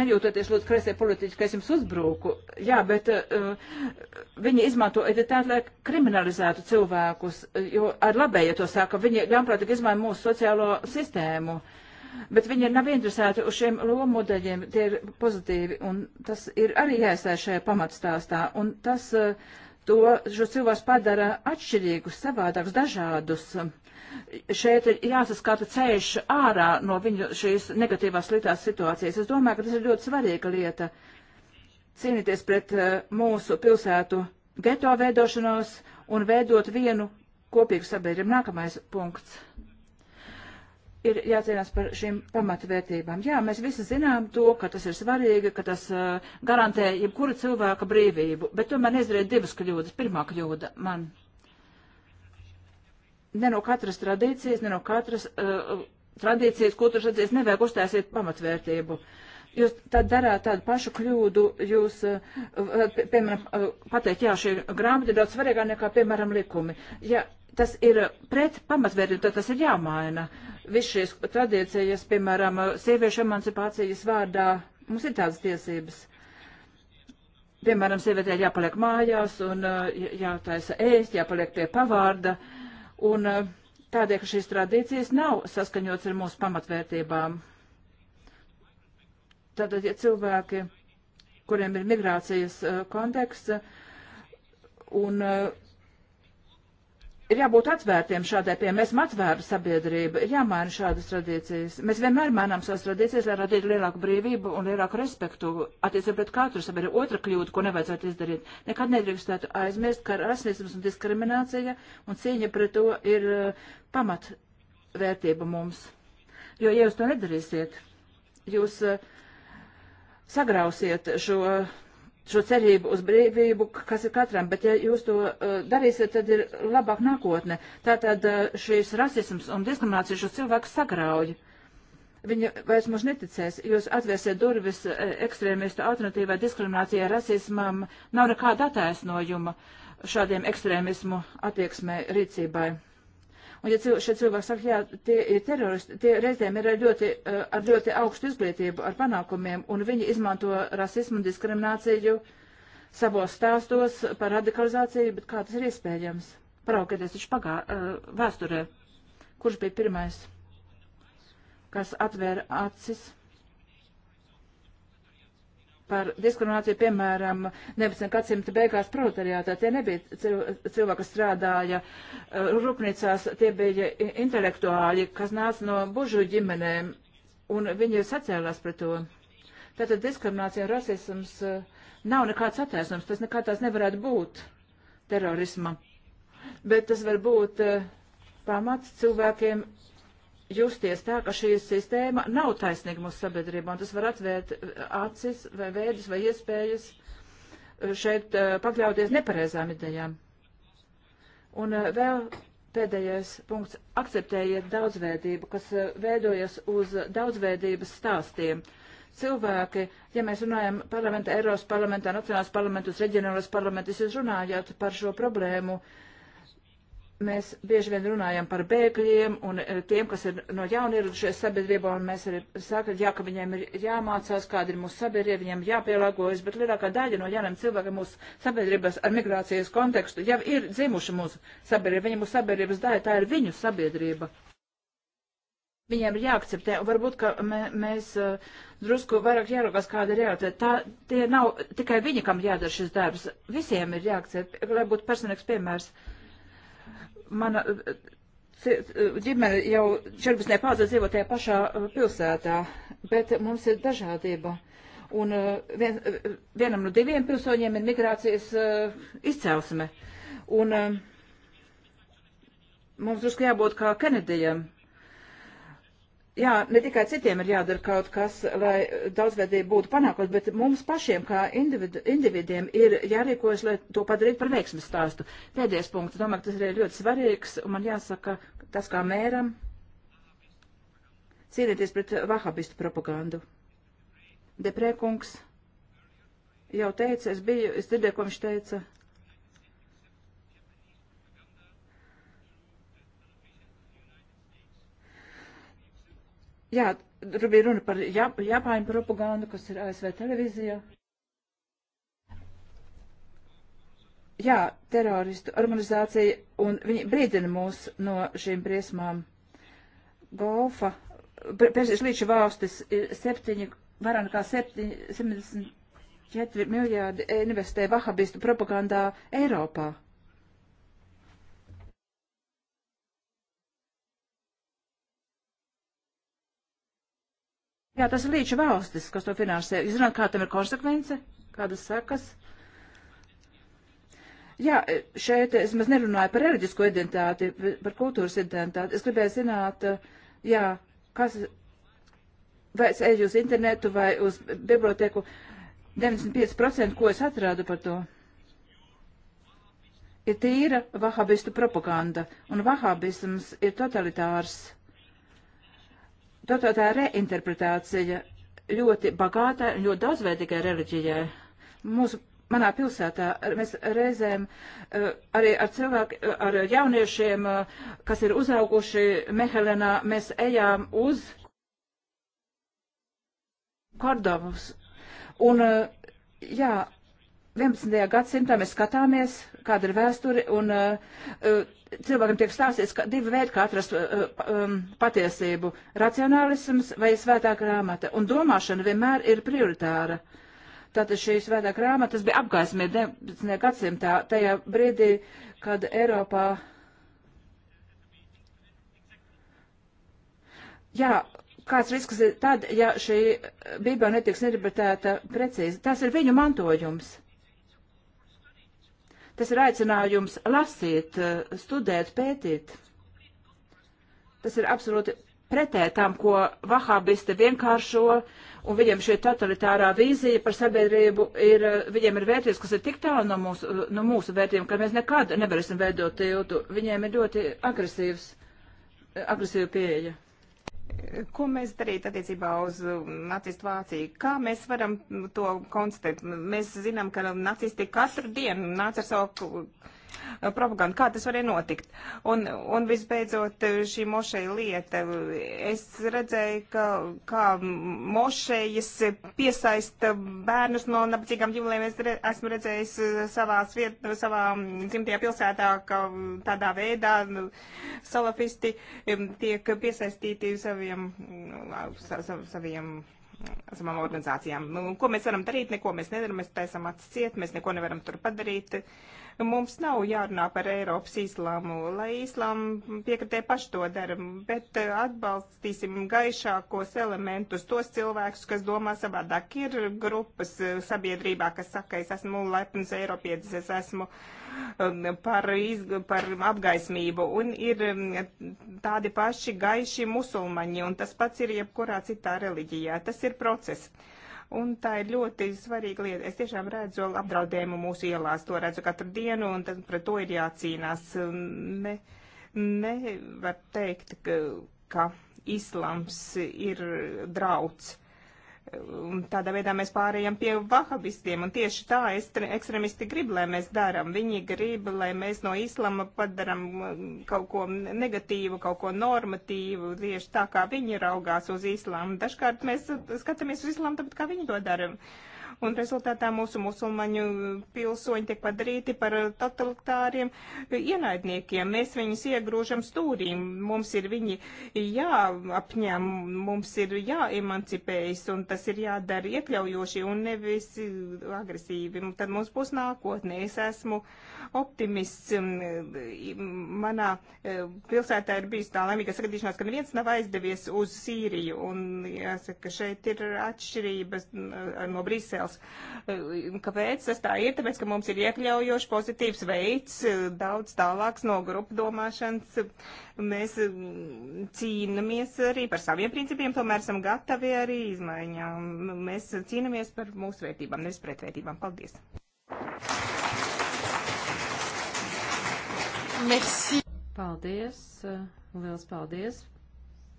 Nejūtoties lūdzu kreisē politiķi, ka es jums uzbruku, jā, bet uh, viņi izmanto etitāti, lai kriminalizētu cilvēkus, jo ar labēju to saka, viņi ļaunprātīgi izmanto mūsu sociālo sistēmu, bet viņi nav interesēti uz šiem lomu modeļiem, tie ir pozitīvi, un tas ir arī jāiestāj šajā pamatstāstā, un tas uh, to šo cilvēku padara atšķirīgus, savādākus, dažādus. Uh, šeit ir jāsaskata ceļš ārā no viņu šīs negatīvās sliktās situācijas. Es domāju, ka tas ir ļoti svarīga lieta cīnīties pret uh, mūsu pilsētu geto veidošanos un veidot vienu kopīgu sabiedrību. Nākamais punkts ir jācīnās par šīm pamatvērtībām. Jā, mēs visi zinām to, ka tas ir svarīgi, ka tas uh, garantē jebkura cilvēka brīvību, bet tomēr izdarīja divas kļūdas. Pirmā kļūda man ne no katras tradīcijas, ne no katras uh, tradīcijas, kultūras tradīcijas nevajag uztaisīt pamatvērtību. Jūs tad darāt tādu pašu kļūdu, jūs, uh, uh piemēram, uh, pateikt, jā, šī grāmata ir daudz svarīgāka nekā, piemēram, likumi. Ja tas ir pret pamatvērtību, tad tas ir jāmaina. Viss šīs tradīcijas, piemēram, uh, sieviešu emancipācijas vārdā, mums ir tādas tiesības piemēram, sievietē jāpaliek mājās un uh, jātaisa ēst, jāpaliek pie pavārda. Uh, Un eh, tādēļ, ka šīs tradīcijas nav saskaņotas ar mūsu pamatvērtībām. Tātad, ja cilvēki, kuriem ir migrācijas eh, konteksts, un uh, ir jābūt atvērtiem šādai pie. Mēs esam atvērta sabiedrība, ir jāmaina šādas tradīcijas. Mēs vienmēr mainām savas tradīcijas, lai radītu lielāku brīvību un lielāku respektu attiecībā pret katru sabiedrību. Otra kļūda, ko nevajadzētu izdarīt. Nekad nedrīkstētu aizmirst, ka rasisms un diskriminācija un cīņa pret to ir uh, pamatvērtība mums. Jo, ja jūs to nedarīsiet, jūs uh, sagrausiet šo šo cerību uz brīvību, kas ir katram, bet ja jūs to uh, darīsiet, tad ir labāk nākotne. Tātad uh, šīs rasisms un diskriminācija šo cilvēku sagrauj. Viņa vairs mums neticēs, jūs atvērsiet durvis uh, ekstrēmistu alternatīvai diskriminācijai, rasismam, nav nekāda attaisnojuma šādiem ekstrēmismu attieksmē rīcībai. Un ja cil, šie cilvēki saka, jā, tie ir teroristi, tie reizēm ir ar ļoti, eh, ar ļoti augstu izglītību, ar panākumiem, un viņi izmanto rasismu un diskrimināciju savos stāstos par radikalizāciju, bet kā tas ir iespējams? Paraugieties taču pagā, eh, vēsturē, kurš bija pirmais, kas atvēra acis par diskrimināciju, piemēram, 19. gadsimta beigās proletariātā. Tie nebija cilvēki, kas strādāja eh, rūpnīcās, tie bija intelektuāļi, kas nāca no bužu ģimenēm, un viņi sacēlās pret to. Tātad diskriminācija un rasisms eh, nav nekāds attaisnums, tas nekā tās nevarētu būt terorisma. Bet tas var būt eh, pamats cilvēkiem justies tā, ka šī sistēma nav taisnīga mūsu sabiedrībā, un tas var atvērt eh, acis vai veidus vai iespējas eh, šeit eh, pakļauties nepareizām idejām. Un vēl pēdējais punkts - akceptējiet daudzveidību, kas veidojas uz daudzveidības stāstiem. Cilvēki, ja mēs runājam parlamentā, Eiropas parlamentā, Nacionālās parlamentus, reģionālās parlamentus, jūs runājāt par šo problēmu, uh, mēs bieži vien runājam par bēgļiem un eh, tiem, kas ir no jauna ieradušies sabiedrībā, un mēs arī sākam, jā, ka viņiem ir jāmācās, kāda ir mūsu sabiedrība, viņiem jāpielāgojas, bet lielākā daļa no jauniem cilvēkiem mūsu sabiedrības ar migrācijas kontekstu jau ir dzimuši mūsu sabiedrība, viņi mūsu sabiedrības daļa, tā ir viņu sabiedrība. Viņiem ir jāakceptē, un varbūt, ka mē, mēs uh, drusku vairāk jāraugās, kāda ir realitāte. Tā, tie nav tikai viņi, kam jādara šis darbs. Visiem ir jāakceptē, lai būtu personīgs piemērs. Uh, mana ģimene jau 14. paudze dzīvo tajā pašā uh, pilsētā, bet mums ir dažādība. Un uh, vien, vienam no diviem pilsoņiem ir migrācijas uh, izcelsme. Un mums drusku jābūt kā Kenedijam jā, ne tikai citiem ir jādara kaut kas, lai daudzveidība būtu panākot, bet mums pašiem kā individu, individiem ir jārīkojas, lai to padarītu par veiksmes stāstu. Pēdējais punkts, domāju, tas arī ir ļoti svarīgs, un man jāsaka, tas kā mēram cīnīties pret vahabistu propagandu. Deprēkungs jau teica, es biju, es dzirdēju, ko viņš teica. Jā, tur bija runa par Jap Japāņu propagandu, kas ir ASV televīzijā. Jā, teroristu organizācija, un viņi brīdina mūs no šīm briesmām. Golfa, pēc līdz valstis septiņi, vairāk nekā septiņi, 74 miljārdi investē vahabistu propagandā Eiropā. Jā, tas ir līdz valstis, kas to finansē. Jūs zināt, kā tam ir konsekvence, kādas sekas? Jā, šeit es maz nerunāju par reliģisko identitāti, par kultūras identitāti. Es gribēju zināt, jā, kas, vai es eju uz internetu vai uz biblioteku, 95% ko es atrādu par to. Ir tīra vahabistu propaganda, un vahabisms ir totalitārs Tātad tā reinterpretācija ļoti bagāta, ļoti daudzveidīgai reliģijai. Mūsu manā pilsētā mēs reizēm uh, arī ar cilvēkiem, eh, ar jauniešiem, uh, kas ir uzauguši Mehelenā, mēs ejām uz Kordovus. Un, uh, jā, 11. gadsimtā mēs skatāmies, kāda ir vēsture, un uh, cilvēkam tiek stāstīts ka divi veidi, kā atrast uh, um, patiesību - racionālisms vai svētā grāmata. Un domāšana vienmēr ir prioritāra. Tātad šī svētā grāmata, tas bija apgaismība 19. gadsimtā, tajā brīdī, kad Eiropā. Jā, kāds risks ir tad, ja šī Bībele netiks interpretēta precīzi? Tas ir viņu mantojums. Tas ir aicinājums lasīt, studēt, pētīt. Tas ir absolūti pretē tam, ko vahābisti vienkāršo, un viņiem šī totalitārā vīzija par sabiedrību ir, viņiem ir vērtības, kas ir tik tālu no mūsu, no mūsu vērtībiem, ka mēs nekad nevarēsim veidot tiltu. Viņiem ir ļoti agresīvs, agresīva pieeja. Ko mēs darīt attiecībā uz um, nacistu Vāciju? Kā mēs varam to konstatēt? Mēs zinām, ka nacisti katru dienu nāca ar savu Eh, propagandu. Kā tas varēja notikt? Un, un visbeidzot, eh, šī mošeja lieta. Es redzēju, ka, kā mošejas piesaista bērnus no nabadzīgām ģimlēm. Es re, esmu redzējis eh, savā, sviet, mm, savā dzimtajā pilsētā, ka mm, tādā veidā mm, salafisti tiek piesaistīti saviem, sav, saviem savām organizācijām. Nu, ko mēs varam darīt, neko mēs nedaram, mēs taisam acis ciet, mēs neko nevaram tur padarīt. Uh, Mums nav jārunā par Eiropas islāmu, lai islāma piekritē paši to dara, bet eh, atbalstīsim gaišākos elementus, tos cilvēkus, kas domā savādāk. Ir grupas eh, sabiedrībā, kas saka, es esmu lepns Eiropietis, es esmu um, par, iz, par apgaismību, un ir um, tādi paši gaiši musulmaņi, un tas pats ir jebkurā citā reliģijā. Tas ir process un tā ir ļoti svarīga lieta. Es tiešām redzu apdraudējumu mūsu ielās, to redzu katru dienu, un tad pret to ir jācīnās. Ne, nevar teikt, ka, ka islams ir drauds Un tādā veidā mēs pārējām pie vahabistiem, un tieši tā ekstremisti grib, lai mēs darām. Viņi grib, lai mēs no islama padaram um, kaut ko negatīvu, kaut ko normatīvu, tieši tā kā viņi raugās uz islamu. Dažkārt mēs skatāmies uz islamu, tāpat kā viņi to dara. Uh, un rezultātā mūsu musulmaņu pilsoņi tiek padarīti par totalitāriem ienaidniekiem. Mēs viņus iegrūžam stūrī, mums ir viņi jāapņem, mums ir jāemancipējas, un tas ir jādara iekļaujoši un nevis agresīvi. Tad mums būs nākotnē. Es esmu uh, optimists. Eh, manā eh, pilsētā ir bijis tā laimīga sagadīšanās, ka neviens nav aizdevies uz Sīriju. Un jāsaka, šeit ir atšķirības eh, no Briseles. Kāpēc tas tā ir? Tāpēc, ka mums ir iekļaujoši pozitīvs veids, daudz tālāks no grupu domāšanas. Mēs cīnamies arī par saviem principiem, tomēr esam gatavi arī izmaiņām. Mēs cīnamies par mūsu vērtībām, nevis pretvērtībām. Paldies! Merci. Paldies, eh, liels paldies,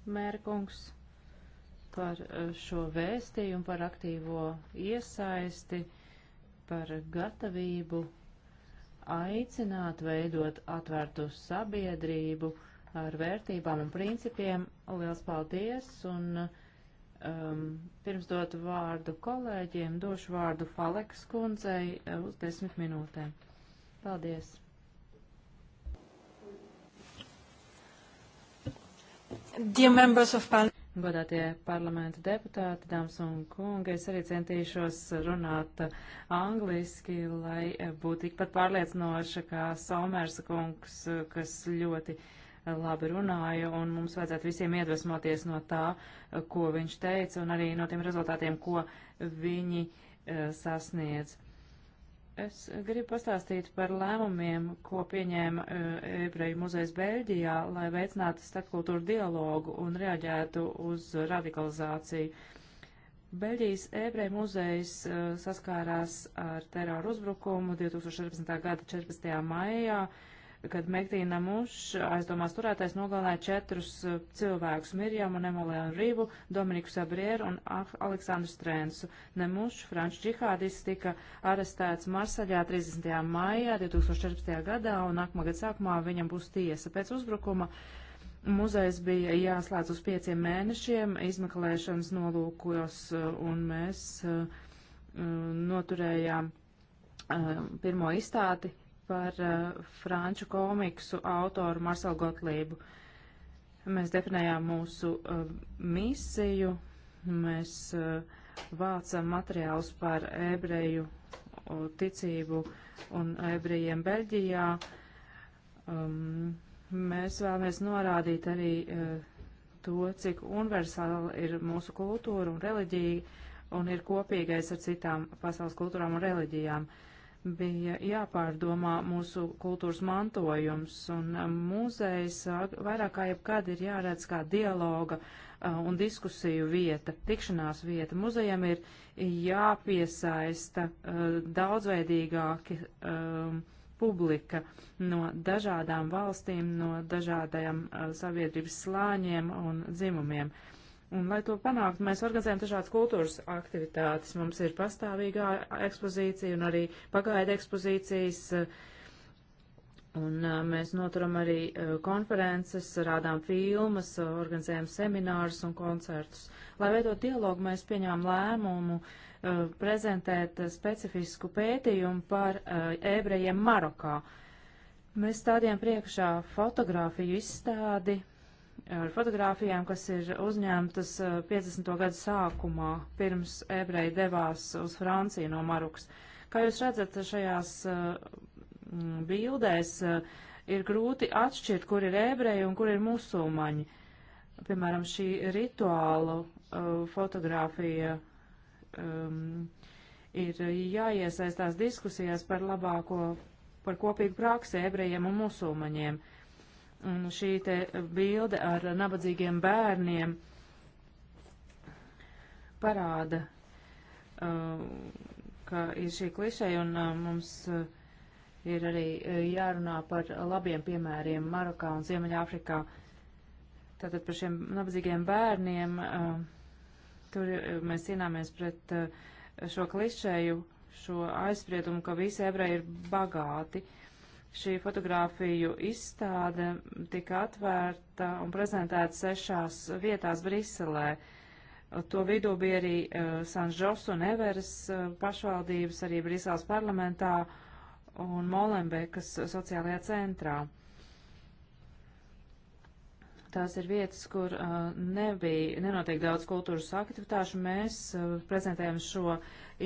mērkungs, par eh, šo vēstījumu, par aktīvo iesaisti, par gatavību aicināt veidot atvērtu sabiedrību ar vērtībām un principiem. Liels paldies! Un, um, pirms dot vārdu kolēģiem, došu vārdu Faleks kundzei eh, uz desmit minūtēm. Paldies! Godātie parlamenta deputāti, dāmas un kungi, es arī centīšos runāt angliski, lai būtu tikpat pārliecinoša kā Somers kungs, kas ļoti labi runāja, un mums vajadzētu visiem iedvesmoties no tā, ko viņš teica, un arī no tiem rezultātiem, ko viņi eh, sasniedz. Es gribu pastāstīt par lēmumiem, ko pieņēma e, Ebreju muzejs Beļģijā, lai veicinātu starpkultūru dialogu un reaģētu uz radikalizāciju. Beļģijas Ebreju muzejs e, saskārās ar teroru uzbrukumu 2014. gada 14. maijā kad Mektīna Muš aizdomās turētais nogalināja četrus uh, cilvēkus - Mirjamu, Nemolēnu Rīvu, Dominiku Sabrieru un Aleksandru Strēnsu. Nemuš, franču džihādists, tika arestēts Marsaļā 30. maijā 2014. gadā un nākamgad sākumā viņam būs tiesa pēc uzbrukuma. Muzejs bija jāslēdz uz pieciem mēnešiem izmeklēšanas nolūkos, uh, un mēs uh, uh, noturējām uh, pirmo izstāti par uh, franču komiksu autoru Marcelu Gotlību. Mēs definējām mūsu uh, misiju, mēs uh, vācam materiālus par ebreju uh, ticību un ebrejiem Beļģijā. Um, mēs vēlamies norādīt arī uh, to, cik universāla ir mūsu kultūra un reliģija un ir kopīgais ar citām pasaules kultūrām un reliģijām. Uh, bija jāpārdomā mūsu kultūras mantojums, un e, muzejs vairāk kā jebkad ir jāredz kā dialoga un diskusiju vieta, tikšanās vieta. Muzejam ir jāpiesaista daudzveidīgāki publika no dažādām valstīm, no dažādajām sabiedrības slāņiem un dzimumiem. Uh, Un, lai to panāktu, mēs organizējam dažādas kultūras aktivitātes. Mums ir pastāvīgā ekspozīcija un arī pagaida ekspozīcijas. Un mēs noturam arī konferences, rādām filmas, organizējam seminārus un koncertus. Lai veidot dialogu, mēs pieņēmām lēmumu prezentēt specifisku pētījumu par ebrejiem Marokā. Mēs stādījām priekšā fotografiju izstādi ar fotogrāfijām, kas ir uzņemtas 50. Eh, gadu sākumā, pirms ebreji devās uz Franciju no Marukas. Kā jūs redzat, šajās eh, bildēs eh, ir grūti atšķirt, kur ir ebreji un kur ir musulmaņi. Piemēram, šī rituālu fotografija um, ir jāiesaistās diskusijās par labāko, par kopīgu praksi ebrejiem un musulmaņiem. Uh, Un šī te bilde ar nabadzīgiem bērniem parāda, uh, ka ir šī klišeja un uh, mums uh, ir arī jārunā par labiem piemēriem Marokā un Ziemeļāfrikā. Tātad par šiem nabadzīgiem bērniem, tur mēs cīnāmies pret šo klišēju, šo aizspriedumu, ka visi ebreji ir bagāti. Uh, Šī fotografiju izstāde tika atvērta un prezentēta sešās vietās Briselē. To vidū bija arī uh, eh, Sanžos un Everas uh, eh, pašvaldības, arī Briseles parlamentā un Molenbekas sociālajā centrā. Tās ir vietas, kur uh, nebija, nenotiek daudz kultūras aktivitāšu. Mēs uh, prezentējam šo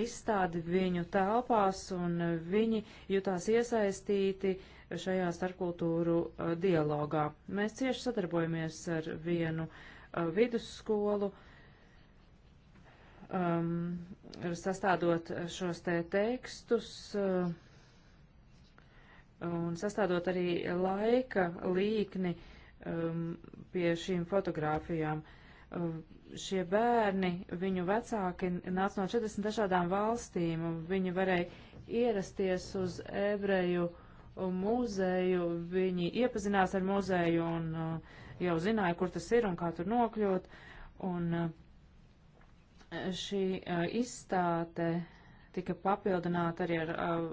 izstādi viņu telpās, un uh, viņi jutās iesaistīti šajā starpkultūru uh, dialogā. Mēs cieši sadarbojamies ar vienu uh, vidusskolu, um, sastādot šos te tekstus. Uh, Un sastādot arī laika līkni uh, um, pie šīm fotogrāfijām. Um, šie bērni, viņu vecāki nāca no 40 dažādām valstīm, un viņi varēja ierasties uz ebreju um, muzeju, viņi iepazinās ar muzeju un uh, jau zināja, kur tas ir un kā tur nokļūt. Un uh, šī uh, izstāte tika papildināta arī ar uh,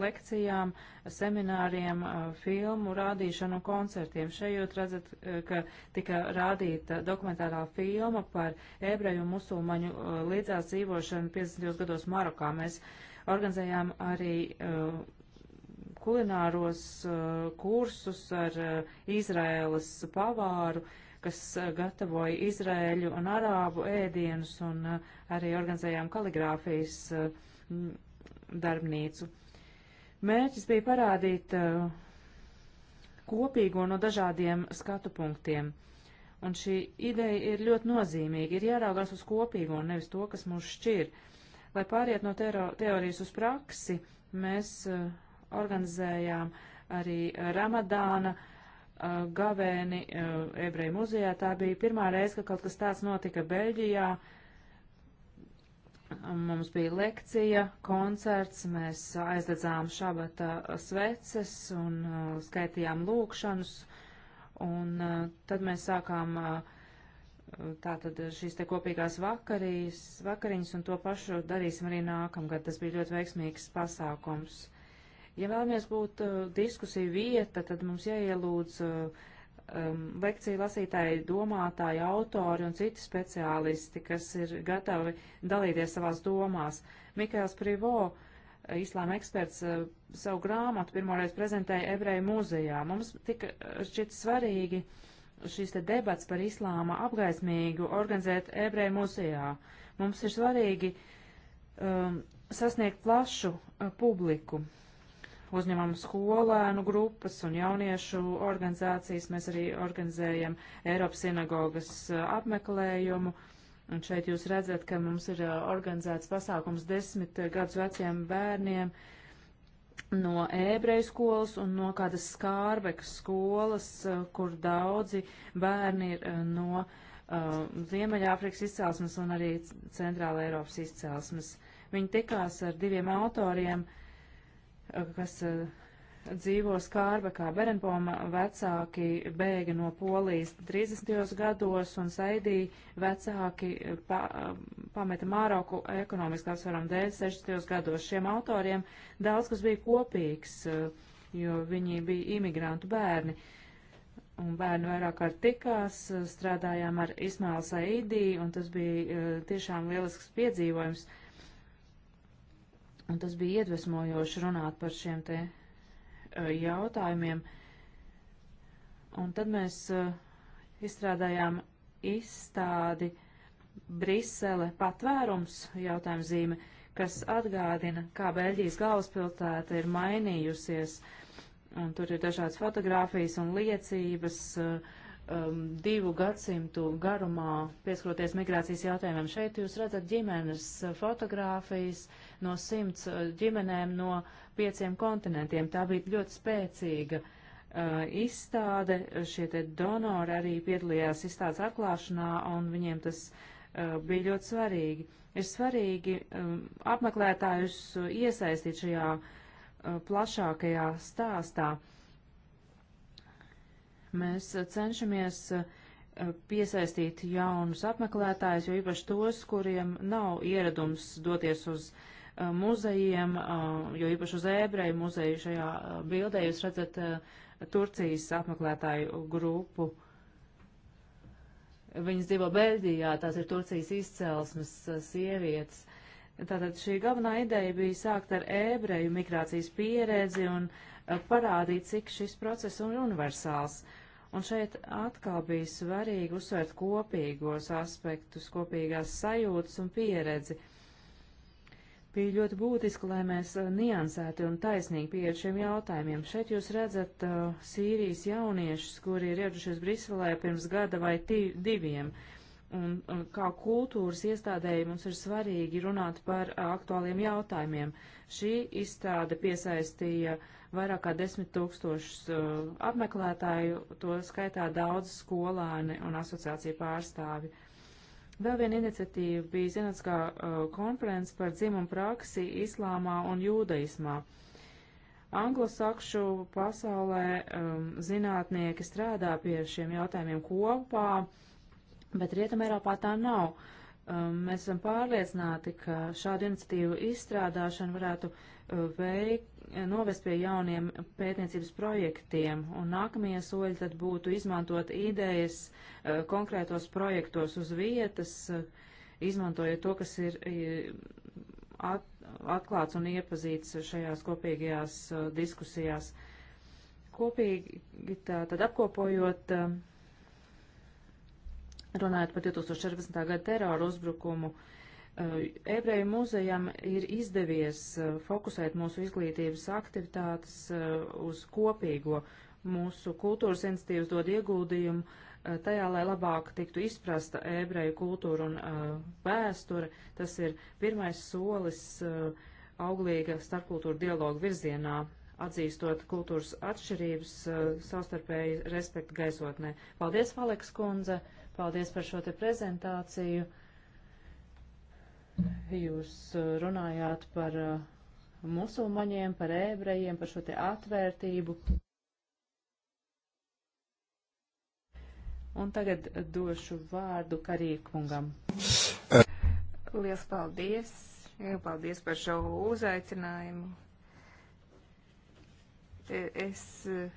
lekcijām, semināriem, filmu rādīšanu un koncertiem. Šeit redzat, ka tika rādīta dokumentārā filma par ebreju un musulmaņu līdzās dzīvošanu 50. gados Marokā. Mēs organizējām arī kulināros kursus ar Izraēlas pavāru kas gatavoja izrēļu un arābu ēdienus un arī organizējām kaligrāfijas darbnīcu. Mērķis bija parādīt uh, kopīgo no dažādiem skatu punktiem. Un šī ideja ir ļoti nozīmīga, ir jāraugās uz kopīgo, nevis to, kas mūs šķir. Lai pāriet no tero, teorijas uz praksi, mēs uh, organizējām arī Ramadāna uh, eh, gavēni ebreju muzejā. Tā bija pirmā reize, ka kaut kas tāds notika Beļģijā. Uh, Mums bija lekcija, koncerts, mēs aizdedzām šabata sveces un uh, skaitījām lūkšanus, un uh, tad mēs sākām uh, tātad šīs te kopīgās vakarīs, vakariņas, un to pašu darīsim arī nākamgad. Tas bija ļoti veiksmīgs pasākums. Ja vēlamies būt diskusiju vieta, tad mums jāielūdz uh, um, lekciju lasītāji, domātāji, autori un citi speciālisti, kas ir gatavi dalīties savās domās. Mikēls Privo, islāma eksperts, uh, savu grāmatu pirmoreiz prezentēja Ebreju muzejā. Mums tika uh, šķiet svarīgi šīs te debats par islāma apgaismīgu organizēt Ebreju muzejā. Mums ir svarīgi um, sasniegt plašu uh, publiku uzņemam skolēnu grupas un jauniešu organizācijas. Mēs arī organizējam Eiropas sinagogas uh, apmeklējumu. Un šeit jūs redzat, ka mums ir uh, organizēts pasākums desmit uh, gadus veciem bērniem no ebreju skolas un no kādas skārbekas skolas, kur daudzi bērni ir no uh, Ziemeļāfrikas izcelsmes un arī Centrāla Eiropas izcelsmes. Viņi tikās ar diviem autoriem uh, kas e, dzīvo Skārbekā. Berenpoma vecāki bēga no Polijas 30. gados un Saidī vecāki e, pa, e, pameta Māroku ekonomiski apsvaram dēļ 60. gados. Šiem autoriem daudz kas bija kopīgs, jo viņi bija imigrantu bērni. Un bērni vairāk kārt tikās, strādājām ar Ismālu Saidī, un tas bija tiešām lielisks piedzīvojums. Uh, Un tas bija iedvesmojoši runāt par šiem te e, jautājumiem. Un tad mēs e, izstrādājām izstādi Brisele patvērums jautājumzīme, kas atgādina, kā Beļģijas galvaspilsēta ir mainījusies. Un tur ir dažādas fotogrāfijas un liecības uh, um, divu gadsimtu garumā pieskaroties migrācijas jautājumiem. Šeit jūs redzat ģimenes fotogrāfijas no simts uh, ģimenēm no pieciem kontinentiem. Tā bija ļoti spēcīga uh, izstāde. Šie te donori arī piedalījās izstādes atklāšanā un viņiem tas uh, bija ļoti svarīgi. Ir svarīgi um, apmeklētājus uh, iesaistīt šajā uh, plašākajā stāstā. Uh, Mēs eh, cenšamies eh, piesaistīt jaunus apmeklētājus, jo īpaši tos, kuriem nav ieradums doties uz eh, muzejiem, jo īpaši uz ebreju muzeju šajā bildē jūs redzat Turcijas apmeklētāju grupu. Viņas dzīvo Beļģijā, tās ir Turcijas izcelsmes sievietes. Tātad šī galvenā ideja bija sākt ar ebreju migrācijas pieredzi un uh, Eh, parādīt, cik šis process ir universāls. Un šeit atkal bija svarīgi uzsvērt kopīgos aspektus, kopīgās sajūtas un pieredzi. Bija ļoti būtiski, lai mēs eh, niansēti un taisnīgi pieeja šiem jautājumiem. Šeit jūs redzat uh, Sīrijas jauniešus, kuri ir ieradušies Briselē pirms gada vai diviem. Un, un kā kultūras iestādēji mums ir svarīgi runāt par aktuāliem jautājumiem. Šī izstāde piesaistīja uh, vairāk kā desmit tūkstošus uh, apmeklētāju, to skaitā daudz skolāni un asociācija pārstāvi. Vēl viena iniciatīva bija zinātniskā uh, konference par dzimumu praksi islāmā un jūdaismā. Anglosakšu pasaulē um, zinātnieki strādā pie šiem jautājumiem kopā, bet Rietumērā tā nav. Um, mēs esam pārliecināti, ka šāda iniciatīva izstrādāšana varētu uh, veikt novest pie jauniem pētniecības projektiem, un nākamie soļi tad būtu izmantot idejas e, konkrētos projektos uz vietas, e, izmantojot to, kas ir atklāts un iepazīts šajās kopīgajās e, diskusijās. Kopīgi tā, tad apkopojot, runājot par 2014. gada teroru uzbrukumu, uh, Eh, ebreju muzejam ir izdevies eh, fokusēt mūsu izglītības aktivitātes eh, uz kopīgo. Mūsu kultūras institīvas dod ieguldījumu tajā, lai labāk tiktu izprasta ebreju kultūra un vēsture. Tas ir pirmais solis auglīga starpkultūra dialoga virzienā, atzīstot kultūras atšķirības savstarpēji respektu gaisotnē. Paldies, Valeks kundze! Paldies par šo te prezentāciju! Jūs uh, runājāt par uh, musulmaņiem, par ebrejiem, par šo te atvērtību. Un tagad došu vārdu Karīkungam. Lielas paldies! Paldies par šo uzaicinājumu. E, es uh,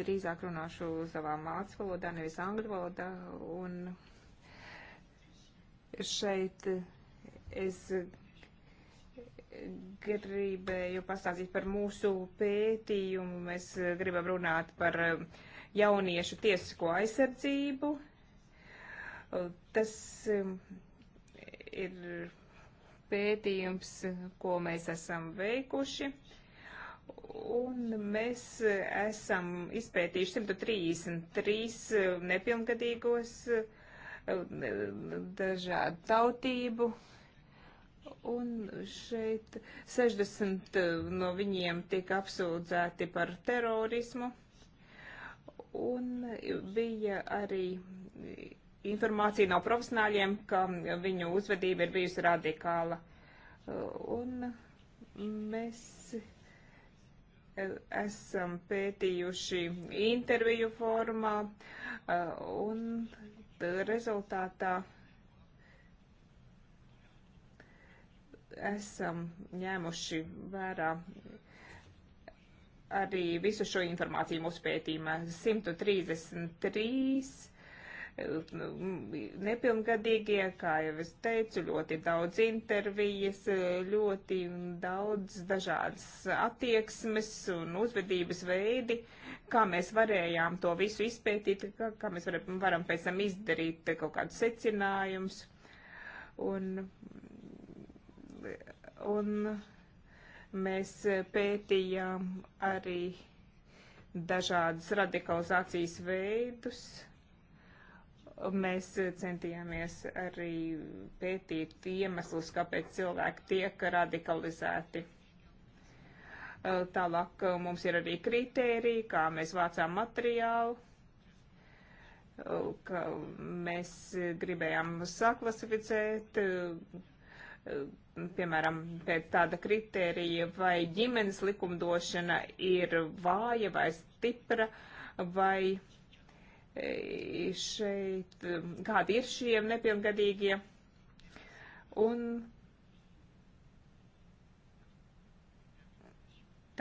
drīzāk runāšu savā mācu valodā, nevis angļu valodā. Un šeit Es eh, gribēju pastāstīt par mūsu pētījumu. Mēs eh, gribam runāt par eh, jauniešu tiesisko aizsardzību. Tas ir pētījums, ko mēs esam veikuši. Un mēs esam izpētījuši 133 nepilngadīgos dažādu tautību Un šeit 60 eh, no viņiem tika apsūdzēti par terorismu. Un bija arī informācija no profesionāļiem, ka viņu uzvedība ir bijusi radikāla. Eh, un mēs eh, esam pētījuši interviju formā, un rezultātā esam ņēmuši vērā arī visu šo informāciju mūsu pētījumā. 133 mm, nepilngadīgie, kā jau es teicu, ļoti daudz intervijas, ļoti daudz dažādas attieksmes un uzvedības veidi, kā mēs varējām to visu izpētīt, kā, kā mēs varam, varam pēc tam izdarīt kaut kādus secinājumus. Un un mēs pētījām arī dažādas radikalizācijas veidus. Mēs centījāmies arī pētīt iemeslus, kāpēc cilvēki tiek radikalizēti. Tālāk uh, mums ir arī kritērija, kā mēs vācām materiālu, uh, ka mēs gribējām saklasificēt, uh, piemēram, pēc tāda kritērija, vai ģimenes likumdošana ir vāja vai stipra, vai e, šeit kādi ir šie nepilngadīgie. Un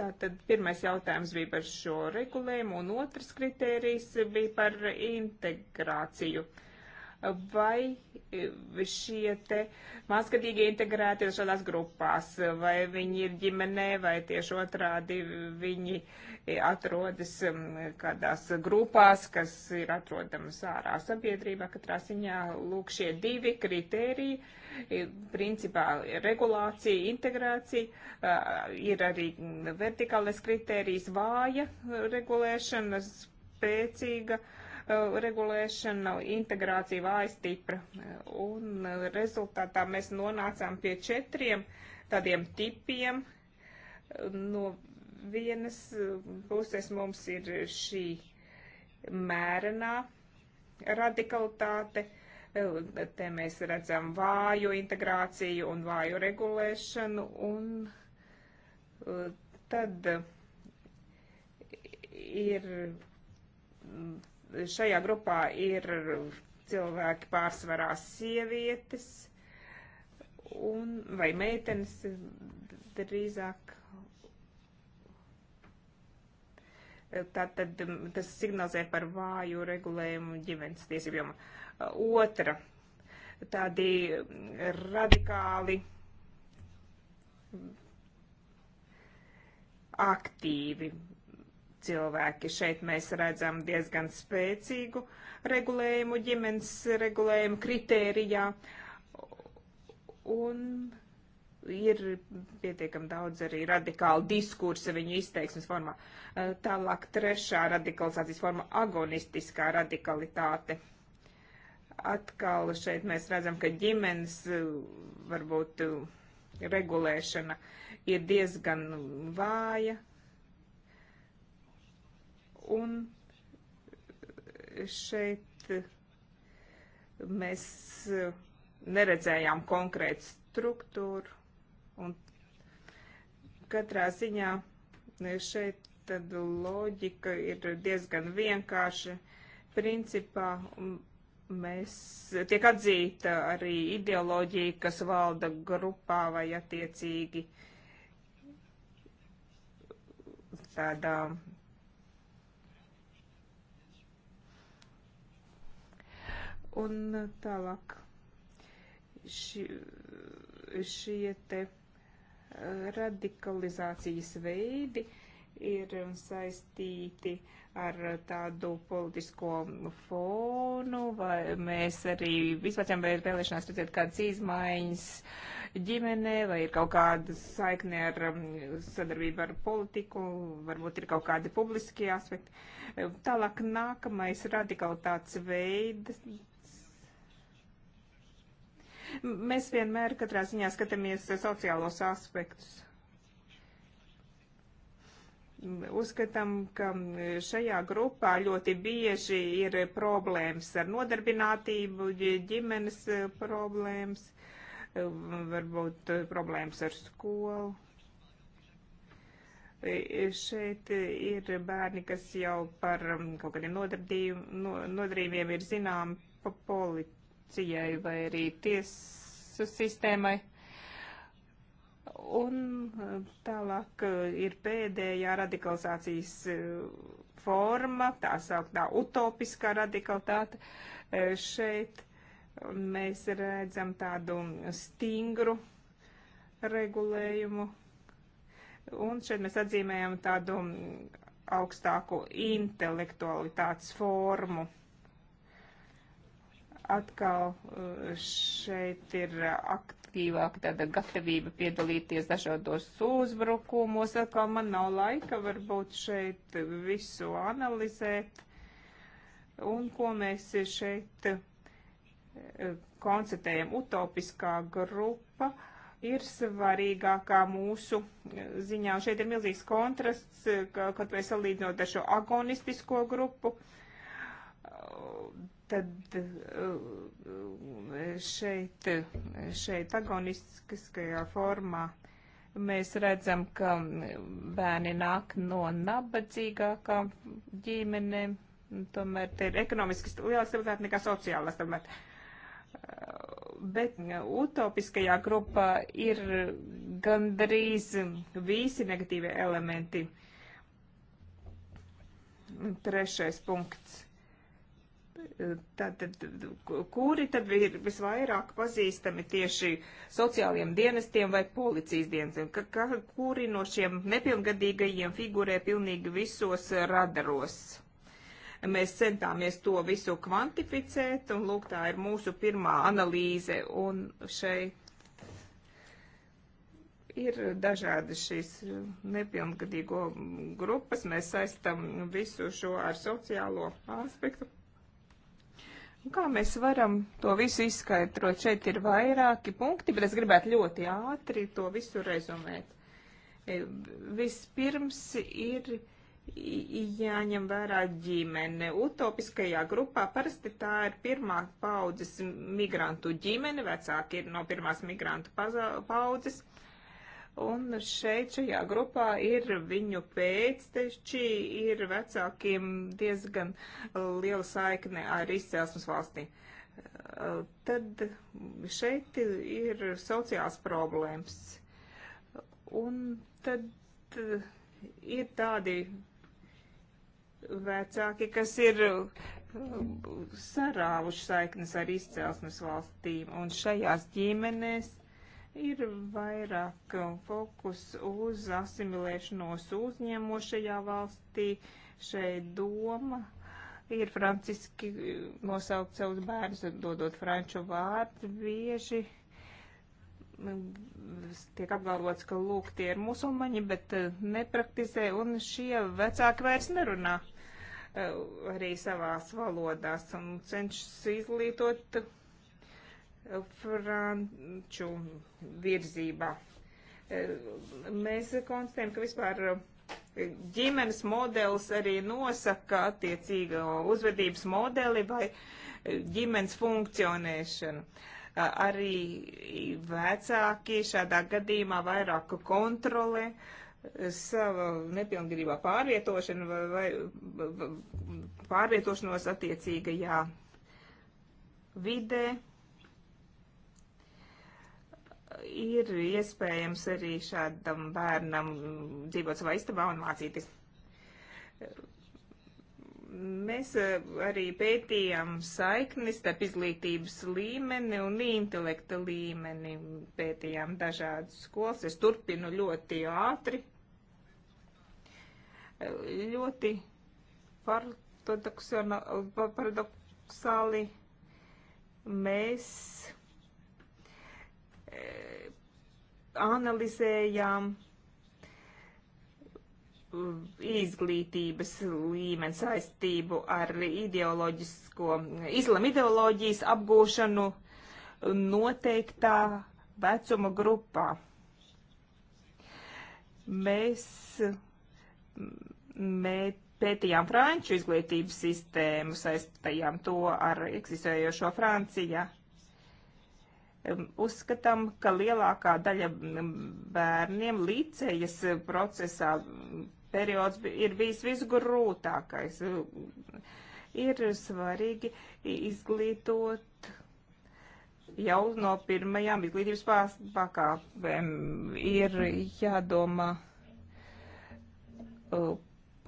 tātad pirmais jautājums bija par šo regulējumu, un otrs kritērijs bija par integrāciju. Uh, vai e, šie te mazgadīgi integrēti ir šādās grupās, vai viņi ir ģimenē, vai tieši otrādi viņi e, atrodas kādās grupās, kas ir atrodamas ārā sabiedrībā. Katrā ziņā lūk šie divi kriteriji, e, principā regulācija, integrācija, ir arī vertikālais kriterijs vāja regulēšana, spēcīga. Uh, Eh, regulēšana, integrācija vāja stipra. Eh, un eh, rezultātā mēs nonācām pie četriem tādiem tipiem. No vienas puses mums ir šī mērenā radikalitāte. Te mēs redzam vāju integrāciju un vāju regulēšanu, un tad ir šajā grupā ir cilvēki pārsvarā sievietes un, vai meitenes drīzāk. Tātad tas signalizē par vāju regulējumu ģimenes tiesību jomā. Otra, tādi radikāli aktīvi cilvēki. Šeit mēs redzam diezgan spēcīgu regulējumu, ģimenes regulējumu kritērijā. Un ir pietiekami daudz arī radikāla diskursa viņu izteiksmes formā. Tālāk trešā radikalizācijas forma - agonistiskā radikalitāte. Atkal šeit mēs redzam, ka ģimenes varbūt regulēšana ir diezgan vāja, Un šeit mēs neredzējām konkrētu struktūru, un katrā ziņā šeit tad loģika ir diezgan vienkārša. Principā mēs tiek atzīta arī ideoloģija, kas valda grupā vai attiecīgi tādā Un tālāk Ši, šie te eh, radikalizācijas veidi ir saistīti ar tādu politisko fonu, vai mēs arī vispārķiem vēlēšanās redzēt kādas izmaiņas ģimenē, vai ir kaut kāda saikne ar mm, sadarbību ar politiku, varbūt ir kaut kādi publiskie aspekti. Tālāk nākamais radikalitātes veids, Mēs vienmēr katrā ziņā skatāmies sociālos aspektus. Uzskatām, ka šajā grupā ļoti bieži ir problēmas ar nodarbinātību, ģimenes eh, problēmas, eh, varbūt eh, problēmas ar skolu šeit ir bērni, kas jau par mm, kaut kādiem nodarījumiem ir zinām pa politi policijai vai arī tiesu sistēmai. Un eh, tālāk eh, ir pēdējā radikalizācijas eh, forma, tā sauktā utopiskā radikalitāte. Šeit mēs redzam tādu stingru regulējumu. Un šeit mēs atzīmējam tādu augstāku intelektualitātes formu atkal eh, šeit ir aktīvāka tāda gatavība piedalīties dažādos uzbrukumos. Atkal man nav laika varbūt šeit visu analizēt. Un ko mēs šeit eh, konstatējam, utopiskā grupa ir svarīgākā mūsu eh, ziņā. Un šeit ir milzīgs kontrasts, kad mēs salīdzinot ar šo agonistisko grupu. Uh, tad eh, šeit, šeit agonistiskajā formā mēs redzam, ka bērni nāk no nabadzīgākām ģimenēm, tomēr te ir ekonomiski lielāka stabilitāte nekā sociālā stabilitāte. Eh, bet utopiskajā grupā ir gandrīz visi negatīvie elementi. Trešais punkts Tātad, kuri tad ir visvairāk pazīstami tieši sociālajiem dienestiem vai policijas dienestiem? Ka, ka, kuri no šiem nepilngadīgajiem figurē pilnīgi visos radaros? Mēs centāmies to visu kvantificēt, un lūk, tā ir mūsu pirmā analīze, un šeit ir dažādi šīs nepilngadīgo grupas. Mēs saistam visu šo ar sociālo aspektu Nu, kā mēs varam to visu izskaidrot? Šeit ir vairāki punkti, bet es gribētu ļoti ātri to visu rezumēt. E, vispirms ir jāņem vērā ģimene. Utopiskajā grupā parasti tā ir pirmā paudzes migrantu ģimene, vecāki ir no pirmās migrantu paudzes. Un šeit šajā grupā ir viņu pēcteči, ir vecākiem diezgan liela saikne ar izcelsmes valstīm. Tad šeit ir sociāls problēmas. Un tad ir tādi vecāki, kas ir sarāvuši saiknes ar izcelsmes valstīm. Un šajās ģimenēs ir vairāk um, fokus uz asimilēšanos uzņēmošajā valstī. Šeit doma ir franciski um, nosaukt savus bērnus, dodot franču vārdu bieži. Um, tiek apgalvots, ka lūk, tie ir musulmaņi, bet uh, nepraktizē, un šie vecāki vairs nerunā uh, arī savās valodās un cenšas izglītot franču virzībā. Mēs konstatējam, ka vispār ģimenes modelis arī nosaka attiecīgo uzvedības modeli vai ģimenes funkcionēšanu. Arī vecāki šādā gadījumā vairāk kontrolē savu nepilngadībā pārvietošanu vai, vai pārvietošanos attiecīgajā vidē ir iespējams arī šādam bērnam dzīvot savā istabā un mācīties. Mēs eh, arī pētījām saikni starp izglītības līmeni un intelekta līmeni. Pētījām dažādas skolas. Es turpinu ļoti ātri. Ļoti paradoksāli mēs analizējām eh, izglītības līmeni saistību ar ideoloģisko, islam ideoloģijas apgūšanu noteiktā vecuma grupā. Mēs, mēs pētījām franču izglītības sistēmu, saistījām to ar eksistējošo Francijā uzskatām, ka lielākā daļa mm, bērniem licejas procesā periods ir bijis visgrūtākais. Ir svarīgi izglītot jau no pirmajām izglītības pakāpēm. Ir jādomā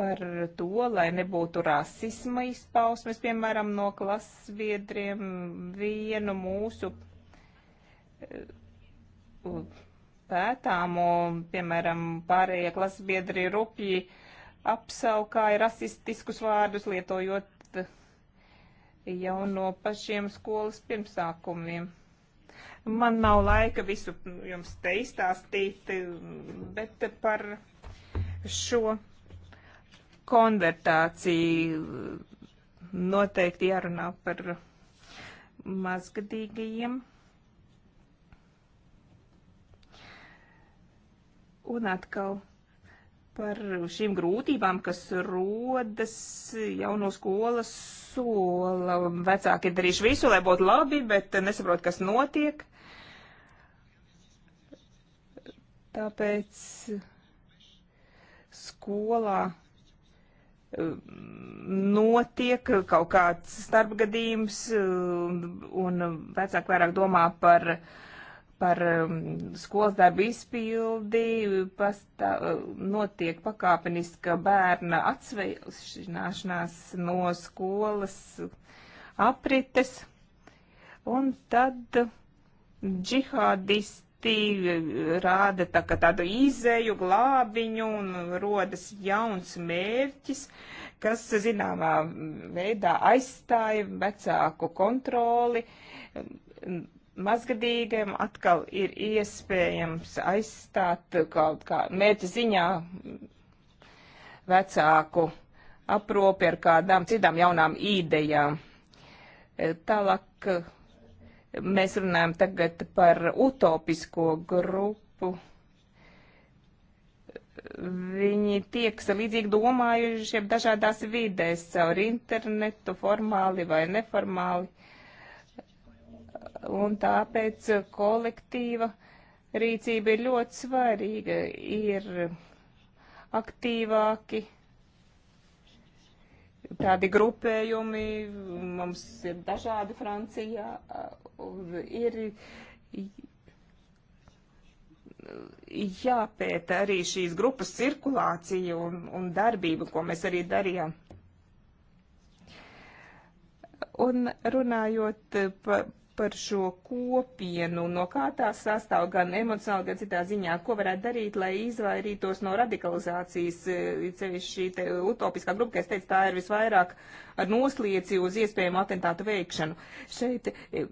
par to, lai nebūtu rasisma izpausmes, piemēram, no klases viedriem vienu mūsu pētāmu, piemēram, pārējie klases biedri rupji apsaukāja rasistiskus vārdus, lietojot jau no pašiem skolas pirmsākumiem. Man nav laika visu jums te izstāstīt, bet par šo konvertāciju noteikti jārunā par mazgadīgajiem Un atkal par šīm grūtībām, kas rodas jau no skolas sola. Vecāki darīšu visu, lai būtu labi, bet nesaprot, kas notiek. Tāpēc skolā mm, notiek kaut kāds starpgadījums, mm, un vecāki vairāk domā par uh, par um, skolas darbu izpildi, pastā, uh, notiek pakāpeniska bērna atsveicināšanās no skolas aprites, un tad džihādisti rāda tā, tādu izēju, glābiņu un rodas jauns mērķis, kas zināmā veidā aizstāja vecāku kontroli mazgadīgiem atkal ir iespējams aizstāt kaut kā mērķa ziņā vecāku apropi ar kādām citām jaunām idejām. Tālāk mēs runājam tagad par utopisko grupu. Viņi tiek salīdzīgi domājušiem dažādās vidēs, caur internetu, formāli vai neformāli un tāpēc kolektīva rīcība ir ļoti svarīga, ir aktīvāki tādi grupējumi, mums ir dažādi Francijā, ir jāpēta arī šīs grupas cirkulācija un, un darbība, ko mēs arī darījām. Un runājot pa, par šo kopienu, no kā tā sastāv gan emocionāli, gan citā ziņā, ko varētu darīt, lai izvairītos no radikalizācijas, e, cevišķi šī te utopiskā grupa, kas teica, tā ir visvairāk ar noslieci uz iespējamu atentātu veikšanu. Šeit e,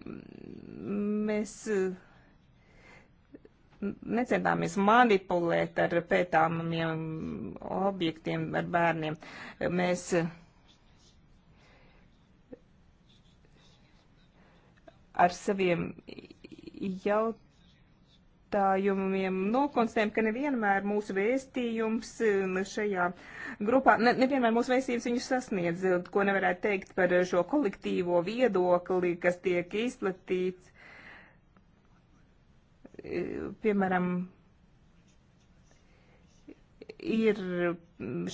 mēs e, necentāmies manipulēt ar pētāmiem objektiem, ar bērniem. Mēs ar saviem jautājumiem nokonstatējam, ka nevienmēr mūsu vēstījums eh, šajā grupā, ne, nevienmēr mūsu vēstījums viņus sasniedz, eh, ko nevarētu teikt par eh, šo kolektīvo viedokli, kas tiek izplatīts. Piemēram, ir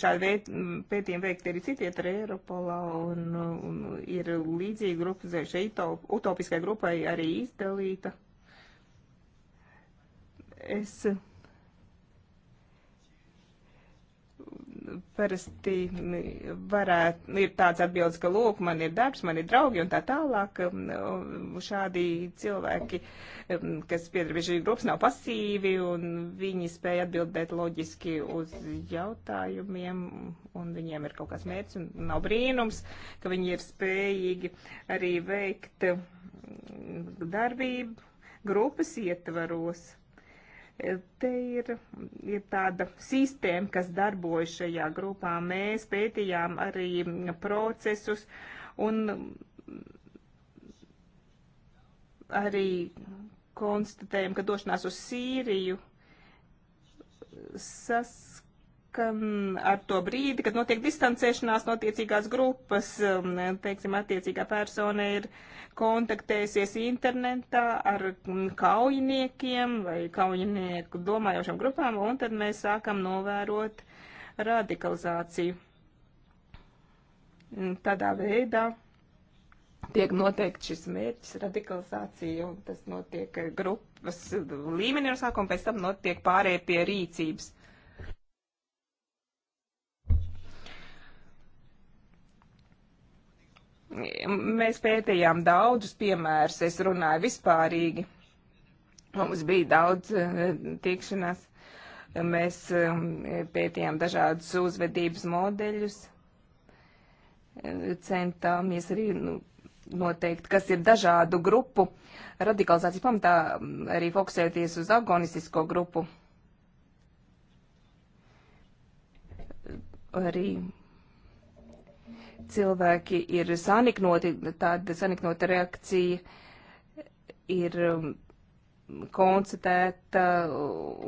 šādi pētījumi veikti arī citiet ar Eiropolā un, un ir līdzīga grupa šai utopiskai grupai arī izdalīta. Es parasti mm, varētu, ir tāds atbildes, ka lūk, man ir darbs, man ir draugi un tā tālāk. Mm, šādi cilvēki, mm, kas piedara bieži grupas, nav pasīvi un viņi spēja atbildēt loģiski uz jautājumiem un viņiem ir kaut kāds mērķis un nav brīnums, ka viņi ir spējīgi arī veikt darbību grupas ietvaros. Te ir, ir tāda sistēma, kas darbojas šajā grupā. Mēs pētījām arī procesus un arī konstatējam, ka došanās uz Sīriju sas Mm, ar to brīdi, kad notiek distancēšanās no attiecīgās grupas, mm, teiksim, attiecīgā persona ir kontaktējusies internetā ar mm, kaujiniekiem vai kaujinieku domājošām grupām, un tad mēs sākam novērot radikalizāciju. Tādā veidā tiek noteikti šis mērķis radikalizācija, un tas notiek grupas līmenī ar sākumu, pēc tam notiek pārējie pie rīcības. Mēs pētījām daudzus piemērus, es runāju vispārīgi. Mums bija daudz eh, tikšanās. Mēs um, pētījām dažādus uzvedības modeļus. Centāmies arī nu, noteikt, kas ir dažādu grupu. Radikalizācijas pamatā um, arī fokusēties uz agonistisko grupu. Arī cilvēki ir saniknoti, tāda saniknota reakcija ir um, konstatēta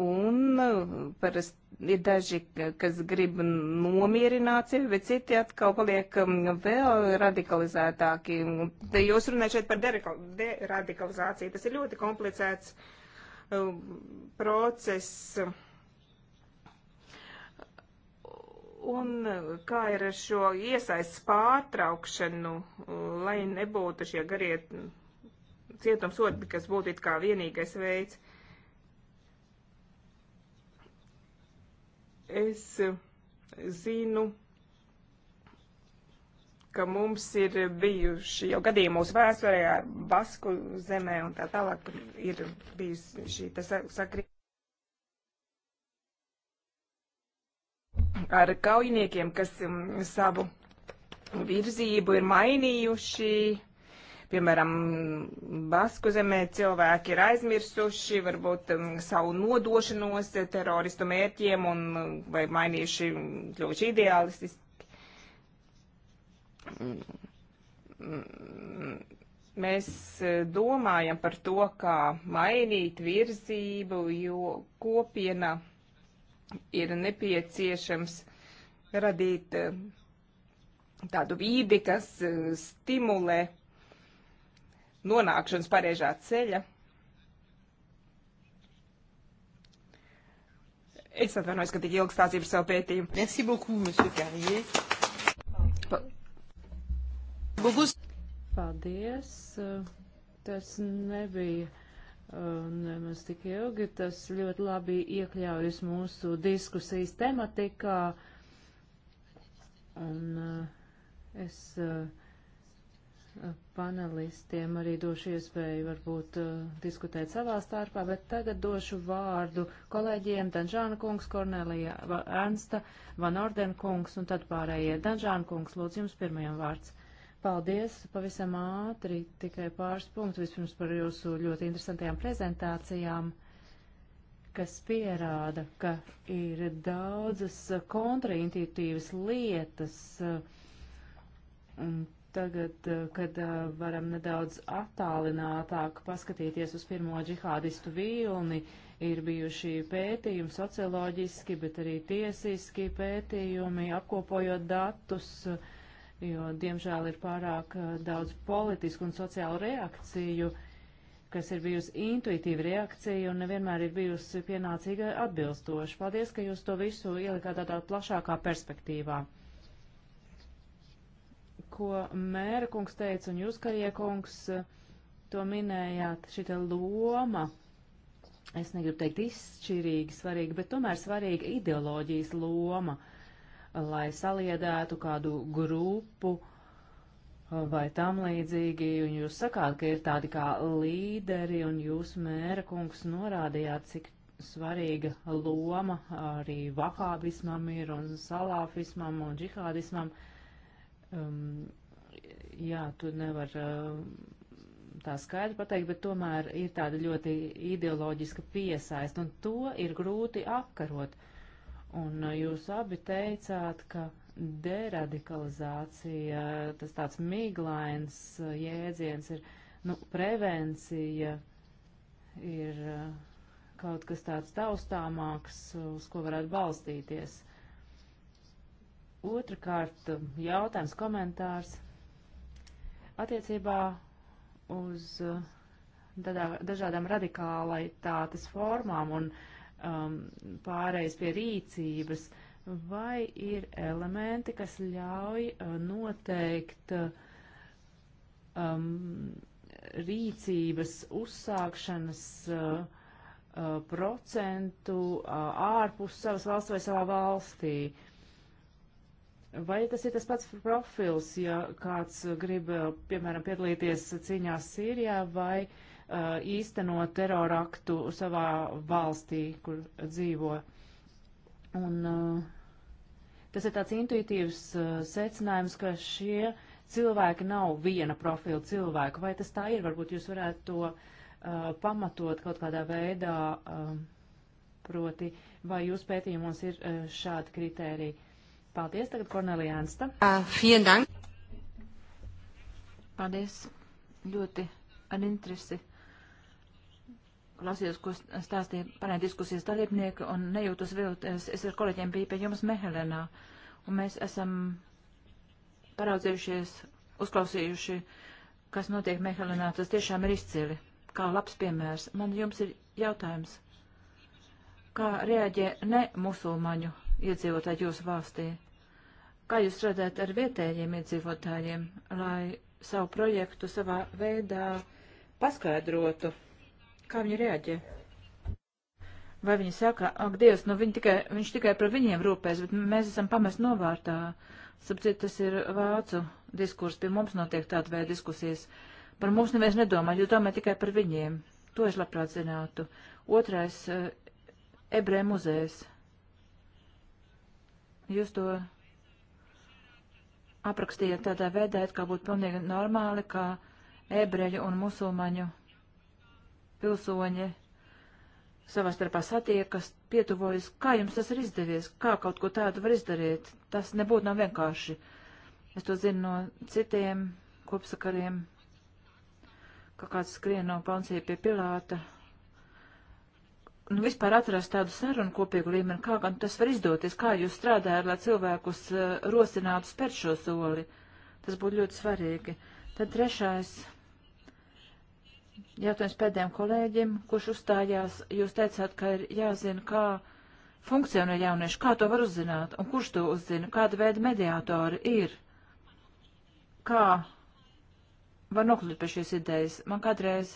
un um, parasti ir daži, kas grib nomierināt sevi, bet citi atkal paliek um, vēl radikalizētāki. Te jūs runājat šeit par deradikalizāciju. Tas ir ļoti komplicēts process Un kā ir ar šo iesaists pārtraukšanu, lai nebūtu šie garie cietumsodi, kas būtu it kā vienīgais veids? Es zinu, ka mums ir bijuši jau gadījumi mūsu vēsturē ar Basku zemē un tā tālāk, kur ir bijusi šī sakrīta. ar kaujiniekiem, kas um, savu virzību ir mainījuši. Piemēram, Basku zemē cilvēki ir aizmirsuši varbūt um, savu nodošanos teroristu mērķiem un um, vai mainījuši kļuvuši ideālistiski mēs uh, domājam par to, kā mainīt virzību, jo kopiena ir nepieciešams radīt eh, tādu vīdi, kas eh, stimulē nonākšanas pareizā ceļa. Es atvainojos, ka tik ilgi stāstīju par savu pētījumu. Merci beaucoup, monsieur Carrier. Pa... Bogus. Paldies. Tas nebija nemaz eh, tik ilgi. Tas ļoti labi iekļaujas mūsu diskusijas tematikā. Un eh, es eh, panelistiem arī došu iespēju varbūt diskutēt savā starpā, bet tagad došu vārdu kolēģiem Danžāna kungs, Kornelija Ernsta, Van Orden kungs un tad pārējie. Danžāna kungs, lūdzu jums pirmajam vārds. Paldies, pavisam ātri, tikai pāris punktu vispirms par jūsu ļoti interesantajām prezentācijām, kas pierāda, ka ir daudzas kontraintuitīvas lietas. Un tagad, kad varam nedaudz attālinātāk paskatīties uz pirmo džihādistu vilni, ir bijuši pētījumi socioloģiski, bet arī tiesiski pētījumi, apkopojot datus. Uh, jo, diemžēl, ir pārāk eh, daudz politisku un sociālu reakciju, kas ir bijusi intuitīva reakcija un nevienmēr ir bijusi pienācīga atbilstoša. Paldies, ka jūs to visu ielikāt tādā plašākā perspektīvā. Ko mēra kungs teica un jūs, karie kungs, to minējāt, šī loma es negribu teikt izšķirīgi svarīga, bet tomēr svarīga ideoloģijas loma lai saliedētu kādu grupu uh, vai tam līdzīgi, un jūs sakāt, ka ir tādi kā līderi, un jūs mēra kungs norādījāt, cik svarīga loma arī vahābismam ir, un salāfismam, un džihādismam. Um, jā, tu nevar uh, tā skaidri pateikt, bet tomēr ir tāda ļoti ideoloģiska piesaista, un to ir grūti apkarot. Uh, Un uh, jūs abi teicāt, ka deradikalizācija, tas tāds miglains uh, jēdziens ir, nu, prevencija ir uh, kaut kas tāds taustāmāks, uz ko varētu balstīties. Otrakārt, um, jautājums, komentārs attiecībā uz dažādām radikālaitātes formām un uh, um, pārējais pie rīcības, vai ir elementi, kas ļauj uh, noteikt uh, um, rīcības uzsākšanas uh, uh, procentu uh, ārpus savas valsts vai savā valstī. Vai tas ir tas pats profils, ja kāds grib, uh, piemēram, piedalīties cīņā Sīrijā vai uh, Uh, īstenot teroraktu savā valstī, kur dzīvo. Un uh, tas ir tāds intuitīvs uh, secinājums, ka šie cilvēki nav viena profila cilvēku. Vai tas tā ir? Varbūt jūs varētu to pamatot kaut kādā veidā, um, proti, vai jūs pētījumos ir šādi kritēriji. Paldies, tagad Kornelija Ernsta. Vielen Dank. Paldies. Ļoti ar interesi lasījos, ko stāstīja panē diskusijas dalībnieki un nejūtos vilties. Es ar kolēģiem biju pie jums Mehelenā un mēs esam paraudzījušies, uzklausījuši, kas notiek Mehelenā. Tas tiešām ir izcili, kā labs piemērs. Man jums ir jautājums, kā reaģē ne musulmaņu iedzīvotāji jūsu valstī? Kā jūs strādājat ar vietējiem iedzīvotājiem, lai savu projektu savā veidā paskaidrotu? Kā viņi reaģē? Vai viņi saka, ak, Dievs, nu viņi tikai, viņš tikai par viņiem rūpēs, bet mēs esam pamest novārtā. Sapcīt, tas ir vācu diskurs, pie mums notiek tāda veida diskusijas. Par mums neviens nedomā, jo domā tikai par viņiem. To es labprāt zinātu. Otrais eh, - ebrē muzejs. Jūs to aprakstījāt tādā veidā, it kā būtu pilnīgi normāli, ka ebreļu un musulmaņu pilsoņi savā starpā satiekas, pietuvojas. Kā jums tas ir izdevies? Kā kaut ko tādu var izdarīt? Tas nebūtu nav vienkārši. Es to zinu no citiem kopsakariem, ka kāds skrien no Poncija pie Pilāta. Nu, vispār atrast tādu sarunu kopīgu līmeni, kā gan tas var izdoties, kā jūs strādājat, lai cilvēkus uh, rosinātu spērt šo soli. Tas būtu ļoti svarīgi. Tad trešais jautājums pēdējiem kolēģim, kurš uzstājās. Jūs teicāt, ka ir jāzina, kā funkcionē jaunieši, kā to var uzzināt un kurš to uzzina, kāda veida mediātori ir, kā var nokļūt pie šīs idejas. Man kādreiz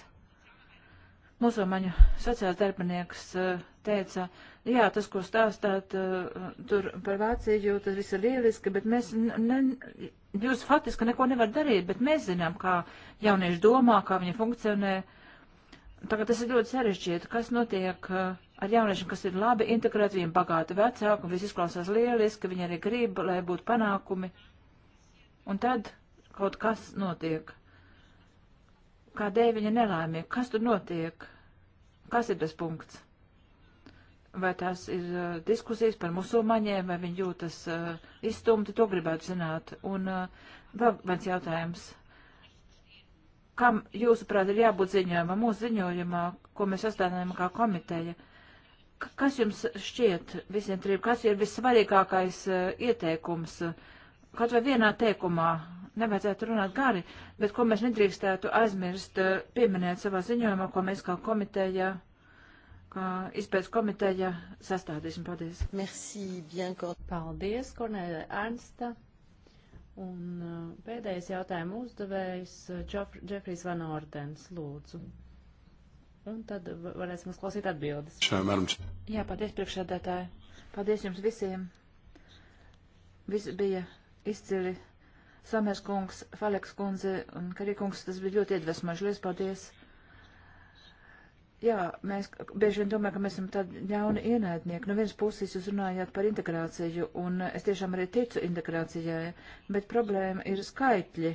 musulmaņu sociāls darbinieks eh, teica, jā, tas, ko stāstāt eh, tur par Vāciju, tas viss ir lieliski, bet mēs, ne, jūs faktiski neko nevar darīt, bet mēs zinām, kā jaunieši domā, kā viņi funkcionē. Tagad tas ir ļoti sarežģīti, kas notiek eh, ar jauniešiem, kas ir labi integrēti, viņiem bagāti vecāki, un viss izklausās lieliski, viņi arī grib, lai būtu panākumi. Un tad kaut kas notiek kādēļ viņa nelēmīga, kas tur notiek, kas ir tas punkts. Vai tās ir uh, diskusijas par musulmaņiem, vai viņi jūtas uh, izstumti, to gribētu zināt. Un uh, vēl viens jautājums. Kam, jūsuprāt, ir jābūt ziņojumam, mūsu ziņojumā, ko mēs sastādājam kā komiteja? K kas jums šķiet visiem trim, kas ir vissvarīgākais uh, ieteikums, uh, kaut vai vienā teikumā, nevajadzētu runāt gari, bet ko mēs nedrīkstētu aizmirst eh, pieminēt savā ziņojumā, ko mēs kā komiteja, kā izpēc komiteja sastādīsim. Paldies. Merci, bien, kor Paldies, Kornēla Ernsta. Un eh, pēdējais jautājumu uzdevējs eh, Džefrijs Van Ordens, lūdzu. Un tad varēsim uzklausīt atbildes. Jā, paldies priekšsēdētāji. Paldies jums visiem. Viss bija izcili Samers kungs, Faleks kundze un Karī kungs, tas bija ļoti iedvesmoši. Lies paldies! Jā, mēs bieži vien domājam, ka mēs esam tādi ļauni ienaidnieki. No nu, vienas puses jūs runājāt par integrāciju, un es tiešām arī ticu integrācijai, bet problēma ir skaitļi.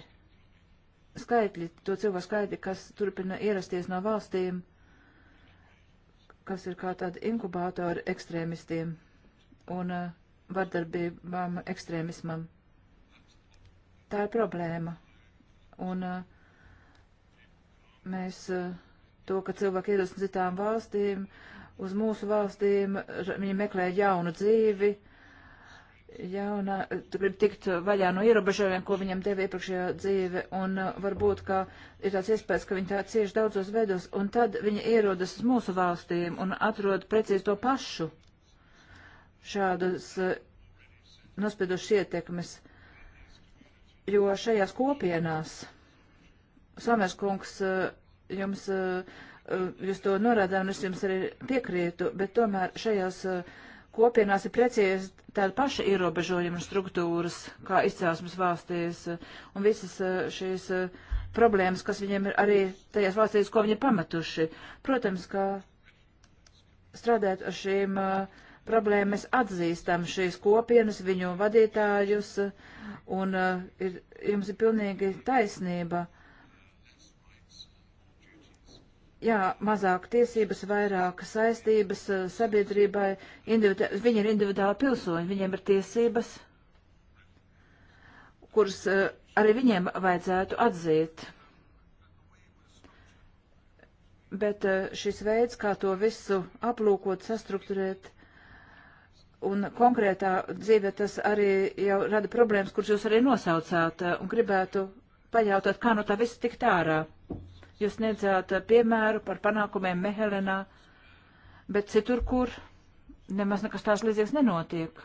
Skaitļi, to cilvēku skaitļi, kas turpina ierasties no valstīm, kas ir kā tādi inkubātori ekstrēmistiem un uh, vardarbībām ekstrēmismam. Tā ir problēma. Un eh, mēs eh, to, ka cilvēki iedos no citām valstīm, uz mūsu valstīm, viņi meklē jaunu dzīvi, jauna, tu gribi tikt vaļā no ierobežojumiem, ko viņam deva iepriekšējā dzīve, un eh, varbūt, ka ir tāds iespējas, ka viņi tā cieši daudzos veidos, un tad viņi ierodas uz mūsu valstīm un atrod precīzi to pašu šādas nospiedošas ietekmes jo šajās kopienās, Samērskungs, eh, jums, eh, eh, jūs to norādāt, un es jums arī piekrītu, bet tomēr šajās kopienās ir precīzi tāda paša ierobežojuma struktūras, kā izcelsmes valstīs, un visas šīs problēmas, kas viņiem ir arī tajās valstīs, ko viņi ir pametuši. Protams, ka strādāt ar šīm uh, problēmu. Mēs atzīstam šīs kopienas, viņu vadītājus, un uh, ir, jums ir pilnīgi taisnība. Jā, mazāk tiesības, vairāk saistības uh, sabiedrībai. Viņi ir individuāli pilsoņi, viņiem ir tiesības, kuras uh, arī viņiem vajadzētu atzīt. Bet šis veids, kā to visu aplūkot, sastruktūrēt, Un konkrētā dzīvē tas arī jau rada problēmas, kuras jūs arī nosaucāt, eh, un gribētu pajautāt, kā no tā viss tikt ārā. Jūs sniedzāt eh, piemēru par panākumiem Mehelenā, bet citur, kur nemaz nekas tās līdzīgs nenotiek.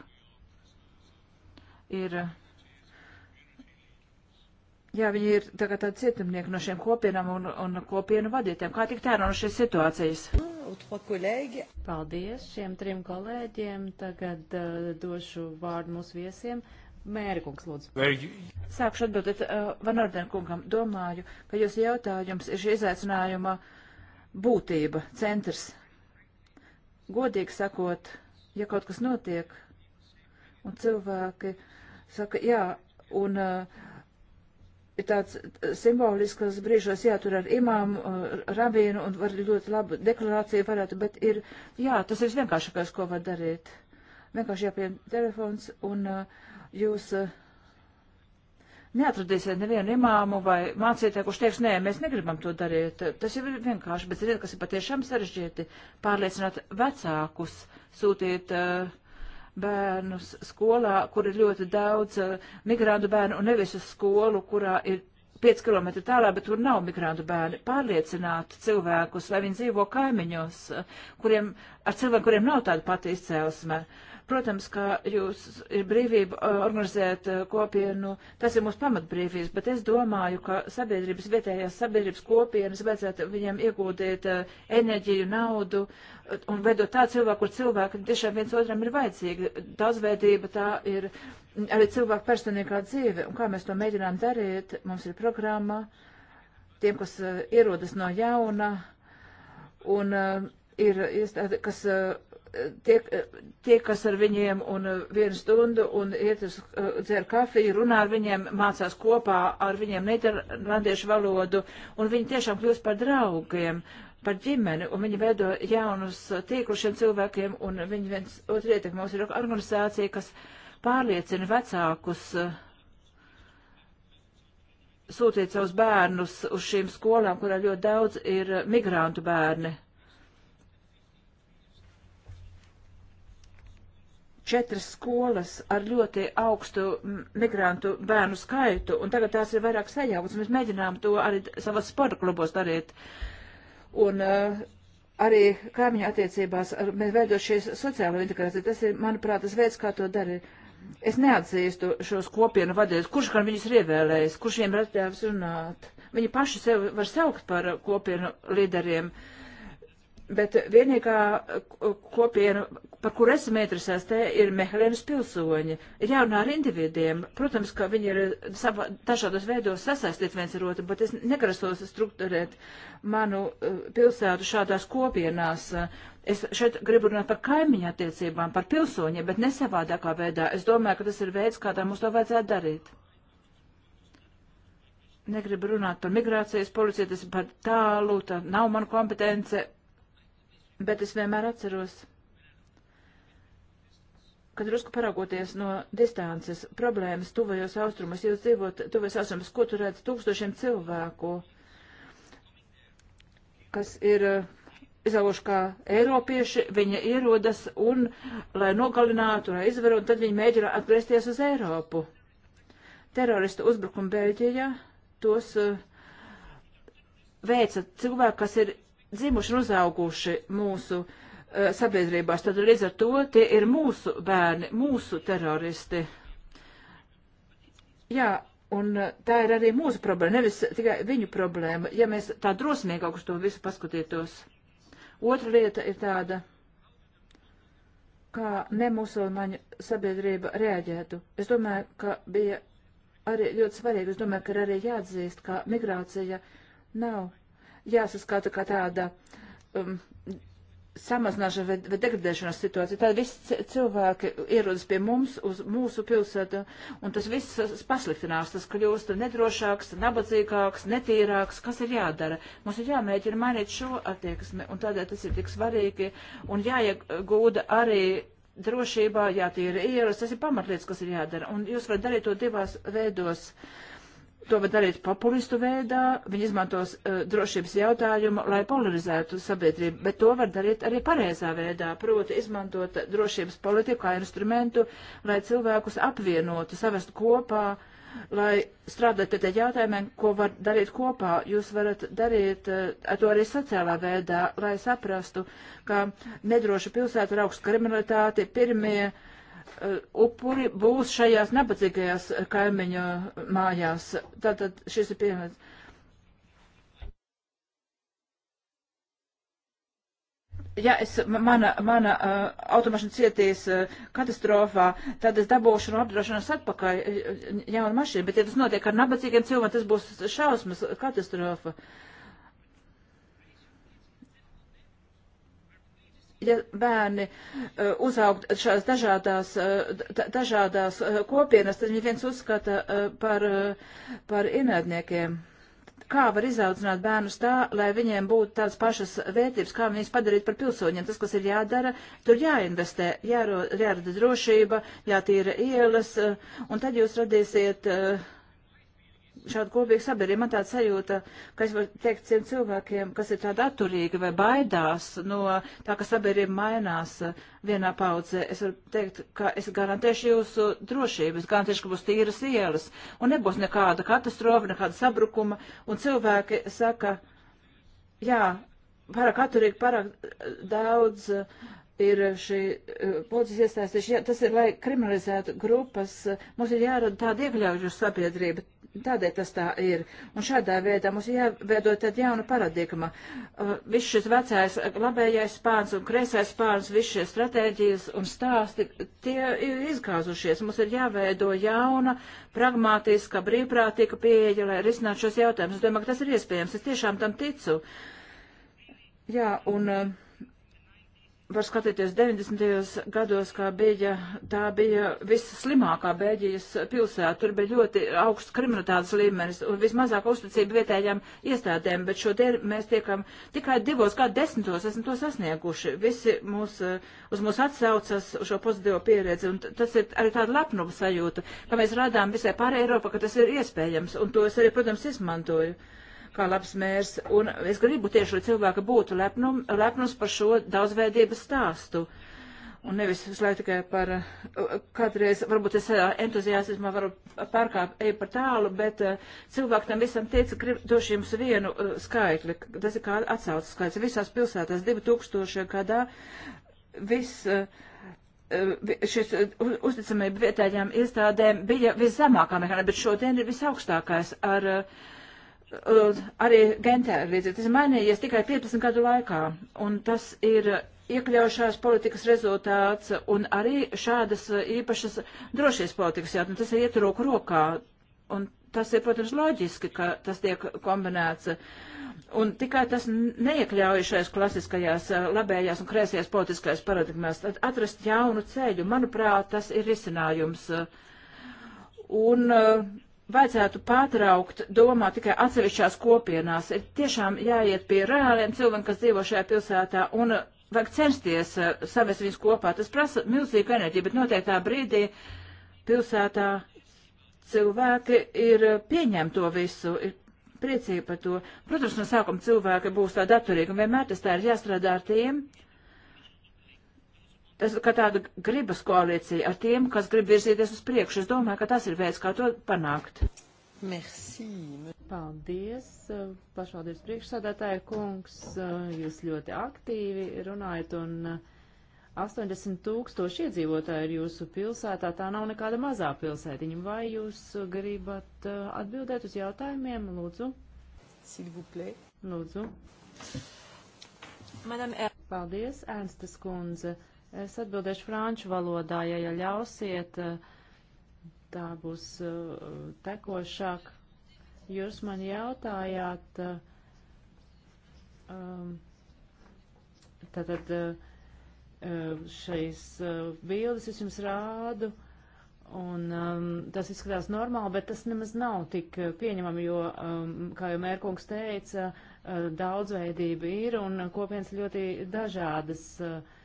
Ir Jā, viņi ir tagad tā tādi cietumnieki no šiem kopienām un, un kopienu vadītiem. Kā tikt ārā no šīs situācijas? Paldies šiem trim kolēģiem. Tagad uh, došu vārdu mūsu viesiem. Mērkungs, lūdzu. Sākšu atbildēt uh, Van Orden kungam. Domāju, ka jūsu jautājums ir šī izaicinājuma būtība, centrs. Godīgi sakot, ja kaut kas notiek, un cilvēki saka, jā, un. Uh, ir tāds eh, simbolisks brīžos jātur ar imāmu, eh, rabīnu un var ļoti labu deklarāciju varētu, bet ir, jā, tas ir vienkāršākais, ko var darīt. Vienkārši jāpiem telefons un eh, jūs neatradīsiet nevienu imāmu vai mācītāju, kurš teiks, nē, mēs negribam to darīt. Tas jau ir vienkārši, bet ziniet, kas ir patiešām sarežģīti, pārliecināt vecākus, sūtīt uh, bērnus skolā, kur ir ļoti daudz uh, migrantu bērnu, un nevis uz skolu, kurā ir 5 km tālāk, bet tur nav migrantu bērni. Pārliecināt cilvēkus, lai viņi dzīvo kaimiņos, uh, kuriem, ar cilvēkiem, kuriem nav tāda pati izcelsme. Uh, Protams, ka jūs ir brīvība uh, organizēt uh, kopienu, tas ir mūsu pamatbrīvības, bet es domāju, ka sabiedrības vietējās sabiedrības kopienas vajadzētu viņiem iegūdīt uh, enerģiju, naudu un veidot tādu cilvēku, kur cilvēki tiešām viens otram ir vajadzīgi. Daudzveidība tā ir arī cilvēku personīgā dzīve, un kā mēs to mēģinām darīt, mums ir programma tiem, kas ierodas no jauna, un ir iestādi, kas tie, tie, kas ar viņiem un vienu stundu un iet uz dzēr kafiju, runā ar viņiem, mācās kopā ar viņiem nederlandiešu valodu, un viņi tiešām kļūst par draugiem, par ģimeni, un viņi veido jaunus tīklus šiem cilvēkiem, un viņi viens otru ietekmē. Mums ir organizācija, kas pārliecina vecākus sūtīt savus bērnus uz šīm skolām, kurā ļoti daudz ir migrantu bērni četras skolas ar ļoti augstu migrantu bērnu skaitu, un tagad tās ir vairāk sajaucas. Mēs mēģinām to arī savas sporta klubos darīt. Un uh, arī kaimiņu attiecībās ar, mēs veidot šīs sociālo integrāciju. Tas ir, manuprāt, tas veids, kā to darīt. Es neatzīstu šos kopienu vadījus, kurš gan viņus ir ievēlējis, kurš viņiem ir atļāvis runāt. Viņi paši sevi var saukt par kopienu līderiem. Uh, Bet vienīgā kopiena, par kur esam interesēs, te ir Mehelēnas pilsoņi. Ir jārunā ar individiem. Protams, ka viņi ir sava, dažādos veidos sasaistīti viens ar otru, bet es negrasos strukturēt manu uh, pilsētu šādās kopienās. Es šeit gribu runāt par kaimiņu attiecībām, par pilsoņiem, bet ne savādākā veidā. Es domāju, ka tas ir veids, kādā mums to vajadzētu darīt. Negribu runāt par migrācijas policiju, tas ir par tālu, tā nav mana kompetence bet es vienmēr atceros, kad drusku paraugoties no distances problēmas tuvajos austrumos, jūs dzīvot tuvajos austrumos, ko tu redz tūkstošiem cilvēku, kas ir eh, izauguši kā Eiropieši, viņi ierodas un, lai nogalinātu, lai izvarotu, tad viņi mēģina atgriezties uz Eiropu. Teroristu uzbrukumu Beļģijā tos uh, veica cilvēki, kas ir dzimuši un uzauguši mūsu uh, sabiedrībās, tad līdz ar to tie ir mūsu bērni, mūsu teroristi. Jā, un uh, tā ir arī mūsu problēma, nevis tikai viņu problēma, ja mēs tā drosmīgāk uz to visu paskatītos. Otra lieta ir tāda kā nemusulmaņu sabiedrība reaģētu. Es domāju, ka bija arī ļoti svarīgi, es domāju, ka arī jāatzīst, ka migrācija nav jāsaskata kā tāda um, samazināšana vai, vai degradēšanās situācija. Tad visi cilvēki ierodas pie mums, uz mūsu pilsētu, un tas viss pasliktinās, tas kļūst nedrošāks, nabadzīgāks, netīrāks. Kas ir jādara? Mums ir jāmēģina mainīt šo attieksmi, un tādēļ tas ir tik svarīgi, un jāiegūda arī drošībā, jātīra ieras, tas ir pamatlietas, kas ir jādara, un jūs varat darīt to divās veidos. Uh, to var darīt populistu veidā, viņi izmantos uh, drošības jautājumu, lai polarizētu sabiedrību, bet to var darīt arī pareizā veidā, proti izmantot drošības politiku kā instrumentu, lai cilvēkus apvienotu, savestu kopā, lai strādātu pie tā jautājumiem, ko var darīt kopā. Jūs varat darīt uh, to arī sociālā veidā, lai saprastu, ka nedroša pilsēta ir augsta kriminalitāte, pirmie. Uh, upuri būs šajās nabadzīgajās kaimiņu mājās. Tātad šis ir piemērs. ja es, mana, mana uh, automašīna cietīs uh, katastrofā, tad es dabūšu no apdrošināšanas atpakaļ uh, jaunu mašīnu. Bet, ja tas notiek ar nabadzīgiem cilvēkiem, tas būs šausmas katastrofa. Uh, ja bērni uh, uzaugt šās dažādās, uh, dažādās uh, kopienas, tad viņi viens uzskata par, par ienaidniekiem. Kā var izaudzināt bērnus tā, lai viņiem būtu tādas pašas vērtības, kā viņus padarīt par pilsoņiem? Tas, kas ir jādara, tur jāinvestē, jāro, jārada drošība, jātīra ielas, un tad jūs radīsiet uh, šādu kopīgu sabiedrību. Man tāda sajūta, ka es varu teikt tiem cilvēkiem, kas ir tādi atturīgi vai baidās no tā, ka sabiedrība mainās vienā paudzē, es varu teikt, ka es garantēšu jūsu drošību, es garantēšu, ka būs tīras ielas un nebūs nekāda katastrofa, nekāda sabrukuma. Un cilvēki saka, jā, pārāk atturīgi, pārāk daudz. Uh, ir šī eh, policijas iestāstīšana, tas ir, lai kriminalizētu grupas, mums ir jārada tāda iekļaujuša sabiedrība. Tādēļ tas tā ir. Un šādā veidā mums ir jāveido tad jauna paradigma. Uh, viss šis vecais labējais spārns un kreisais spārns, viss šie stratēģijas un stāsti, tie ir izgāzušies. Mums ir jāveido jauna, pragmātiska, brīvprātīga pieeja, lai risinātu šos jautājumus. Es domāju, ka tas ir iespējams. Es tiešām tam ticu. Jā, un. Uh, var skatīties 90. gados, kā bija, tā bija visslimākā Bēļģijas pilsēta. Tur bija ļoti augsts kriminalitātes līmenis un vismazāk uzticība vietējām iestādēm, bet šodien mēs tiekam tikai divos kā desmitos, esam to sasnieguši. Visi mūs, eh, uz mūs atsaucas uz šo pozitīvo pieredzi un tas ir arī tāda lepnuma sajūta, ka mēs rādām visai pārējai Eiropā, ka tas ir iespējams un to es arī, protams, izmantoju. Uh, kā labs mērs. Un es gribu tieši, lai cilvēki būtu lepnum, lepnums par šo daudzveidības stāstu. Un nevis visu laiku tikai par kādreiz, varbūt es entuziasmā varu pārkāpt, eju par tālu, bet cilvēki tam visam teica, grib došu jums vienu skaitli. Tas ir kā atsaucas skaits. Visās pilsētās 2000. gadā viss šis uzticamība vietējām iestādēm bija viszemākā mehānismā, bet šodien ir visaugstākais ar uh, arī genderlīdzība. Tas ir mainījies tikai 15 gadu laikā, un tas ir iekļaušās politikas rezultāts un arī šādas īpašas drošības politikas jautājums. Tas ir iet roku rokā, un tas ir, protams, loģiski, ka tas tiek kombinēts. Un tikai tas neiekļaujušais klasiskajās labējās un kreisajās politiskajās paradigmās, tad atrast jaunu ceļu, manuprāt, tas ir risinājums. Un uh, vajadzētu pārtraukt domāt tikai atsevišķās kopienās. Ir tiešām jāiet pie reāliem cilvēkiem, kas dzīvo šajā pilsētā, un vajag censties uh, savest viņus kopā. Tas prasa milzīgu enerģiju, bet noteiktā brīdī pilsētā cilvēki ir eh, pieņem to visu, ir priecīgi par to. Protams, no sākuma cilvēki būs tādi atturīgi, un vienmēr tas tā ir jāstrādā ar tiem, uh, Tas ir kā tāda gribas koalīcija ar tiem, kas grib virzīties uz priekšu. Es domāju, ka tas ir veids, kā to panākt. Merci. Paldies, pašvaldības priekšsādātāja kungs. Jūs ļoti aktīvi runājat un 80 tūkstoši iedzīvotāji ir jūsu pilsētā. Tā nav nekāda mazā pilsētiņa. Vai jūs gribat uh, atbildēt uz jautājumiem? Lūdzu. S'il vous plaît. Lūdzu. Madame er Paldies, Ernstas kundze. Es atbildēšu franču valodā, ja, ja ļausiet, tā būs uh, tekošāk. Jūs man jautājāt, uh, um, tātad uh, šīs bildes es jums rādu. Un, um, tas izskatās normāli, bet tas nemaz nav tik pieņemami, jo, um, kā jau Mērkungs teica, uh, daudzveidība ir un kopienas ļoti dažādas. Uh,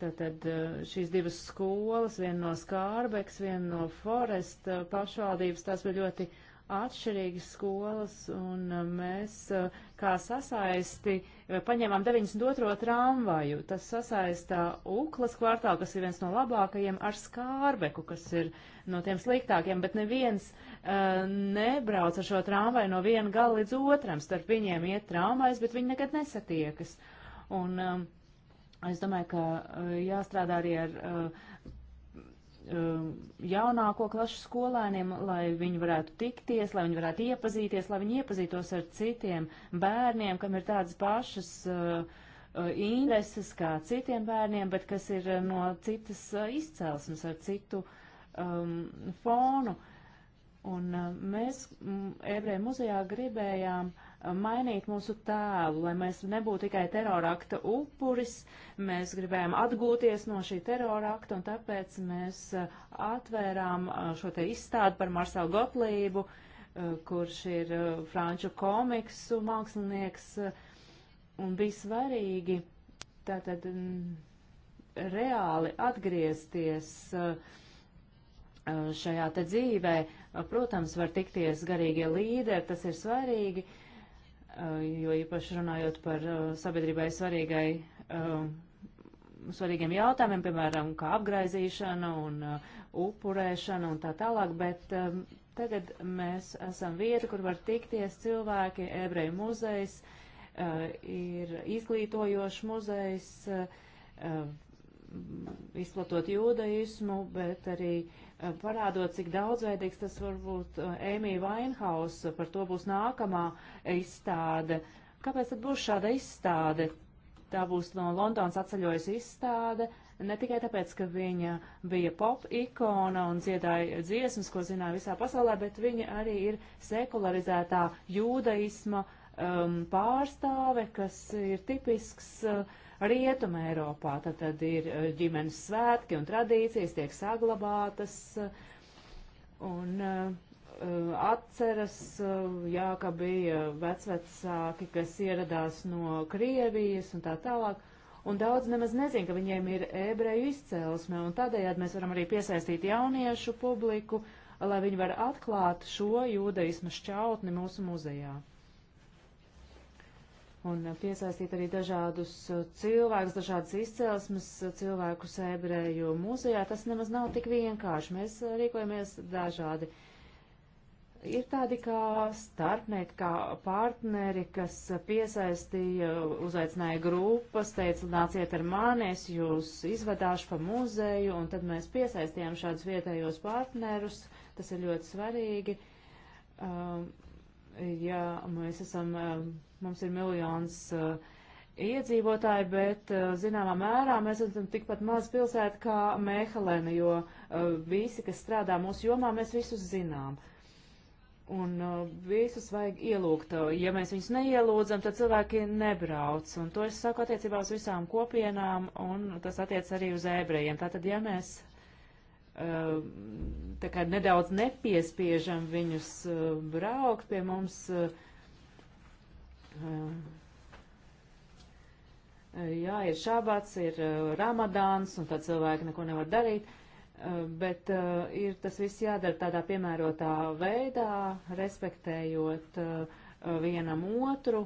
Tātad šīs divas skolas, viena no Skārbeks, viena no Forest pašvaldības, tās bija ļoti atšķirīgas skolas, un mēs kā sasaisti paņēmām 92. tramvaju. Tas sasaistā Uklas kvartālu, kas ir viens no labākajiem, ar Skārbeku, kas ir no tiem sliktākiem, bet neviens uh, nebrauc ar šo tramvaju no viena gala līdz otram. Starp viņiem iet tramvajas, bet viņi nekad nesatiekas. Un, um, Es domāju, ka eh, jāstrādā arī ar eh, eh, jaunāko klašu skolēniem, lai viņi varētu tikties, lai viņi varētu iepazīties, lai viņi iepazītos ar citiem bērniem, kam ir tādas pašas uh, intereses kā citiem bērniem, bet kas ir no citas izcelsmes, ar citu um, fonu. Un mēs mm, Ebreja muzejā gribējām uh, mainīt mūsu tēlu, lai mēs nebūtu tikai terorakta upuris. Mēs gribējām atgūties no šī terorakta, un tāpēc mēs uh, atvērām uh, šo te izstādi par Marcelu Gotlību, uh, kurš ir franču komiksu mākslinieks, un bija svarīgi tātad mm, reāli atgriezties šajā te dzīvē. Protams, var tikties garīgie līderi, tas ir svarīgi, uh, Eh, jo īpaši runājot par eh, sabiedrībai svarīgai, eh, svarīgiem jautājumiem, piemēram, kā apgraizīšana un upurēšana un tā tālāk, bet tagad mēs esam vieta, kur var tikties cilvēki, ebreju muzejs, ir izglītojošs muzejs, izplatot jūdaismu, bet arī uh, Eh, parādot, cik daudzveidīgs tas var būt. Ēmija eh, Vainhausa eh, par to būs nākamā izstāde. Kāpēc tad būs šāda izstāde? Tā būs no Londonas atceļojas izstāde, ne tikai tāpēc, ka viņa bija pop ikona un dziedāja dziesmas, ko zināja visā pasaulē, bet viņa arī ir sekularizētā jūdaisma um, ehm, pārstāve, kas ir tipisks uh, Rietuma Eiropā. Tad, tad ir e, ģimenes svētki un tradīcijas tiek saglabātas un e, e, atceras, jā, ka bija vecvecāki, kas ieradās no Krievijas un tā tālāk. Un daudz nemaz nezin, ka viņiem ir ebreju izcēlesme, un tādējādi mēs varam arī piesaistīt jauniešu publiku, lai viņi var atklāt šo jūdaismas šķautni mūsu muzejā un piesaistīt arī dažādus uh, cilvēkus, dažādas izcelsmes uh, cilvēkus ebreju mūzijā. Tas nemaz nav tik vienkārši. Mēs uh, rīkojamies dažādi. Ir tādi kā starpnieki, kā partneri, kas piesaistīja, uzaicināja grupas, teica, nāciet ar mani, es jūs izvadāšu pa muzeju, un tad mēs piesaistījām šādus vietējos partnerus. Tas ir ļoti svarīgi. Um, ja mēs esam um, Mums ir miljons uh, iedzīvotāji, bet uh, zināmā mērā mēs esam tikpat maz pilsēta kā Mēhelēna, jo uh, visi, kas strādā mūsu jomā, mēs visus zinām. Un visus vajag ielūgt. Ja mēs viņus neielūdzam, tad cilvēki nebrauc. Un to es saku attiecībā uz visām kopienām, un tas attiec arī uz ebrejiem. Tātad, ja mēs tā kā nedaudz nepiespiežam viņus braukt pie mums, uh, Jā, ir šābats, ir ramadāns, un tad cilvēki neko nevar darīt, bet ir tas viss jādara tādā piemērotā veidā, respektējot vienam otru,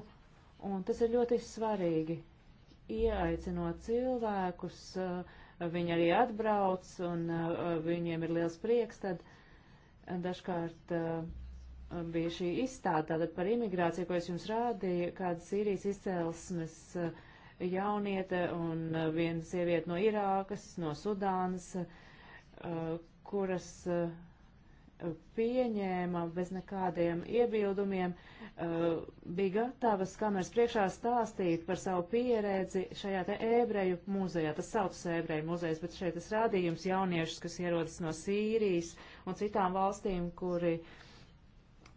un tas ir ļoti svarīgi, ieaicinot cilvēkus, viņi arī atbrauc, un viņiem ir liels prieks, tad dažkārt uh, Uh, bija šī izstāde tātad par imigrāciju, ko es jums rādīju, kāda Sīrijas izcelsmes uh, jauniete un uh, viena sieviete no Irākas, no Sudānas, kuras pieņēma bez nekādiem iebildumiem, bija gatavas kameras priekšā stāstīt par savu pieredzi šajā te ebreju muzejā. Tas saucas ebreju muzejs, bet šeit es rādīju jums jauniešus, kas ierodas no Sīrijas un citām valstīm, kuri uh,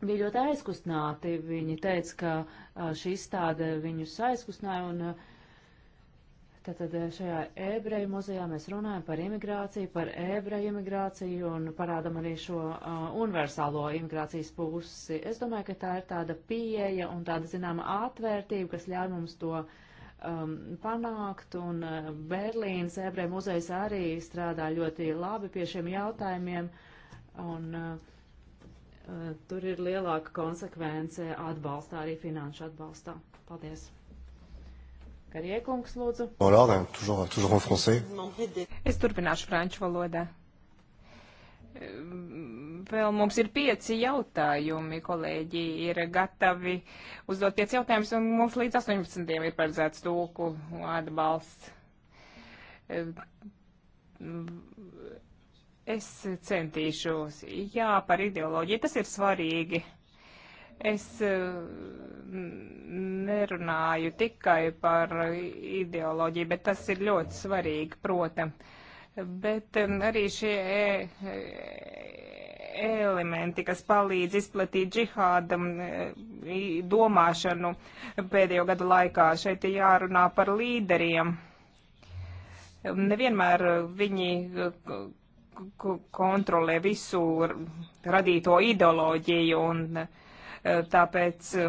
bija ļoti aizkustināti. Viņi teica, ka šī izstāde viņus aizkustināja un tātad šajā ebreju muzejā mēs runājam par imigrāciju, par ebreju imigrāciju un parādam arī šo uh, universālo imigrācijas pusi. Es domāju, ka tā ir tāda pieeja un tāda zināma atvērtība, kas ļauj mums to um, panākt un uh, Berlīnas ebreju muzejs arī strādā ļoti labi pie šiem jautājumiem un uh, Eh, tur ir lielāka konsekvence atbalstā, arī finanšu atbalstā. Paldies! Kariekungs, lūdzu. Es turpināšu franču valodā. Vēl mums ir pieci jautājumi, kolēģi ir gatavi uzdot pieci jautājumus, un mums līdz 18. ir paredzēts tūku atbalsts eh, Es centīšos. Jā, par ideoloģiju tas ir svarīgi. Es eh, nerunāju tikai par ideoloģiju, bet tas ir ļoti svarīgi, protams. Bet eh, arī šie e elementi, kas palīdz izplatīt džihāda mm, domāšanu pēdējo gadu laikā, šeit ir jārunā par līderiem. Nevienmēr viņi kontrolē visu radīto ideoloģiju, un e, tāpēc e,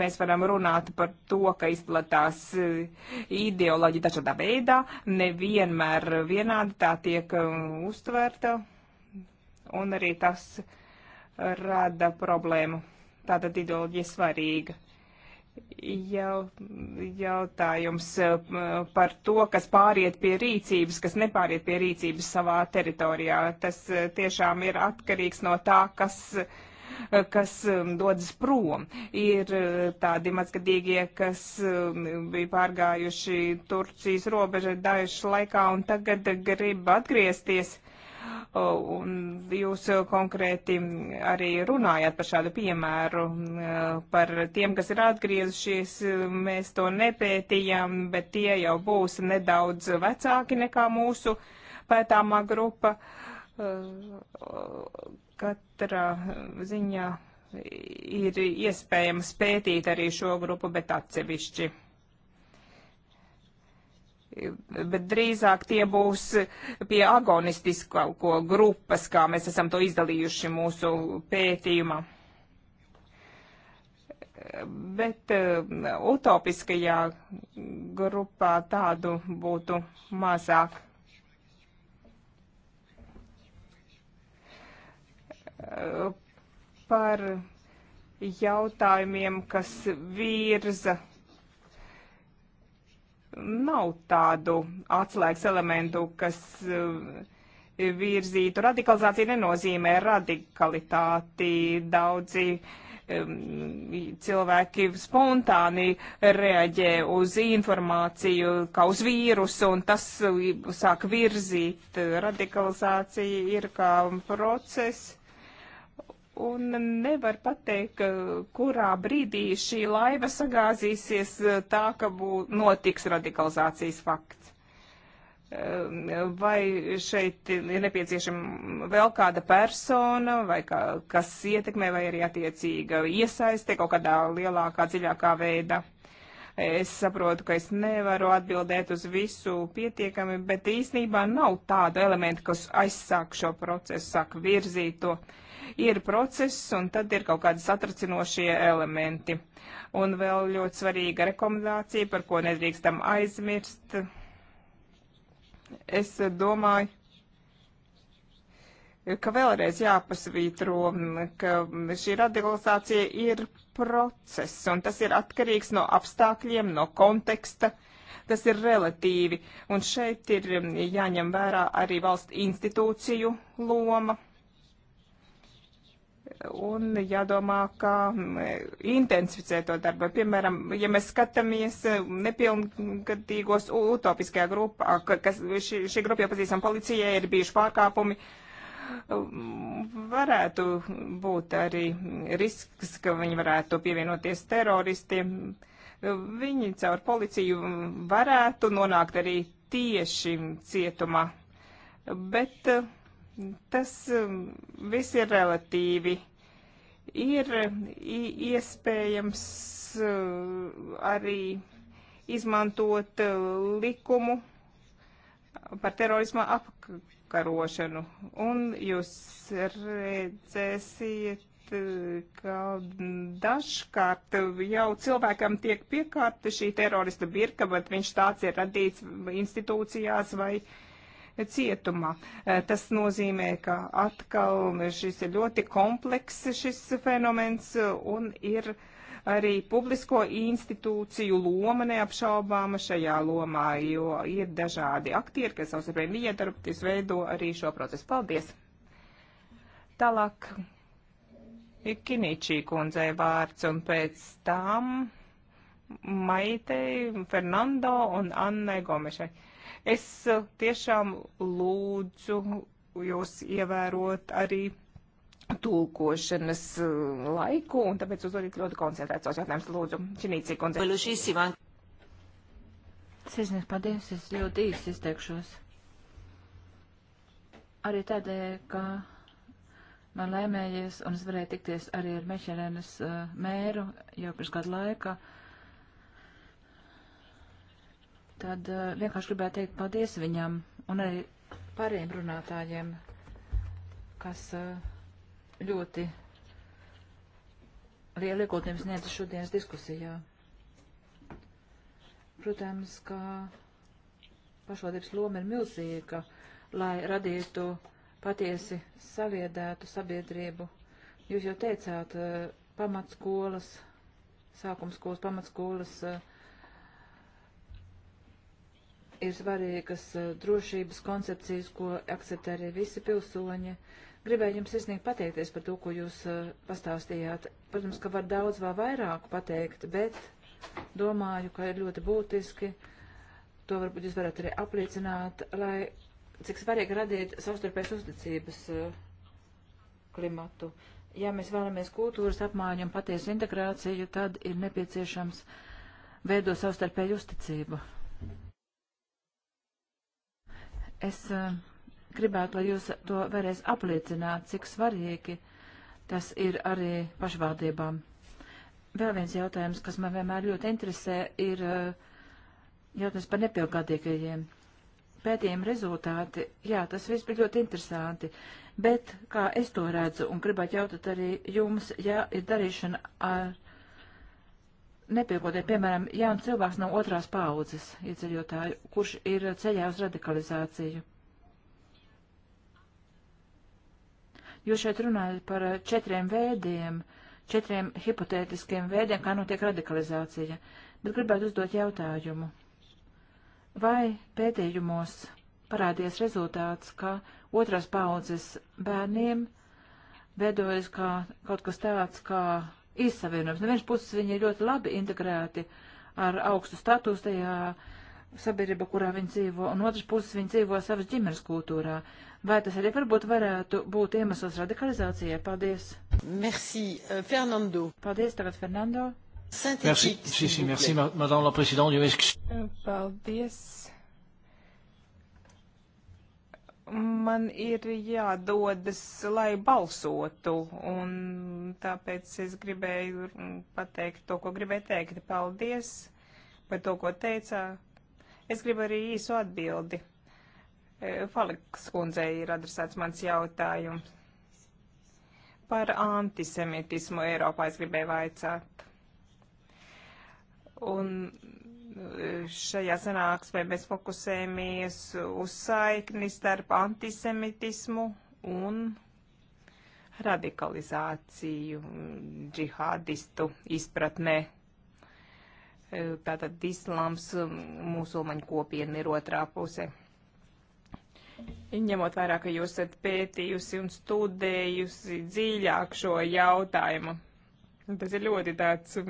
mēs varam runāt par to, ka izplatās e, ideoloģija dažādā veidā, nevienmēr vienādi tā tiek uztvērta, un arī tas rada problēmu. Tātad ideoloģija svarīga jau, jautājums eh, par to, kas pāriet pie rīcības, kas nepāriet pie rīcības savā teritorijā. Tas eh, tiešām ir atkarīgs no tā, kas eh, kas mm, dodas prom. Ir tādi mazgadīgie, kas mm, bija pārgājuši Turcijas robežu dažu laikā un tagad grib atgriezties uh, Un jūs konkrēti arī runājāt par šādu piemēru, par tiem, kas ir atgriezušies, mēs to nepētījām, bet tie jau būs nedaudz vecāki nekā mūsu pētāmā grupa. Katrā ziņā ir iespējams pētīt arī šo grupu, bet atsevišķi bet drīzāk tie būs pie agonistisko grupas, kā mēs esam to izdalījuši mūsu pētījumā. Bet eh, utopiskajā grupā tādu būtu mazāk. Eh, par jautājumiem, kas virza nav tādu atslēgas elementu, kas e, virzītu. Radikalizācija nenozīmē radikalitāti. Daudzi um, cilvēki spontāni reaģē uz informāciju kā uz vīrusu, un tas sāk virzīt. Radikalizācija ir kā process un nevar pateikt, kurā brīdī šī laiva sagāzīsies eh, tā, ka bū, notiks radikalizācijas fakts. Ehm, vai šeit ir nepieciešama vēl kāda persona, vai kā, kas ietekmē, vai arī attiecīga iesaiste kaut kādā lielākā, dziļākā veidā? Es saprotu, ka es nevaru atbildēt uz visu pietiekami, bet īsnībā nav tāda elementa, kas aizsāk šo procesu, sāk virzīt to. Uh, ir process un tad ir kaut kādi satracinošie elementi. Un vēl ļoti svarīga rekomendācija, par ko nedrīkstam aizmirst. Es domāju, ka vēlreiz jāpasvītro, ka šī radikalizācija ir process, un tas ir atkarīgs no apstākļiem, no konteksta. Tas ir relatīvi, un šeit ir jāņem vērā arī valsts institūciju loma un jādomā, kā mm, intensificēt to darbu. Piemēram, ja mēs skatāmies mm, nepilngadīgos utopiskajā grupā, kas šī, šī grupa jau pazīstam policijai, ir bijuši pārkāpumi, mm, varētu būt arī risks, ka viņi varētu pievienoties teroristiem. Viņi caur policiju varētu nonākt arī tieši cietumā. Bet uh, Tas um, viss ir relatīvi. Ir iespējams uh, arī izmantot uh, likumu par terorismu apkarošanu. Un jūs redzēsiet, uh, ka dažkārt jau cilvēkam tiek piekārta šī terorista birka, bet viņš tāds ir radīts institūcijās vai uh, cietumā. Eh, tas nozīmē, ka atkal šis ir ļoti komplekss šis fenomens eh, un ir arī publisko institūciju loma neapšaubāma šajā lomā, jo ir dažādi aktieri, kas savstarpēji miedarbojas, veido arī šo procesu. Paldies! Tālāk Kiničī kundzei vārds un pēc tam Maitei, Fernando un Annai Gomešai. Es eh, tiešām lūdzu jūs ievērot arī tulkošanas eh, laiku, un tāpēc uzdodiet ļoti koncentrētos jautājumus, lūdzu, Činīcī kundze. Sirsnīgs paldies, es ļoti īsti izteikšos. Arī tādēļ, ka man laimējies, un es varēju tikties arī ar Mešerēnas uh, eh, mēru jau pirms kādu laiku. Uh, tad eh, vienkārši gribēju teikt paldies viņam un arī pārējiem runātājiem, kas eh, ļoti lielu ieguldījumu sniedza šodienas diskusijā. Protams, ka pašvaldības loma ir milzīga, lai radītu patiesi saviedētu sabiedrību. Jūs jau teicāt, eh, pamatskolas, sākumskolas, pamatskolas, uh, ir svarīgas eh, drošības koncepcijas, ko akceptē arī visi pilsoņi. Gribēju jums iesniegt pateikties par to, ko jūs eh, pastāstījāt. Protams, ka var daudz vēl vairāk pateikt, bet domāju, ka ir ļoti būtiski, to varbūt jūs varat arī apliecināt, lai cik svarīgi radīt savstarpējas uzticības eh, klimatu. Ja mēs vēlamies kultūras apmaiņu un patiesu integrāciju, tad ir nepieciešams veidot savstarpēju uzticību. Es uh, gribētu, lai jūs to vēlreiz apliecināt, cik svarīgi tas ir arī pašvaldībām. Vēl viens jautājums, kas man vienmēr ļoti interesē, ir eh, jautājums par nepilngadīgajiem. Pētījuma rezultāti, jā, tas viss bija ļoti interesanti, bet kā es to redzu un gribētu jautāt arī jums, ja ir darīšana ar nepiekotē, piemēram, jauns cilvēks no otrās paudzes ieceļotāju, kurš ir ceļā uz radikalizāciju. Jūs šeit runājat par četriem veidiem, četriem hipotētiskiem veidiem, kā notiek radikalizācija, bet gribētu uzdot jautājumu. Vai pētījumos parādījies rezultāts, ka otrās paudzes bērniem veidojas kā kaut kas tāds, kā izsavienojums. No vienas puses viņi ir ļoti labi integrēti ar augstu status tajā sabiedrība, kurā viņi dzīvo, un otrs puses viņi dzīvo savas ģimenes kultūrā. Vai tas arī varbūt varētu būt iemesls radikalizācijai? Paldies! Merci, euh, Fernando! Paldies, tagad Fernando! Merci, si, si, merci, madame la présidente, jo es. Paldies, man ir jādodas, lai balsotu, un tāpēc es gribēju pateikt to, ko gribēju teikt. Paldies par to, ko teicā. Es gribu arī īsu atbildi. E, Faliks kundzei ir adresēts mans jautājums. Par antisemitismu Eiropā es gribēju vaicāt. Un šajā sanāksmē mēs fokusējamies uz saikni starp antisemitismu un radikalizāciju džihādistu izpratnē. Tātad islāms musulmaņu kopiena ir otrā puse. Ņemot vērā, ka jūs esat pētījusi un studējusi dziļāk šo jautājumu, tas ir ļoti tāds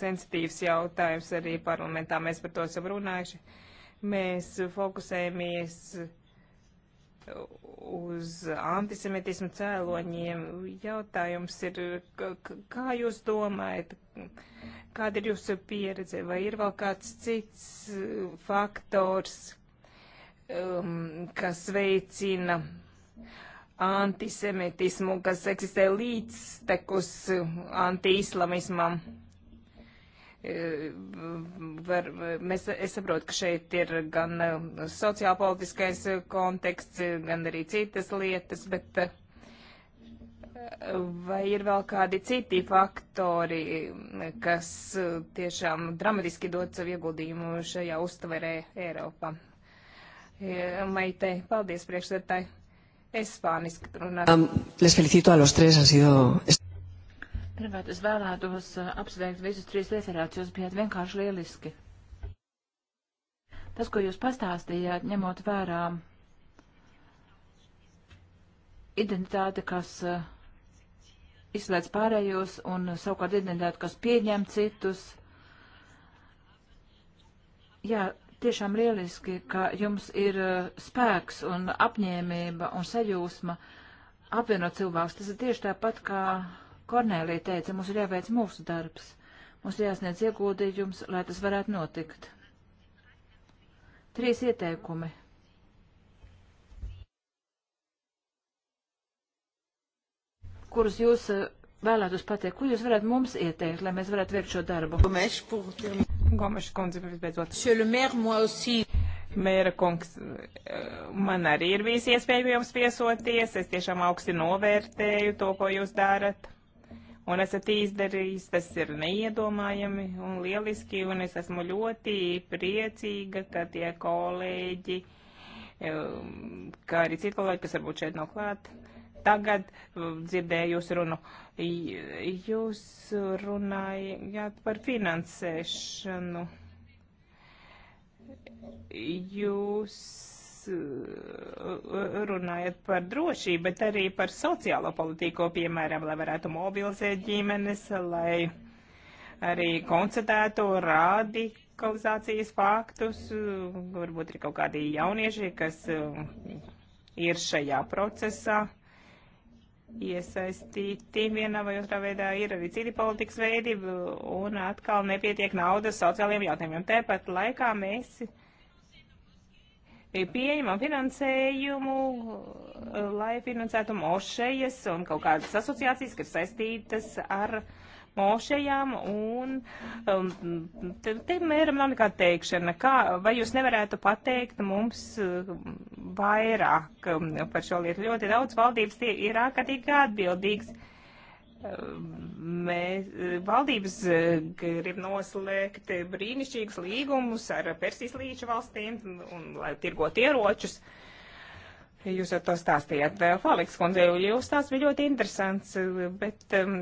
sensitīvs jautājums arī parlamentā. Mēs par to esam runājuši. Mēs fokusējamies uz antisemitismu cēloņiem. Jautājums ir, kā jūs domājat, kāda ir jūsu pieredze, vai ir vēl kāds cits faktors, um, kas veicina uh, antisemitismu, kas eksistē līdztekus antiislamismam. E, var, mēs, es saprotu, ka šeit ir gan e, sociālpolitiskais konteksts, gan arī citas lietas, bet e, vai ir vēl kādi citi faktori, kas tiešām dramatiski dod savu ieguldījumu šajā uztverē Eiropā? Maitei, paldies priekšsētāji! Es spāniski runāju. Um, les felicito a los tres, ha sido. Pirmkārt, es vēlētos uh, apsveikt visus trīs referātus, jūs bijat vienkārši lieliski. Tas, ko jūs pastāstījāt, ņemot vērā identitāti, kas uh, izslēdz pārējos un uh, savukārt identitāti, kas pieņem citus. Jā, Tiešām lieliski, ka jums ir eh, spēks un apņēmība un sajūsma apvienot cilvēkus. Tas ir tieši tāpat, kā Kornēlija teica, mums ir jāveic mūsu darbs. Mums ir jāsniedz ieguldījums, lai tas varētu notikt. Trīs ieteikumi. kurus jūs eh, vēlētos pateikt, ko jūs varētu mums ieteikt, lai mēs varētu veikt šo darbu? Gomeša kundze, visbeidzot. Mēra kungs, eh, man arī ir visi iespēja jums viesoties. Es tiešām augsti novērtēju to, ko jūs darat. Un esat izdarījis, tas ir neiedomājami un lieliski, un es esmu ļoti priecīga, ka tie kolēģi, eh, kā arī citi kolēģi, kas varbūt šeit nav klāt, tagad um, dzirdēju jūsu runu. Jūs runājāt par finansēšanu. Jūs uh, runājat par drošību, bet arī par sociālo politiku, piemēram, lai varētu mobilizēt ģimenes, lai arī konstatētu radikalizācijas faktus. Varbūt ir kaut kādi jaunieši, kas um, ir šajā procesā iesaistīti vienā vai otrā veidā, ir arī citi politikas veidi, un atkal nepietiek naudas sociālajiem jautājumiem. Tāpat laikā mēs e, pieņemam finansējumu, e, lai finansētu mošejas un kaut kādas asociācijas, kas saistītas ar uh, mošejām, un um, te, te mēram nav nekāda teikšana. Kā, vai jūs nevarētu pateikt mums uh, vairāk um, par šo lietu? Ļoti daudz valdības tie ir ārkārtīgi atbildīgs. Um, Mēs, valdības uh, grib noslēgt brīnišķīgus līgumus ar Persijas līča valstīm, un, un, lai tirgot ieročus. Jūs jau to stāstījāt, Faliks kundze, jūs tās bija ļoti interesants, bet um,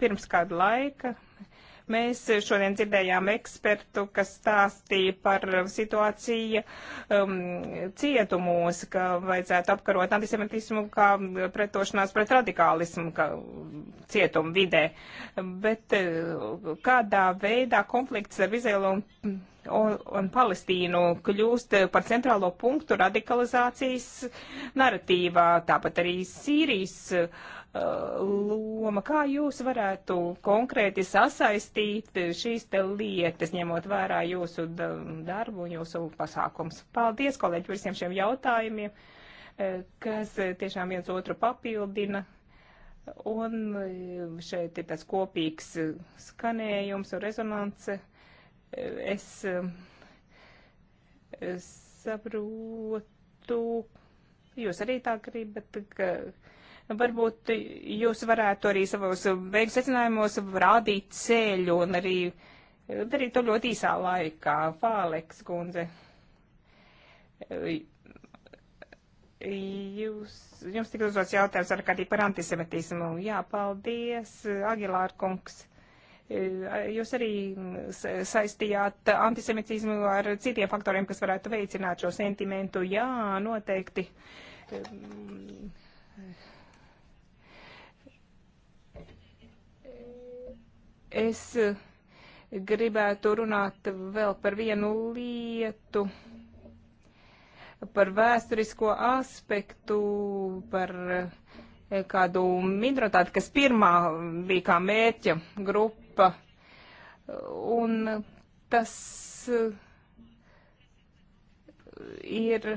pirms kāda laika Mēs šodien dzirdējām ekspertu, kas stāstīja par situāciju um, cietumos, ka vajadzētu apkarot antisemitismu kā pretošanās pret radikālismu kā cietumu vidē. Bet uh, kādā veidā konflikts ar Izraelu un, un Palestīnu kļūst par centrālo punktu radikalizācijas naratīvā, tāpat arī Sīrijas loma. Kā jūs varētu konkrēti sasaistīt šīs te lietas, ņemot vērā jūsu darbu un jūsu pasākums? Paldies, kolēģi, par visiem šiem jautājumiem, eh, kas tiešām viens otru papildina. Un eh, šeit ir tāds kopīgs eh, skanējums un rezonance. Es, es saprotu, jūs arī tā gribat, ka Varbūt jūs varētu arī savos beigu secinājumos rādīt ceļu un arī darīt to ļoti īsā laikā. Fāleks kundze, jūs, jums tika uzdots jautājums ar kādī par antisemitismu. Jā, paldies, Agilār kungs. Jūs arī saistījāt antisemitismu ar citiem faktoriem, kas varētu veicināt šo sentimentu. Jā, noteikti. Es eh, gribētu runāt vēl par vienu lietu, par vēsturisko aspektu, par eh, kādu minoritāti, kas pirmā bija kā mērķa grupa. Un tas eh, ir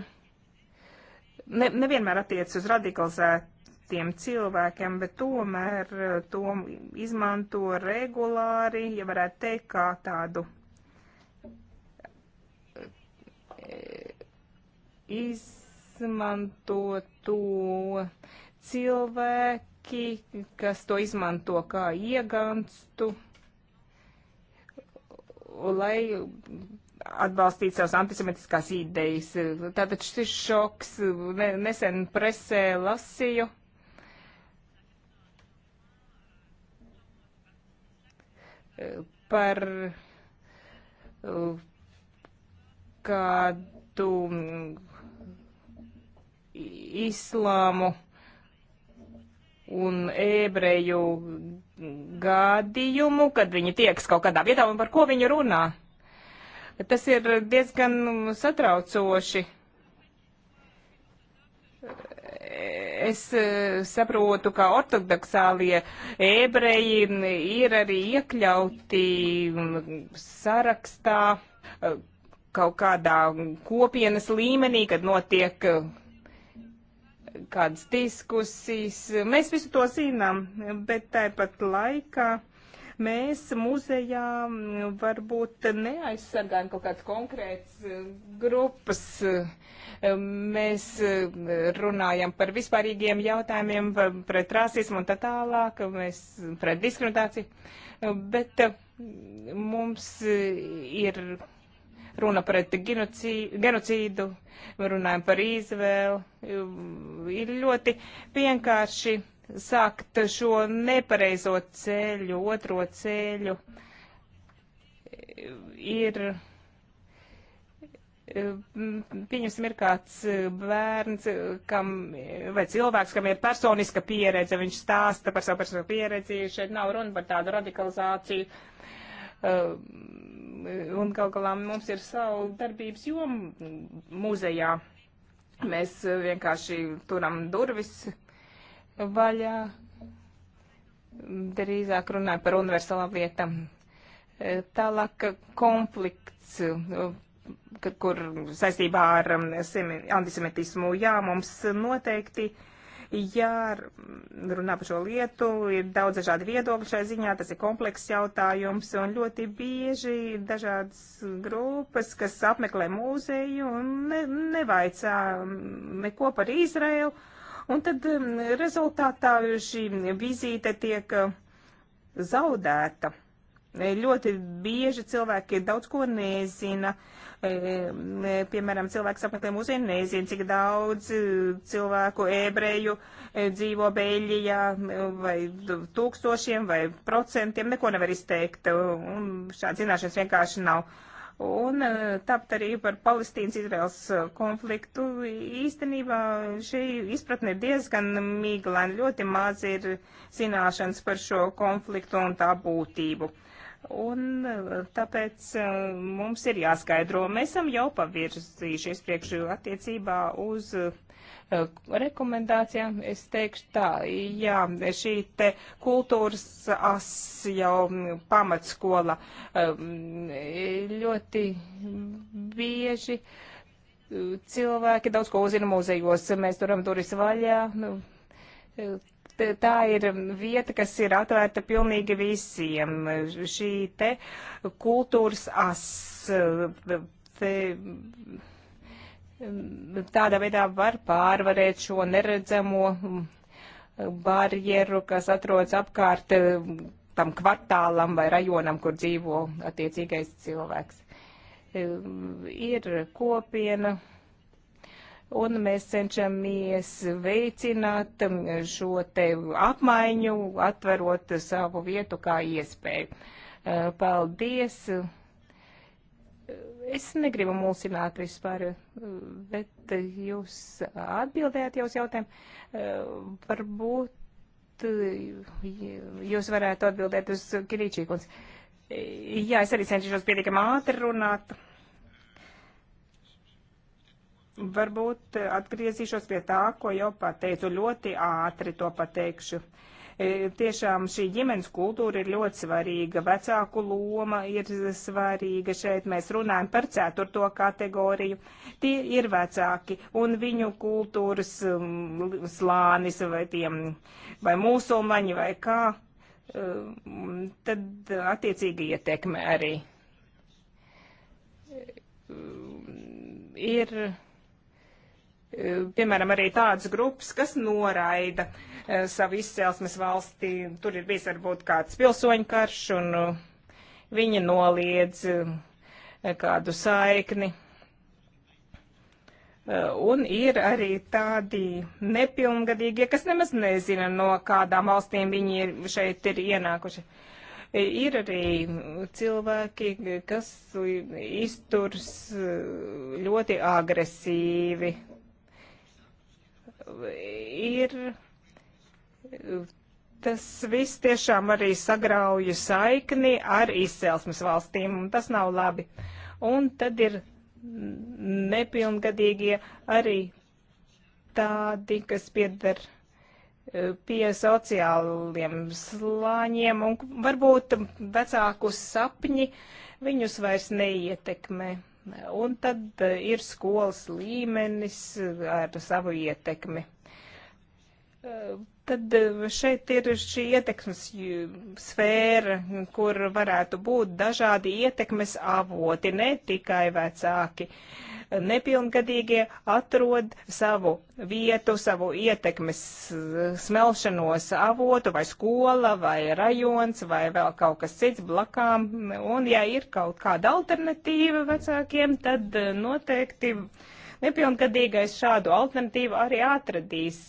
ne, nevienmēr attiec uz radikalizētu simtiem cilvēkiem, bet tomēr eh, to izmanto regulāri, ja varētu teikt, kā tādu eh, izmanto to cilvēki, kas to izmanto kā iegānstu, lai atbalstīt savas antisemitiskās idejas. Tātad šis šoks ne, nesen presē lasīju, par uh, kādu islāmu un ebreju gadījumu, kad viņi tieks kaut kādā vietā un par ko viņi runā. Tas ir diezgan satraucoši. es e, saprotu, ka ortodoksālie ebreji ir arī iekļauti sarakstā e, kaut kādā kopienas līmenī, kad notiek e, kādas diskusijas. Mēs visu to zinām, bet tāpat laikā Mēs muzejā mm, varbūt neaizsargājam kaut kādas konkrētas mm, grupas. Mm, mēs runājam par vispārīgiem jautājumiem, par, pret rasismu un tā tālāk, mēs pret diskrimināciju. Bet mums ir runa pret genocīdu, runājam par izvēlu. Ir ļoti vienkārši sākt šo nepareizo ceļu, otro ceļu, ir, pieņemsim, ir kāds bērns, kam, vai cilvēks, kam ir personiska pieredze, viņš stāsta par savu personisko pieredzi, šeit nav runa par tādu radikalizāciju. Un kaut galā mums ir savu darbības jomu muzejā. Mēs vienkārši turam durvis, uh, vaļā. Drīzāk runāju par universālām lietām. E, tālāk konflikts, e, kur saistībā ar antisemitismu, jā, mums noteikti jārunā par šo lietu, ir daudz dažādi viedokļi šai ziņā, tas ir komplekss jautājums, un ļoti bieži ir dažādas grupas, kas apmeklē mūzeju un ne, nevaicā neko par Izraelu Un tad um, rezultātā šī vizīte tiek uh, zaudēta. E, ļoti bieži cilvēki daudz ko nezina. E, e, piemēram, cilvēks apmeklē muzeju nezina, cik daudz cilvēku ebreju dzīvo Beļģijā vai tūkstošiem vai procentiem. Neko nevar izteikt. Un šāda zināšanas vienkārši nav. Un eh, tāpat arī par Palestīnas-Izraels eh, konfliktu. Īstenībā šī izpratne ir diezgan mīglaina. Ļoti maz ir zināšanas par šo konfliktu un tā būtību. Un eh, tāpēc mums ir jāskaidro. Mēs esam jau pavirzījušies priekšu attiecībā uz Eh, rekomendācijām. Es teikšu tā, jā, šī te kultūras as jau pamatskola eh, ļoti bieži eh, cilvēki daudz ko uzzina mūzejos. Mēs turam turis vaļā. Nu, tā ir vieta, kas ir atvērta pilnīgi visiem. Šī te kultūras as. Te, Tādā veidā var pārvarēt šo neredzamo barjeru, kas atrodas apkārt eh, tam kvartālam vai rajonam, kur dzīvo attiecīgais cilvēks. Eh, ir kopiena, un mēs cenšamies veicināt šo te apmaiņu, atverot savu vietu kā iespēju. Eh, paldies! Es negribu mulsināt vispār, bet jūs atbildējāt jau uz jautājumu. Varbūt jūs varētu atbildēt uz Kirīčīkuns. Jā, es arī cenšos pietiekam ātri runāt. Varbūt atgriezīšos pie tā, ko jau pateicu. Ļoti ātri to pateikšu. Uh, E, tiešām šī ģimenes kultūra ir ļoti svarīga, vecāku loma ir svarīga. Šeit mēs runājam par ceturto kategoriju. Tie ir vecāki un viņu kultūras um, slānis vai, tiem, vai musulmaņi vai kā. Um, tad attiecīgi ietekme arī um, ir, piemēram, arī tādas grupas, kas noraida E, savu izcelsmes valsti. Tur ir bijis varbūt kāds pilsoņu karš, un e, viņi noliedz e, kādu saikni. Un ir arī tādi nepilngadīgie, kas nemaz nezina, no kādām valstīm viņi ir, šeit ir ienākuši. Ir arī cilvēki, kas izturs ļoti agresīvi. Ir tas viss tiešām arī sagrauju saikni ar izcelsmes valstīm, un tas nav labi. Un tad ir nepilngadīgie arī tādi, kas piedara e, pie sociāliem slāņiem, un varbūt vecāku sapņi viņus vairs neietekmē. Un tad e, ir skolas līmenis e, ar savu ietekmi. Tad eh, šeit ir šī ietekmes sfēra, kur varētu būt dažādi ietekmes avoti, ne tikai vecāki. Nepilngadīgie atrod savu vietu, savu ietekmes eh, smelšanos avotu, vai skola, vai rajons, vai vēl kaut kas cits blakām. Un ja ir kaut kāda alternatīva vecākiem, tad eh, noteikti. Uh, Nepilngadīgais šādu alternatīvu arī atradīs,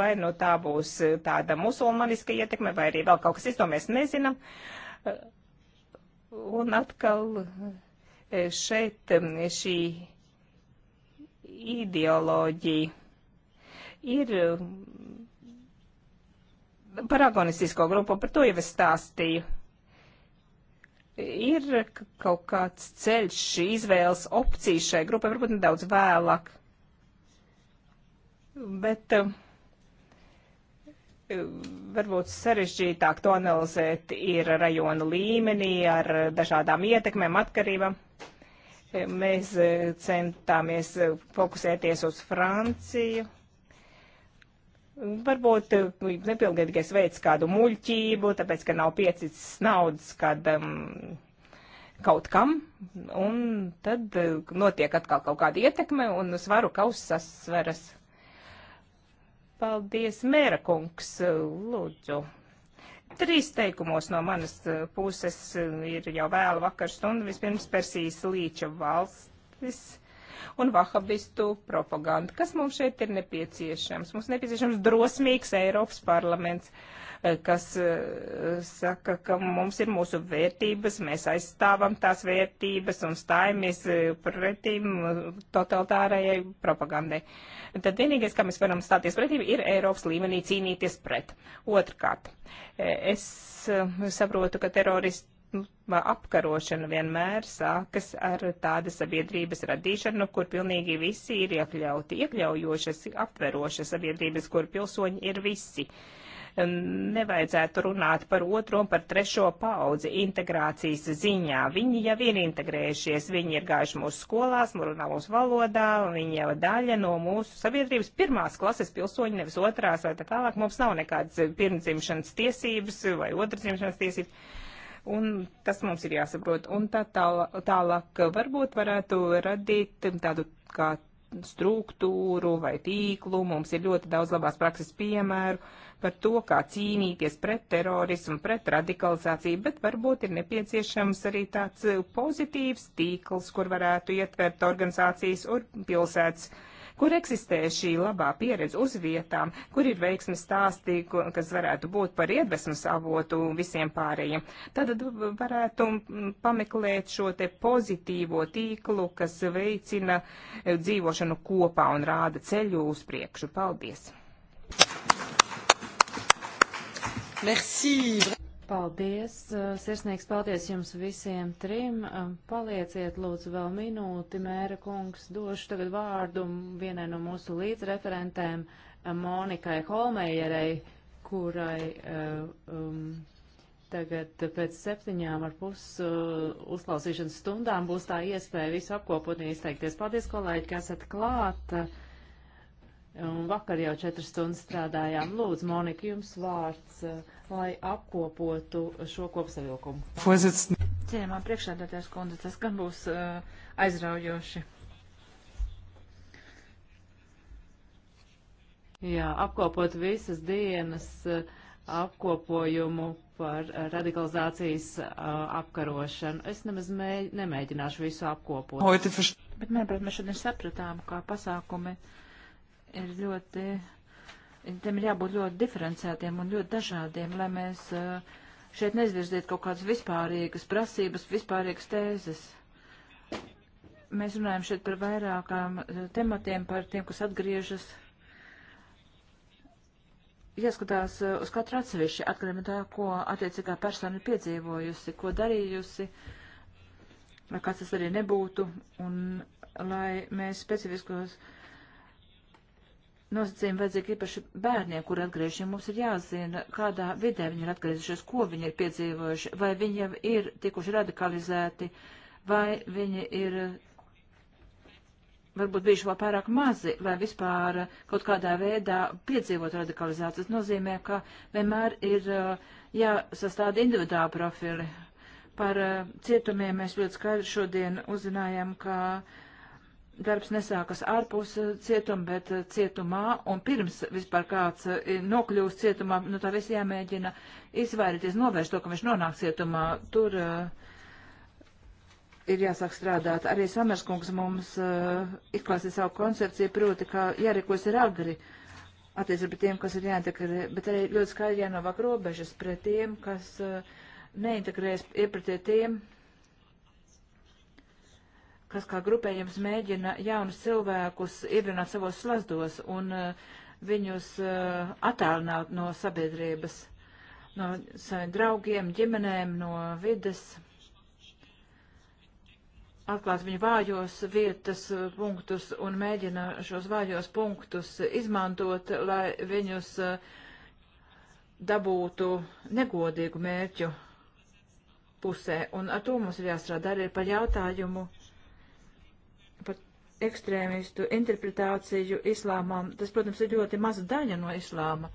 vai no tā būs tāda musulmaniska ietekme, vai arī vēl kaut kas cits, to mēs nezinām. Un atkal e, šeit šī ideoloģija ir par agonistisko grupu, par to jau es stāstīju ir kaut kāds ceļš, izvēles opcija šai grupai, varbūt nedaudz vēlāk. Bet um, varbūt sarežģītāk to analizēt ir rajona līmenī ar dažādām ietekmēm, atkarībām. Mēs eh, centāmies eh, fokusēties uz Franciju Varbūt eh, nepilngadīgais veids kādu muļķību, tāpēc, ka nav piecicis naudas kādam kaut kam, un tad eh, notiek atkal kaut kāda ietekme, un svaru kausas sasveras. Paldies, mēra kungs, lūdzu. Trīs teikumos no manas eh, puses ir jau vēlu vakar stundu, vispirms Persijas līča valstis un vahabistu propagandu. Kas mums šeit ir nepieciešams? Mums nepieciešams drosmīgs Eiropas parlaments, eh, kas eh, saka, ka mums ir mūsu vērtības, mēs aizstāvam tās vērtības un stājamies eh, pretīm totalitārajai propagandai. Tad vienīgais, kā mēs varam stāties pretī, ir Eiropas līmenī cīnīties pret. Otrkārt, es saprotu, ka teroristi Nu, apkarošana vienmēr sākas ar tāda sabiedrības radīšanu, nu, kur pilnīgi visi ir iekļauti, iekļaujošas, aptverošas sabiedrības, kur pilsoņi ir visi. Nevajadzētu runāt par otro un par trešo paudzi integrācijas ziņā. Viņi jau ir integrējušies, viņi ir gājuši mūsu skolās, runā mūsu valodā, viņi jau daļa no mūsu sabiedrības pirmās klases pilsoņi, nevis otrās vai tā tālāk. Mums nav nekādas pirmdzimšanas tiesības vai otrdzimšanas tiesības un tas mums ir jāsaprot. Un tā tālāk varbūt varētu radīt tādu kā struktūru vai tīklu. Mums ir ļoti daudz labās prakses piemēru par to, kā cīnīties pret terorismu, pret radikalizāciju, bet varbūt ir nepieciešams arī tāds pozitīvs tīkls, kur varētu ietvert organizācijas un pilsētas Kur eksistē šī labā pieredze uz vietām, kur ir veiksmes stāstī, kas varētu būt par iedvesmas avotu visiem pārējiem? Tad varētu pameklēt šo te pozitīvo tīklu, kas veicina e, dzīvošanu kopā un rāda ceļu uz priekšu. Paldies! Merci. Paldies, uh, sirsnīgs paldies jums visiem trim. Um, palieciet lūdzu vēl minūti, mēra kungs, došu tagad vārdu vienai no mūsu līdzreferentēm, uh, Monikai Holmējerei, kurai uh, um, tagad pēc septiņām ar pus uh, uzklausīšanas stundām būs tā iespēja visu apkopot un izteikties. Paldies, kolēģi, ka esat klāt. Un vakar jau četras stundas strādājām. Lūdzu, Monika, jums vārds. Uh, lai apkopotu šo kopsavilkumu. Cienījumā priekšādātājs kundze, tas gan būs uh, aizraujoši. Jā, apkopot visas dienas uh, apkopojumu par radikalizācijas uh, apkarošanu. Es nemaz mēģ, nemēģināšu visu apkopot. Oi, Bet, manuprāt, mēs šodien sapratām, kā pasākumi ir ļoti Tiem ir jābūt ļoti diferencētiem un ļoti dažādiem, lai mēs eh, šeit nezvirziet kaut kādas vispārīgas prasības, vispārīgas tēzes mēs runājam šeit par vairākām eh, tematiem, par tiem, kas atgriežas. Jāskatās eh, uz katru atsevišķi, atkarībā no tā, ko attiecīgā persona ir piedzīvojusi, ko darījusi, lai kāds tas arī nebūtu, un lai mēs specifiskos nosacījumi vajadzīgi īpaši bērniem, kur atgriežas. Mums ir jāzina, kādā vidē viņi ir atgriezušies, ko viņi ir piedzīvojuši, vai viņi jau ir tikuši radikalizēti, vai viņi ir varbūt bijuši vēl pārāk mazi, lai vispār kaut kādā veidā piedzīvot radikalizāciju. Tas nozīmē, ka vienmēr ir uh, jāsastāda individuāli profili. Par uh, cietumiem mēs ļoti skaidri šodien uzzinājām, ka uh, darbs nesākas ārpus eh, cietuma, bet eh, cietumā, un pirms vispār kāds eh, nokļūst cietumā, nu tā viss jāmēģina izvairīties, novērst to, ka viņš nonāk cietumā. Tur uh, ir jāsāk strādāt. Arī Samerskungs mums uh, izklāstīja savu koncepciju, proti, ka jārīkos ir agri attiecībā pret tiem, kas ir jāintegrē, bet arī ļoti skaidri jānovāk robežas pret tiem, kas uh, neintegrējas iepratie tiem, kas kā grupējums mēģina jaunus cilvēkus iedrināt savos slazdos un uh, viņus uh, attālināt no sabiedrības, no saviem draugiem, ģimenēm, no vides, atklāt viņu vājos vietas eh, punktus un mēģina šos vājos punktus izmantot, lai viņus uh, dabūtu negodīgu mērķu pusē. Un ar to mums ir jāstrādā arī par jautājumu ekstrēmistu interpretāciju islāmām. Tas, protams, ir ļoti maza daļa no islāma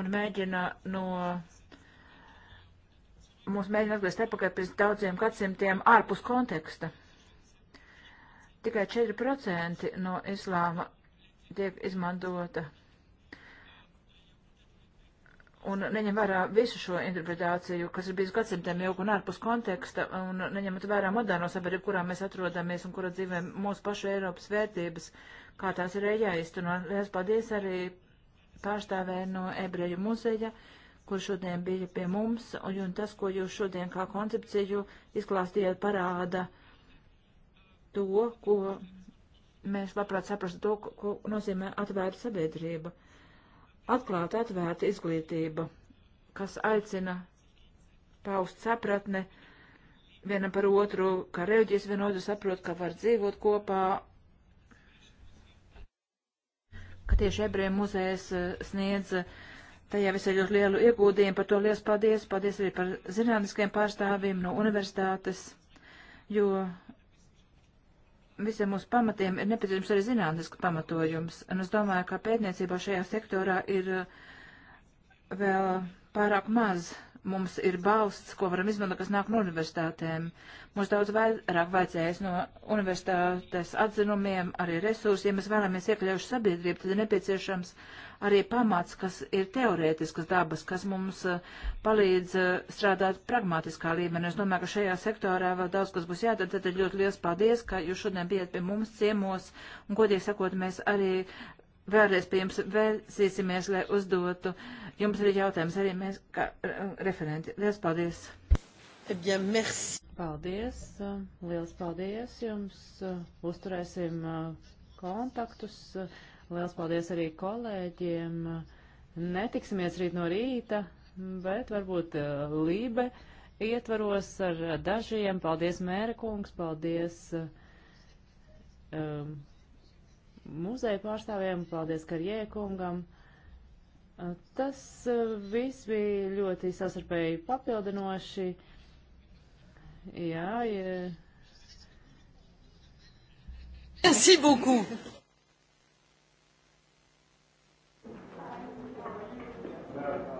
un mēģina no. Mums mēģina atgriezt atpakaļ pēc daudziem gadsimtiem ārpus konteksta. Tikai 4% no islāma tiek izmantota un neņem vērā visu šo interpretāciju, kas ir bijis gadsimtiem ilgi un ārpus konteksta, un neņemot vērā moderno sabiedrību, kurā mēs atrodamies un kura dzīvē mūsu pašu Eiropas vērtības, kā tās ir jāizteno. Liels paldies arī pārstāvē no Ebreju muzeja, kur šodien bija pie mums, un, un tas, ko jūs šodien kā koncepciju izklāstījāt, parāda to, ko mēs labprāt saprastu to, ko nozīmē atvērta sabiedrība atklāta, atvērta izglītība, kas aicina paust sapratne vienam par otru, kā reaģēs vienotru, saprot, ka var dzīvot kopā, ka tieši ebreju muzejs eh, sniedz eh, tajā visai ļoti lielu iegūdījumu. Par to liels paldies. Paldies arī par zinātniskiem pārstāvjiem no universitātes, jo visiem mūsu pamatiem ir nepieciešams arī zinātnisks pamatojums. Un es domāju, ka pētniecībā šajā sektorā ir eh, vēl pārāk maz mums ir balsts, ko varam izmantot, kas nāk no universitātēm. Mums daudz vairāk vajadzēs no universitātes atzinumiem, arī resursiem. Mēs vēlamies iekļaujuši sabiedrību, tad ir nepieciešams arī pamats, kas ir teorētiskas dabas, kas mums eh, palīdz eh, strādāt pragmatiskā līmenī. Es domāju, ka šajā sektorā vēl daudz kas būs jādara. Tad ir ļoti liels paldies, ka jūs šodien bijat pie mums ciemos. Un, godīgi sakot, mēs arī vēlreiz pie jums vērsīsimies, lai uzdotu jums arī jautājums, arī mēs kā referenti. Liels paldies! Eh bien, merci. Paldies! Eh, liels paldies jums! Eh, uzturēsim kontaktus. Liels paldies arī kolēģiem. Netiksimies rīt no rīta, bet varbūt lībe ietvaros ar dažiem. Paldies, mēra kungs, paldies um, muzeja pārstāvjiem, paldies Karjē kungam. Tas viss bija ļoti sasarpēji papildinoši. Jā, ir. Merci beaucoup! Yeah.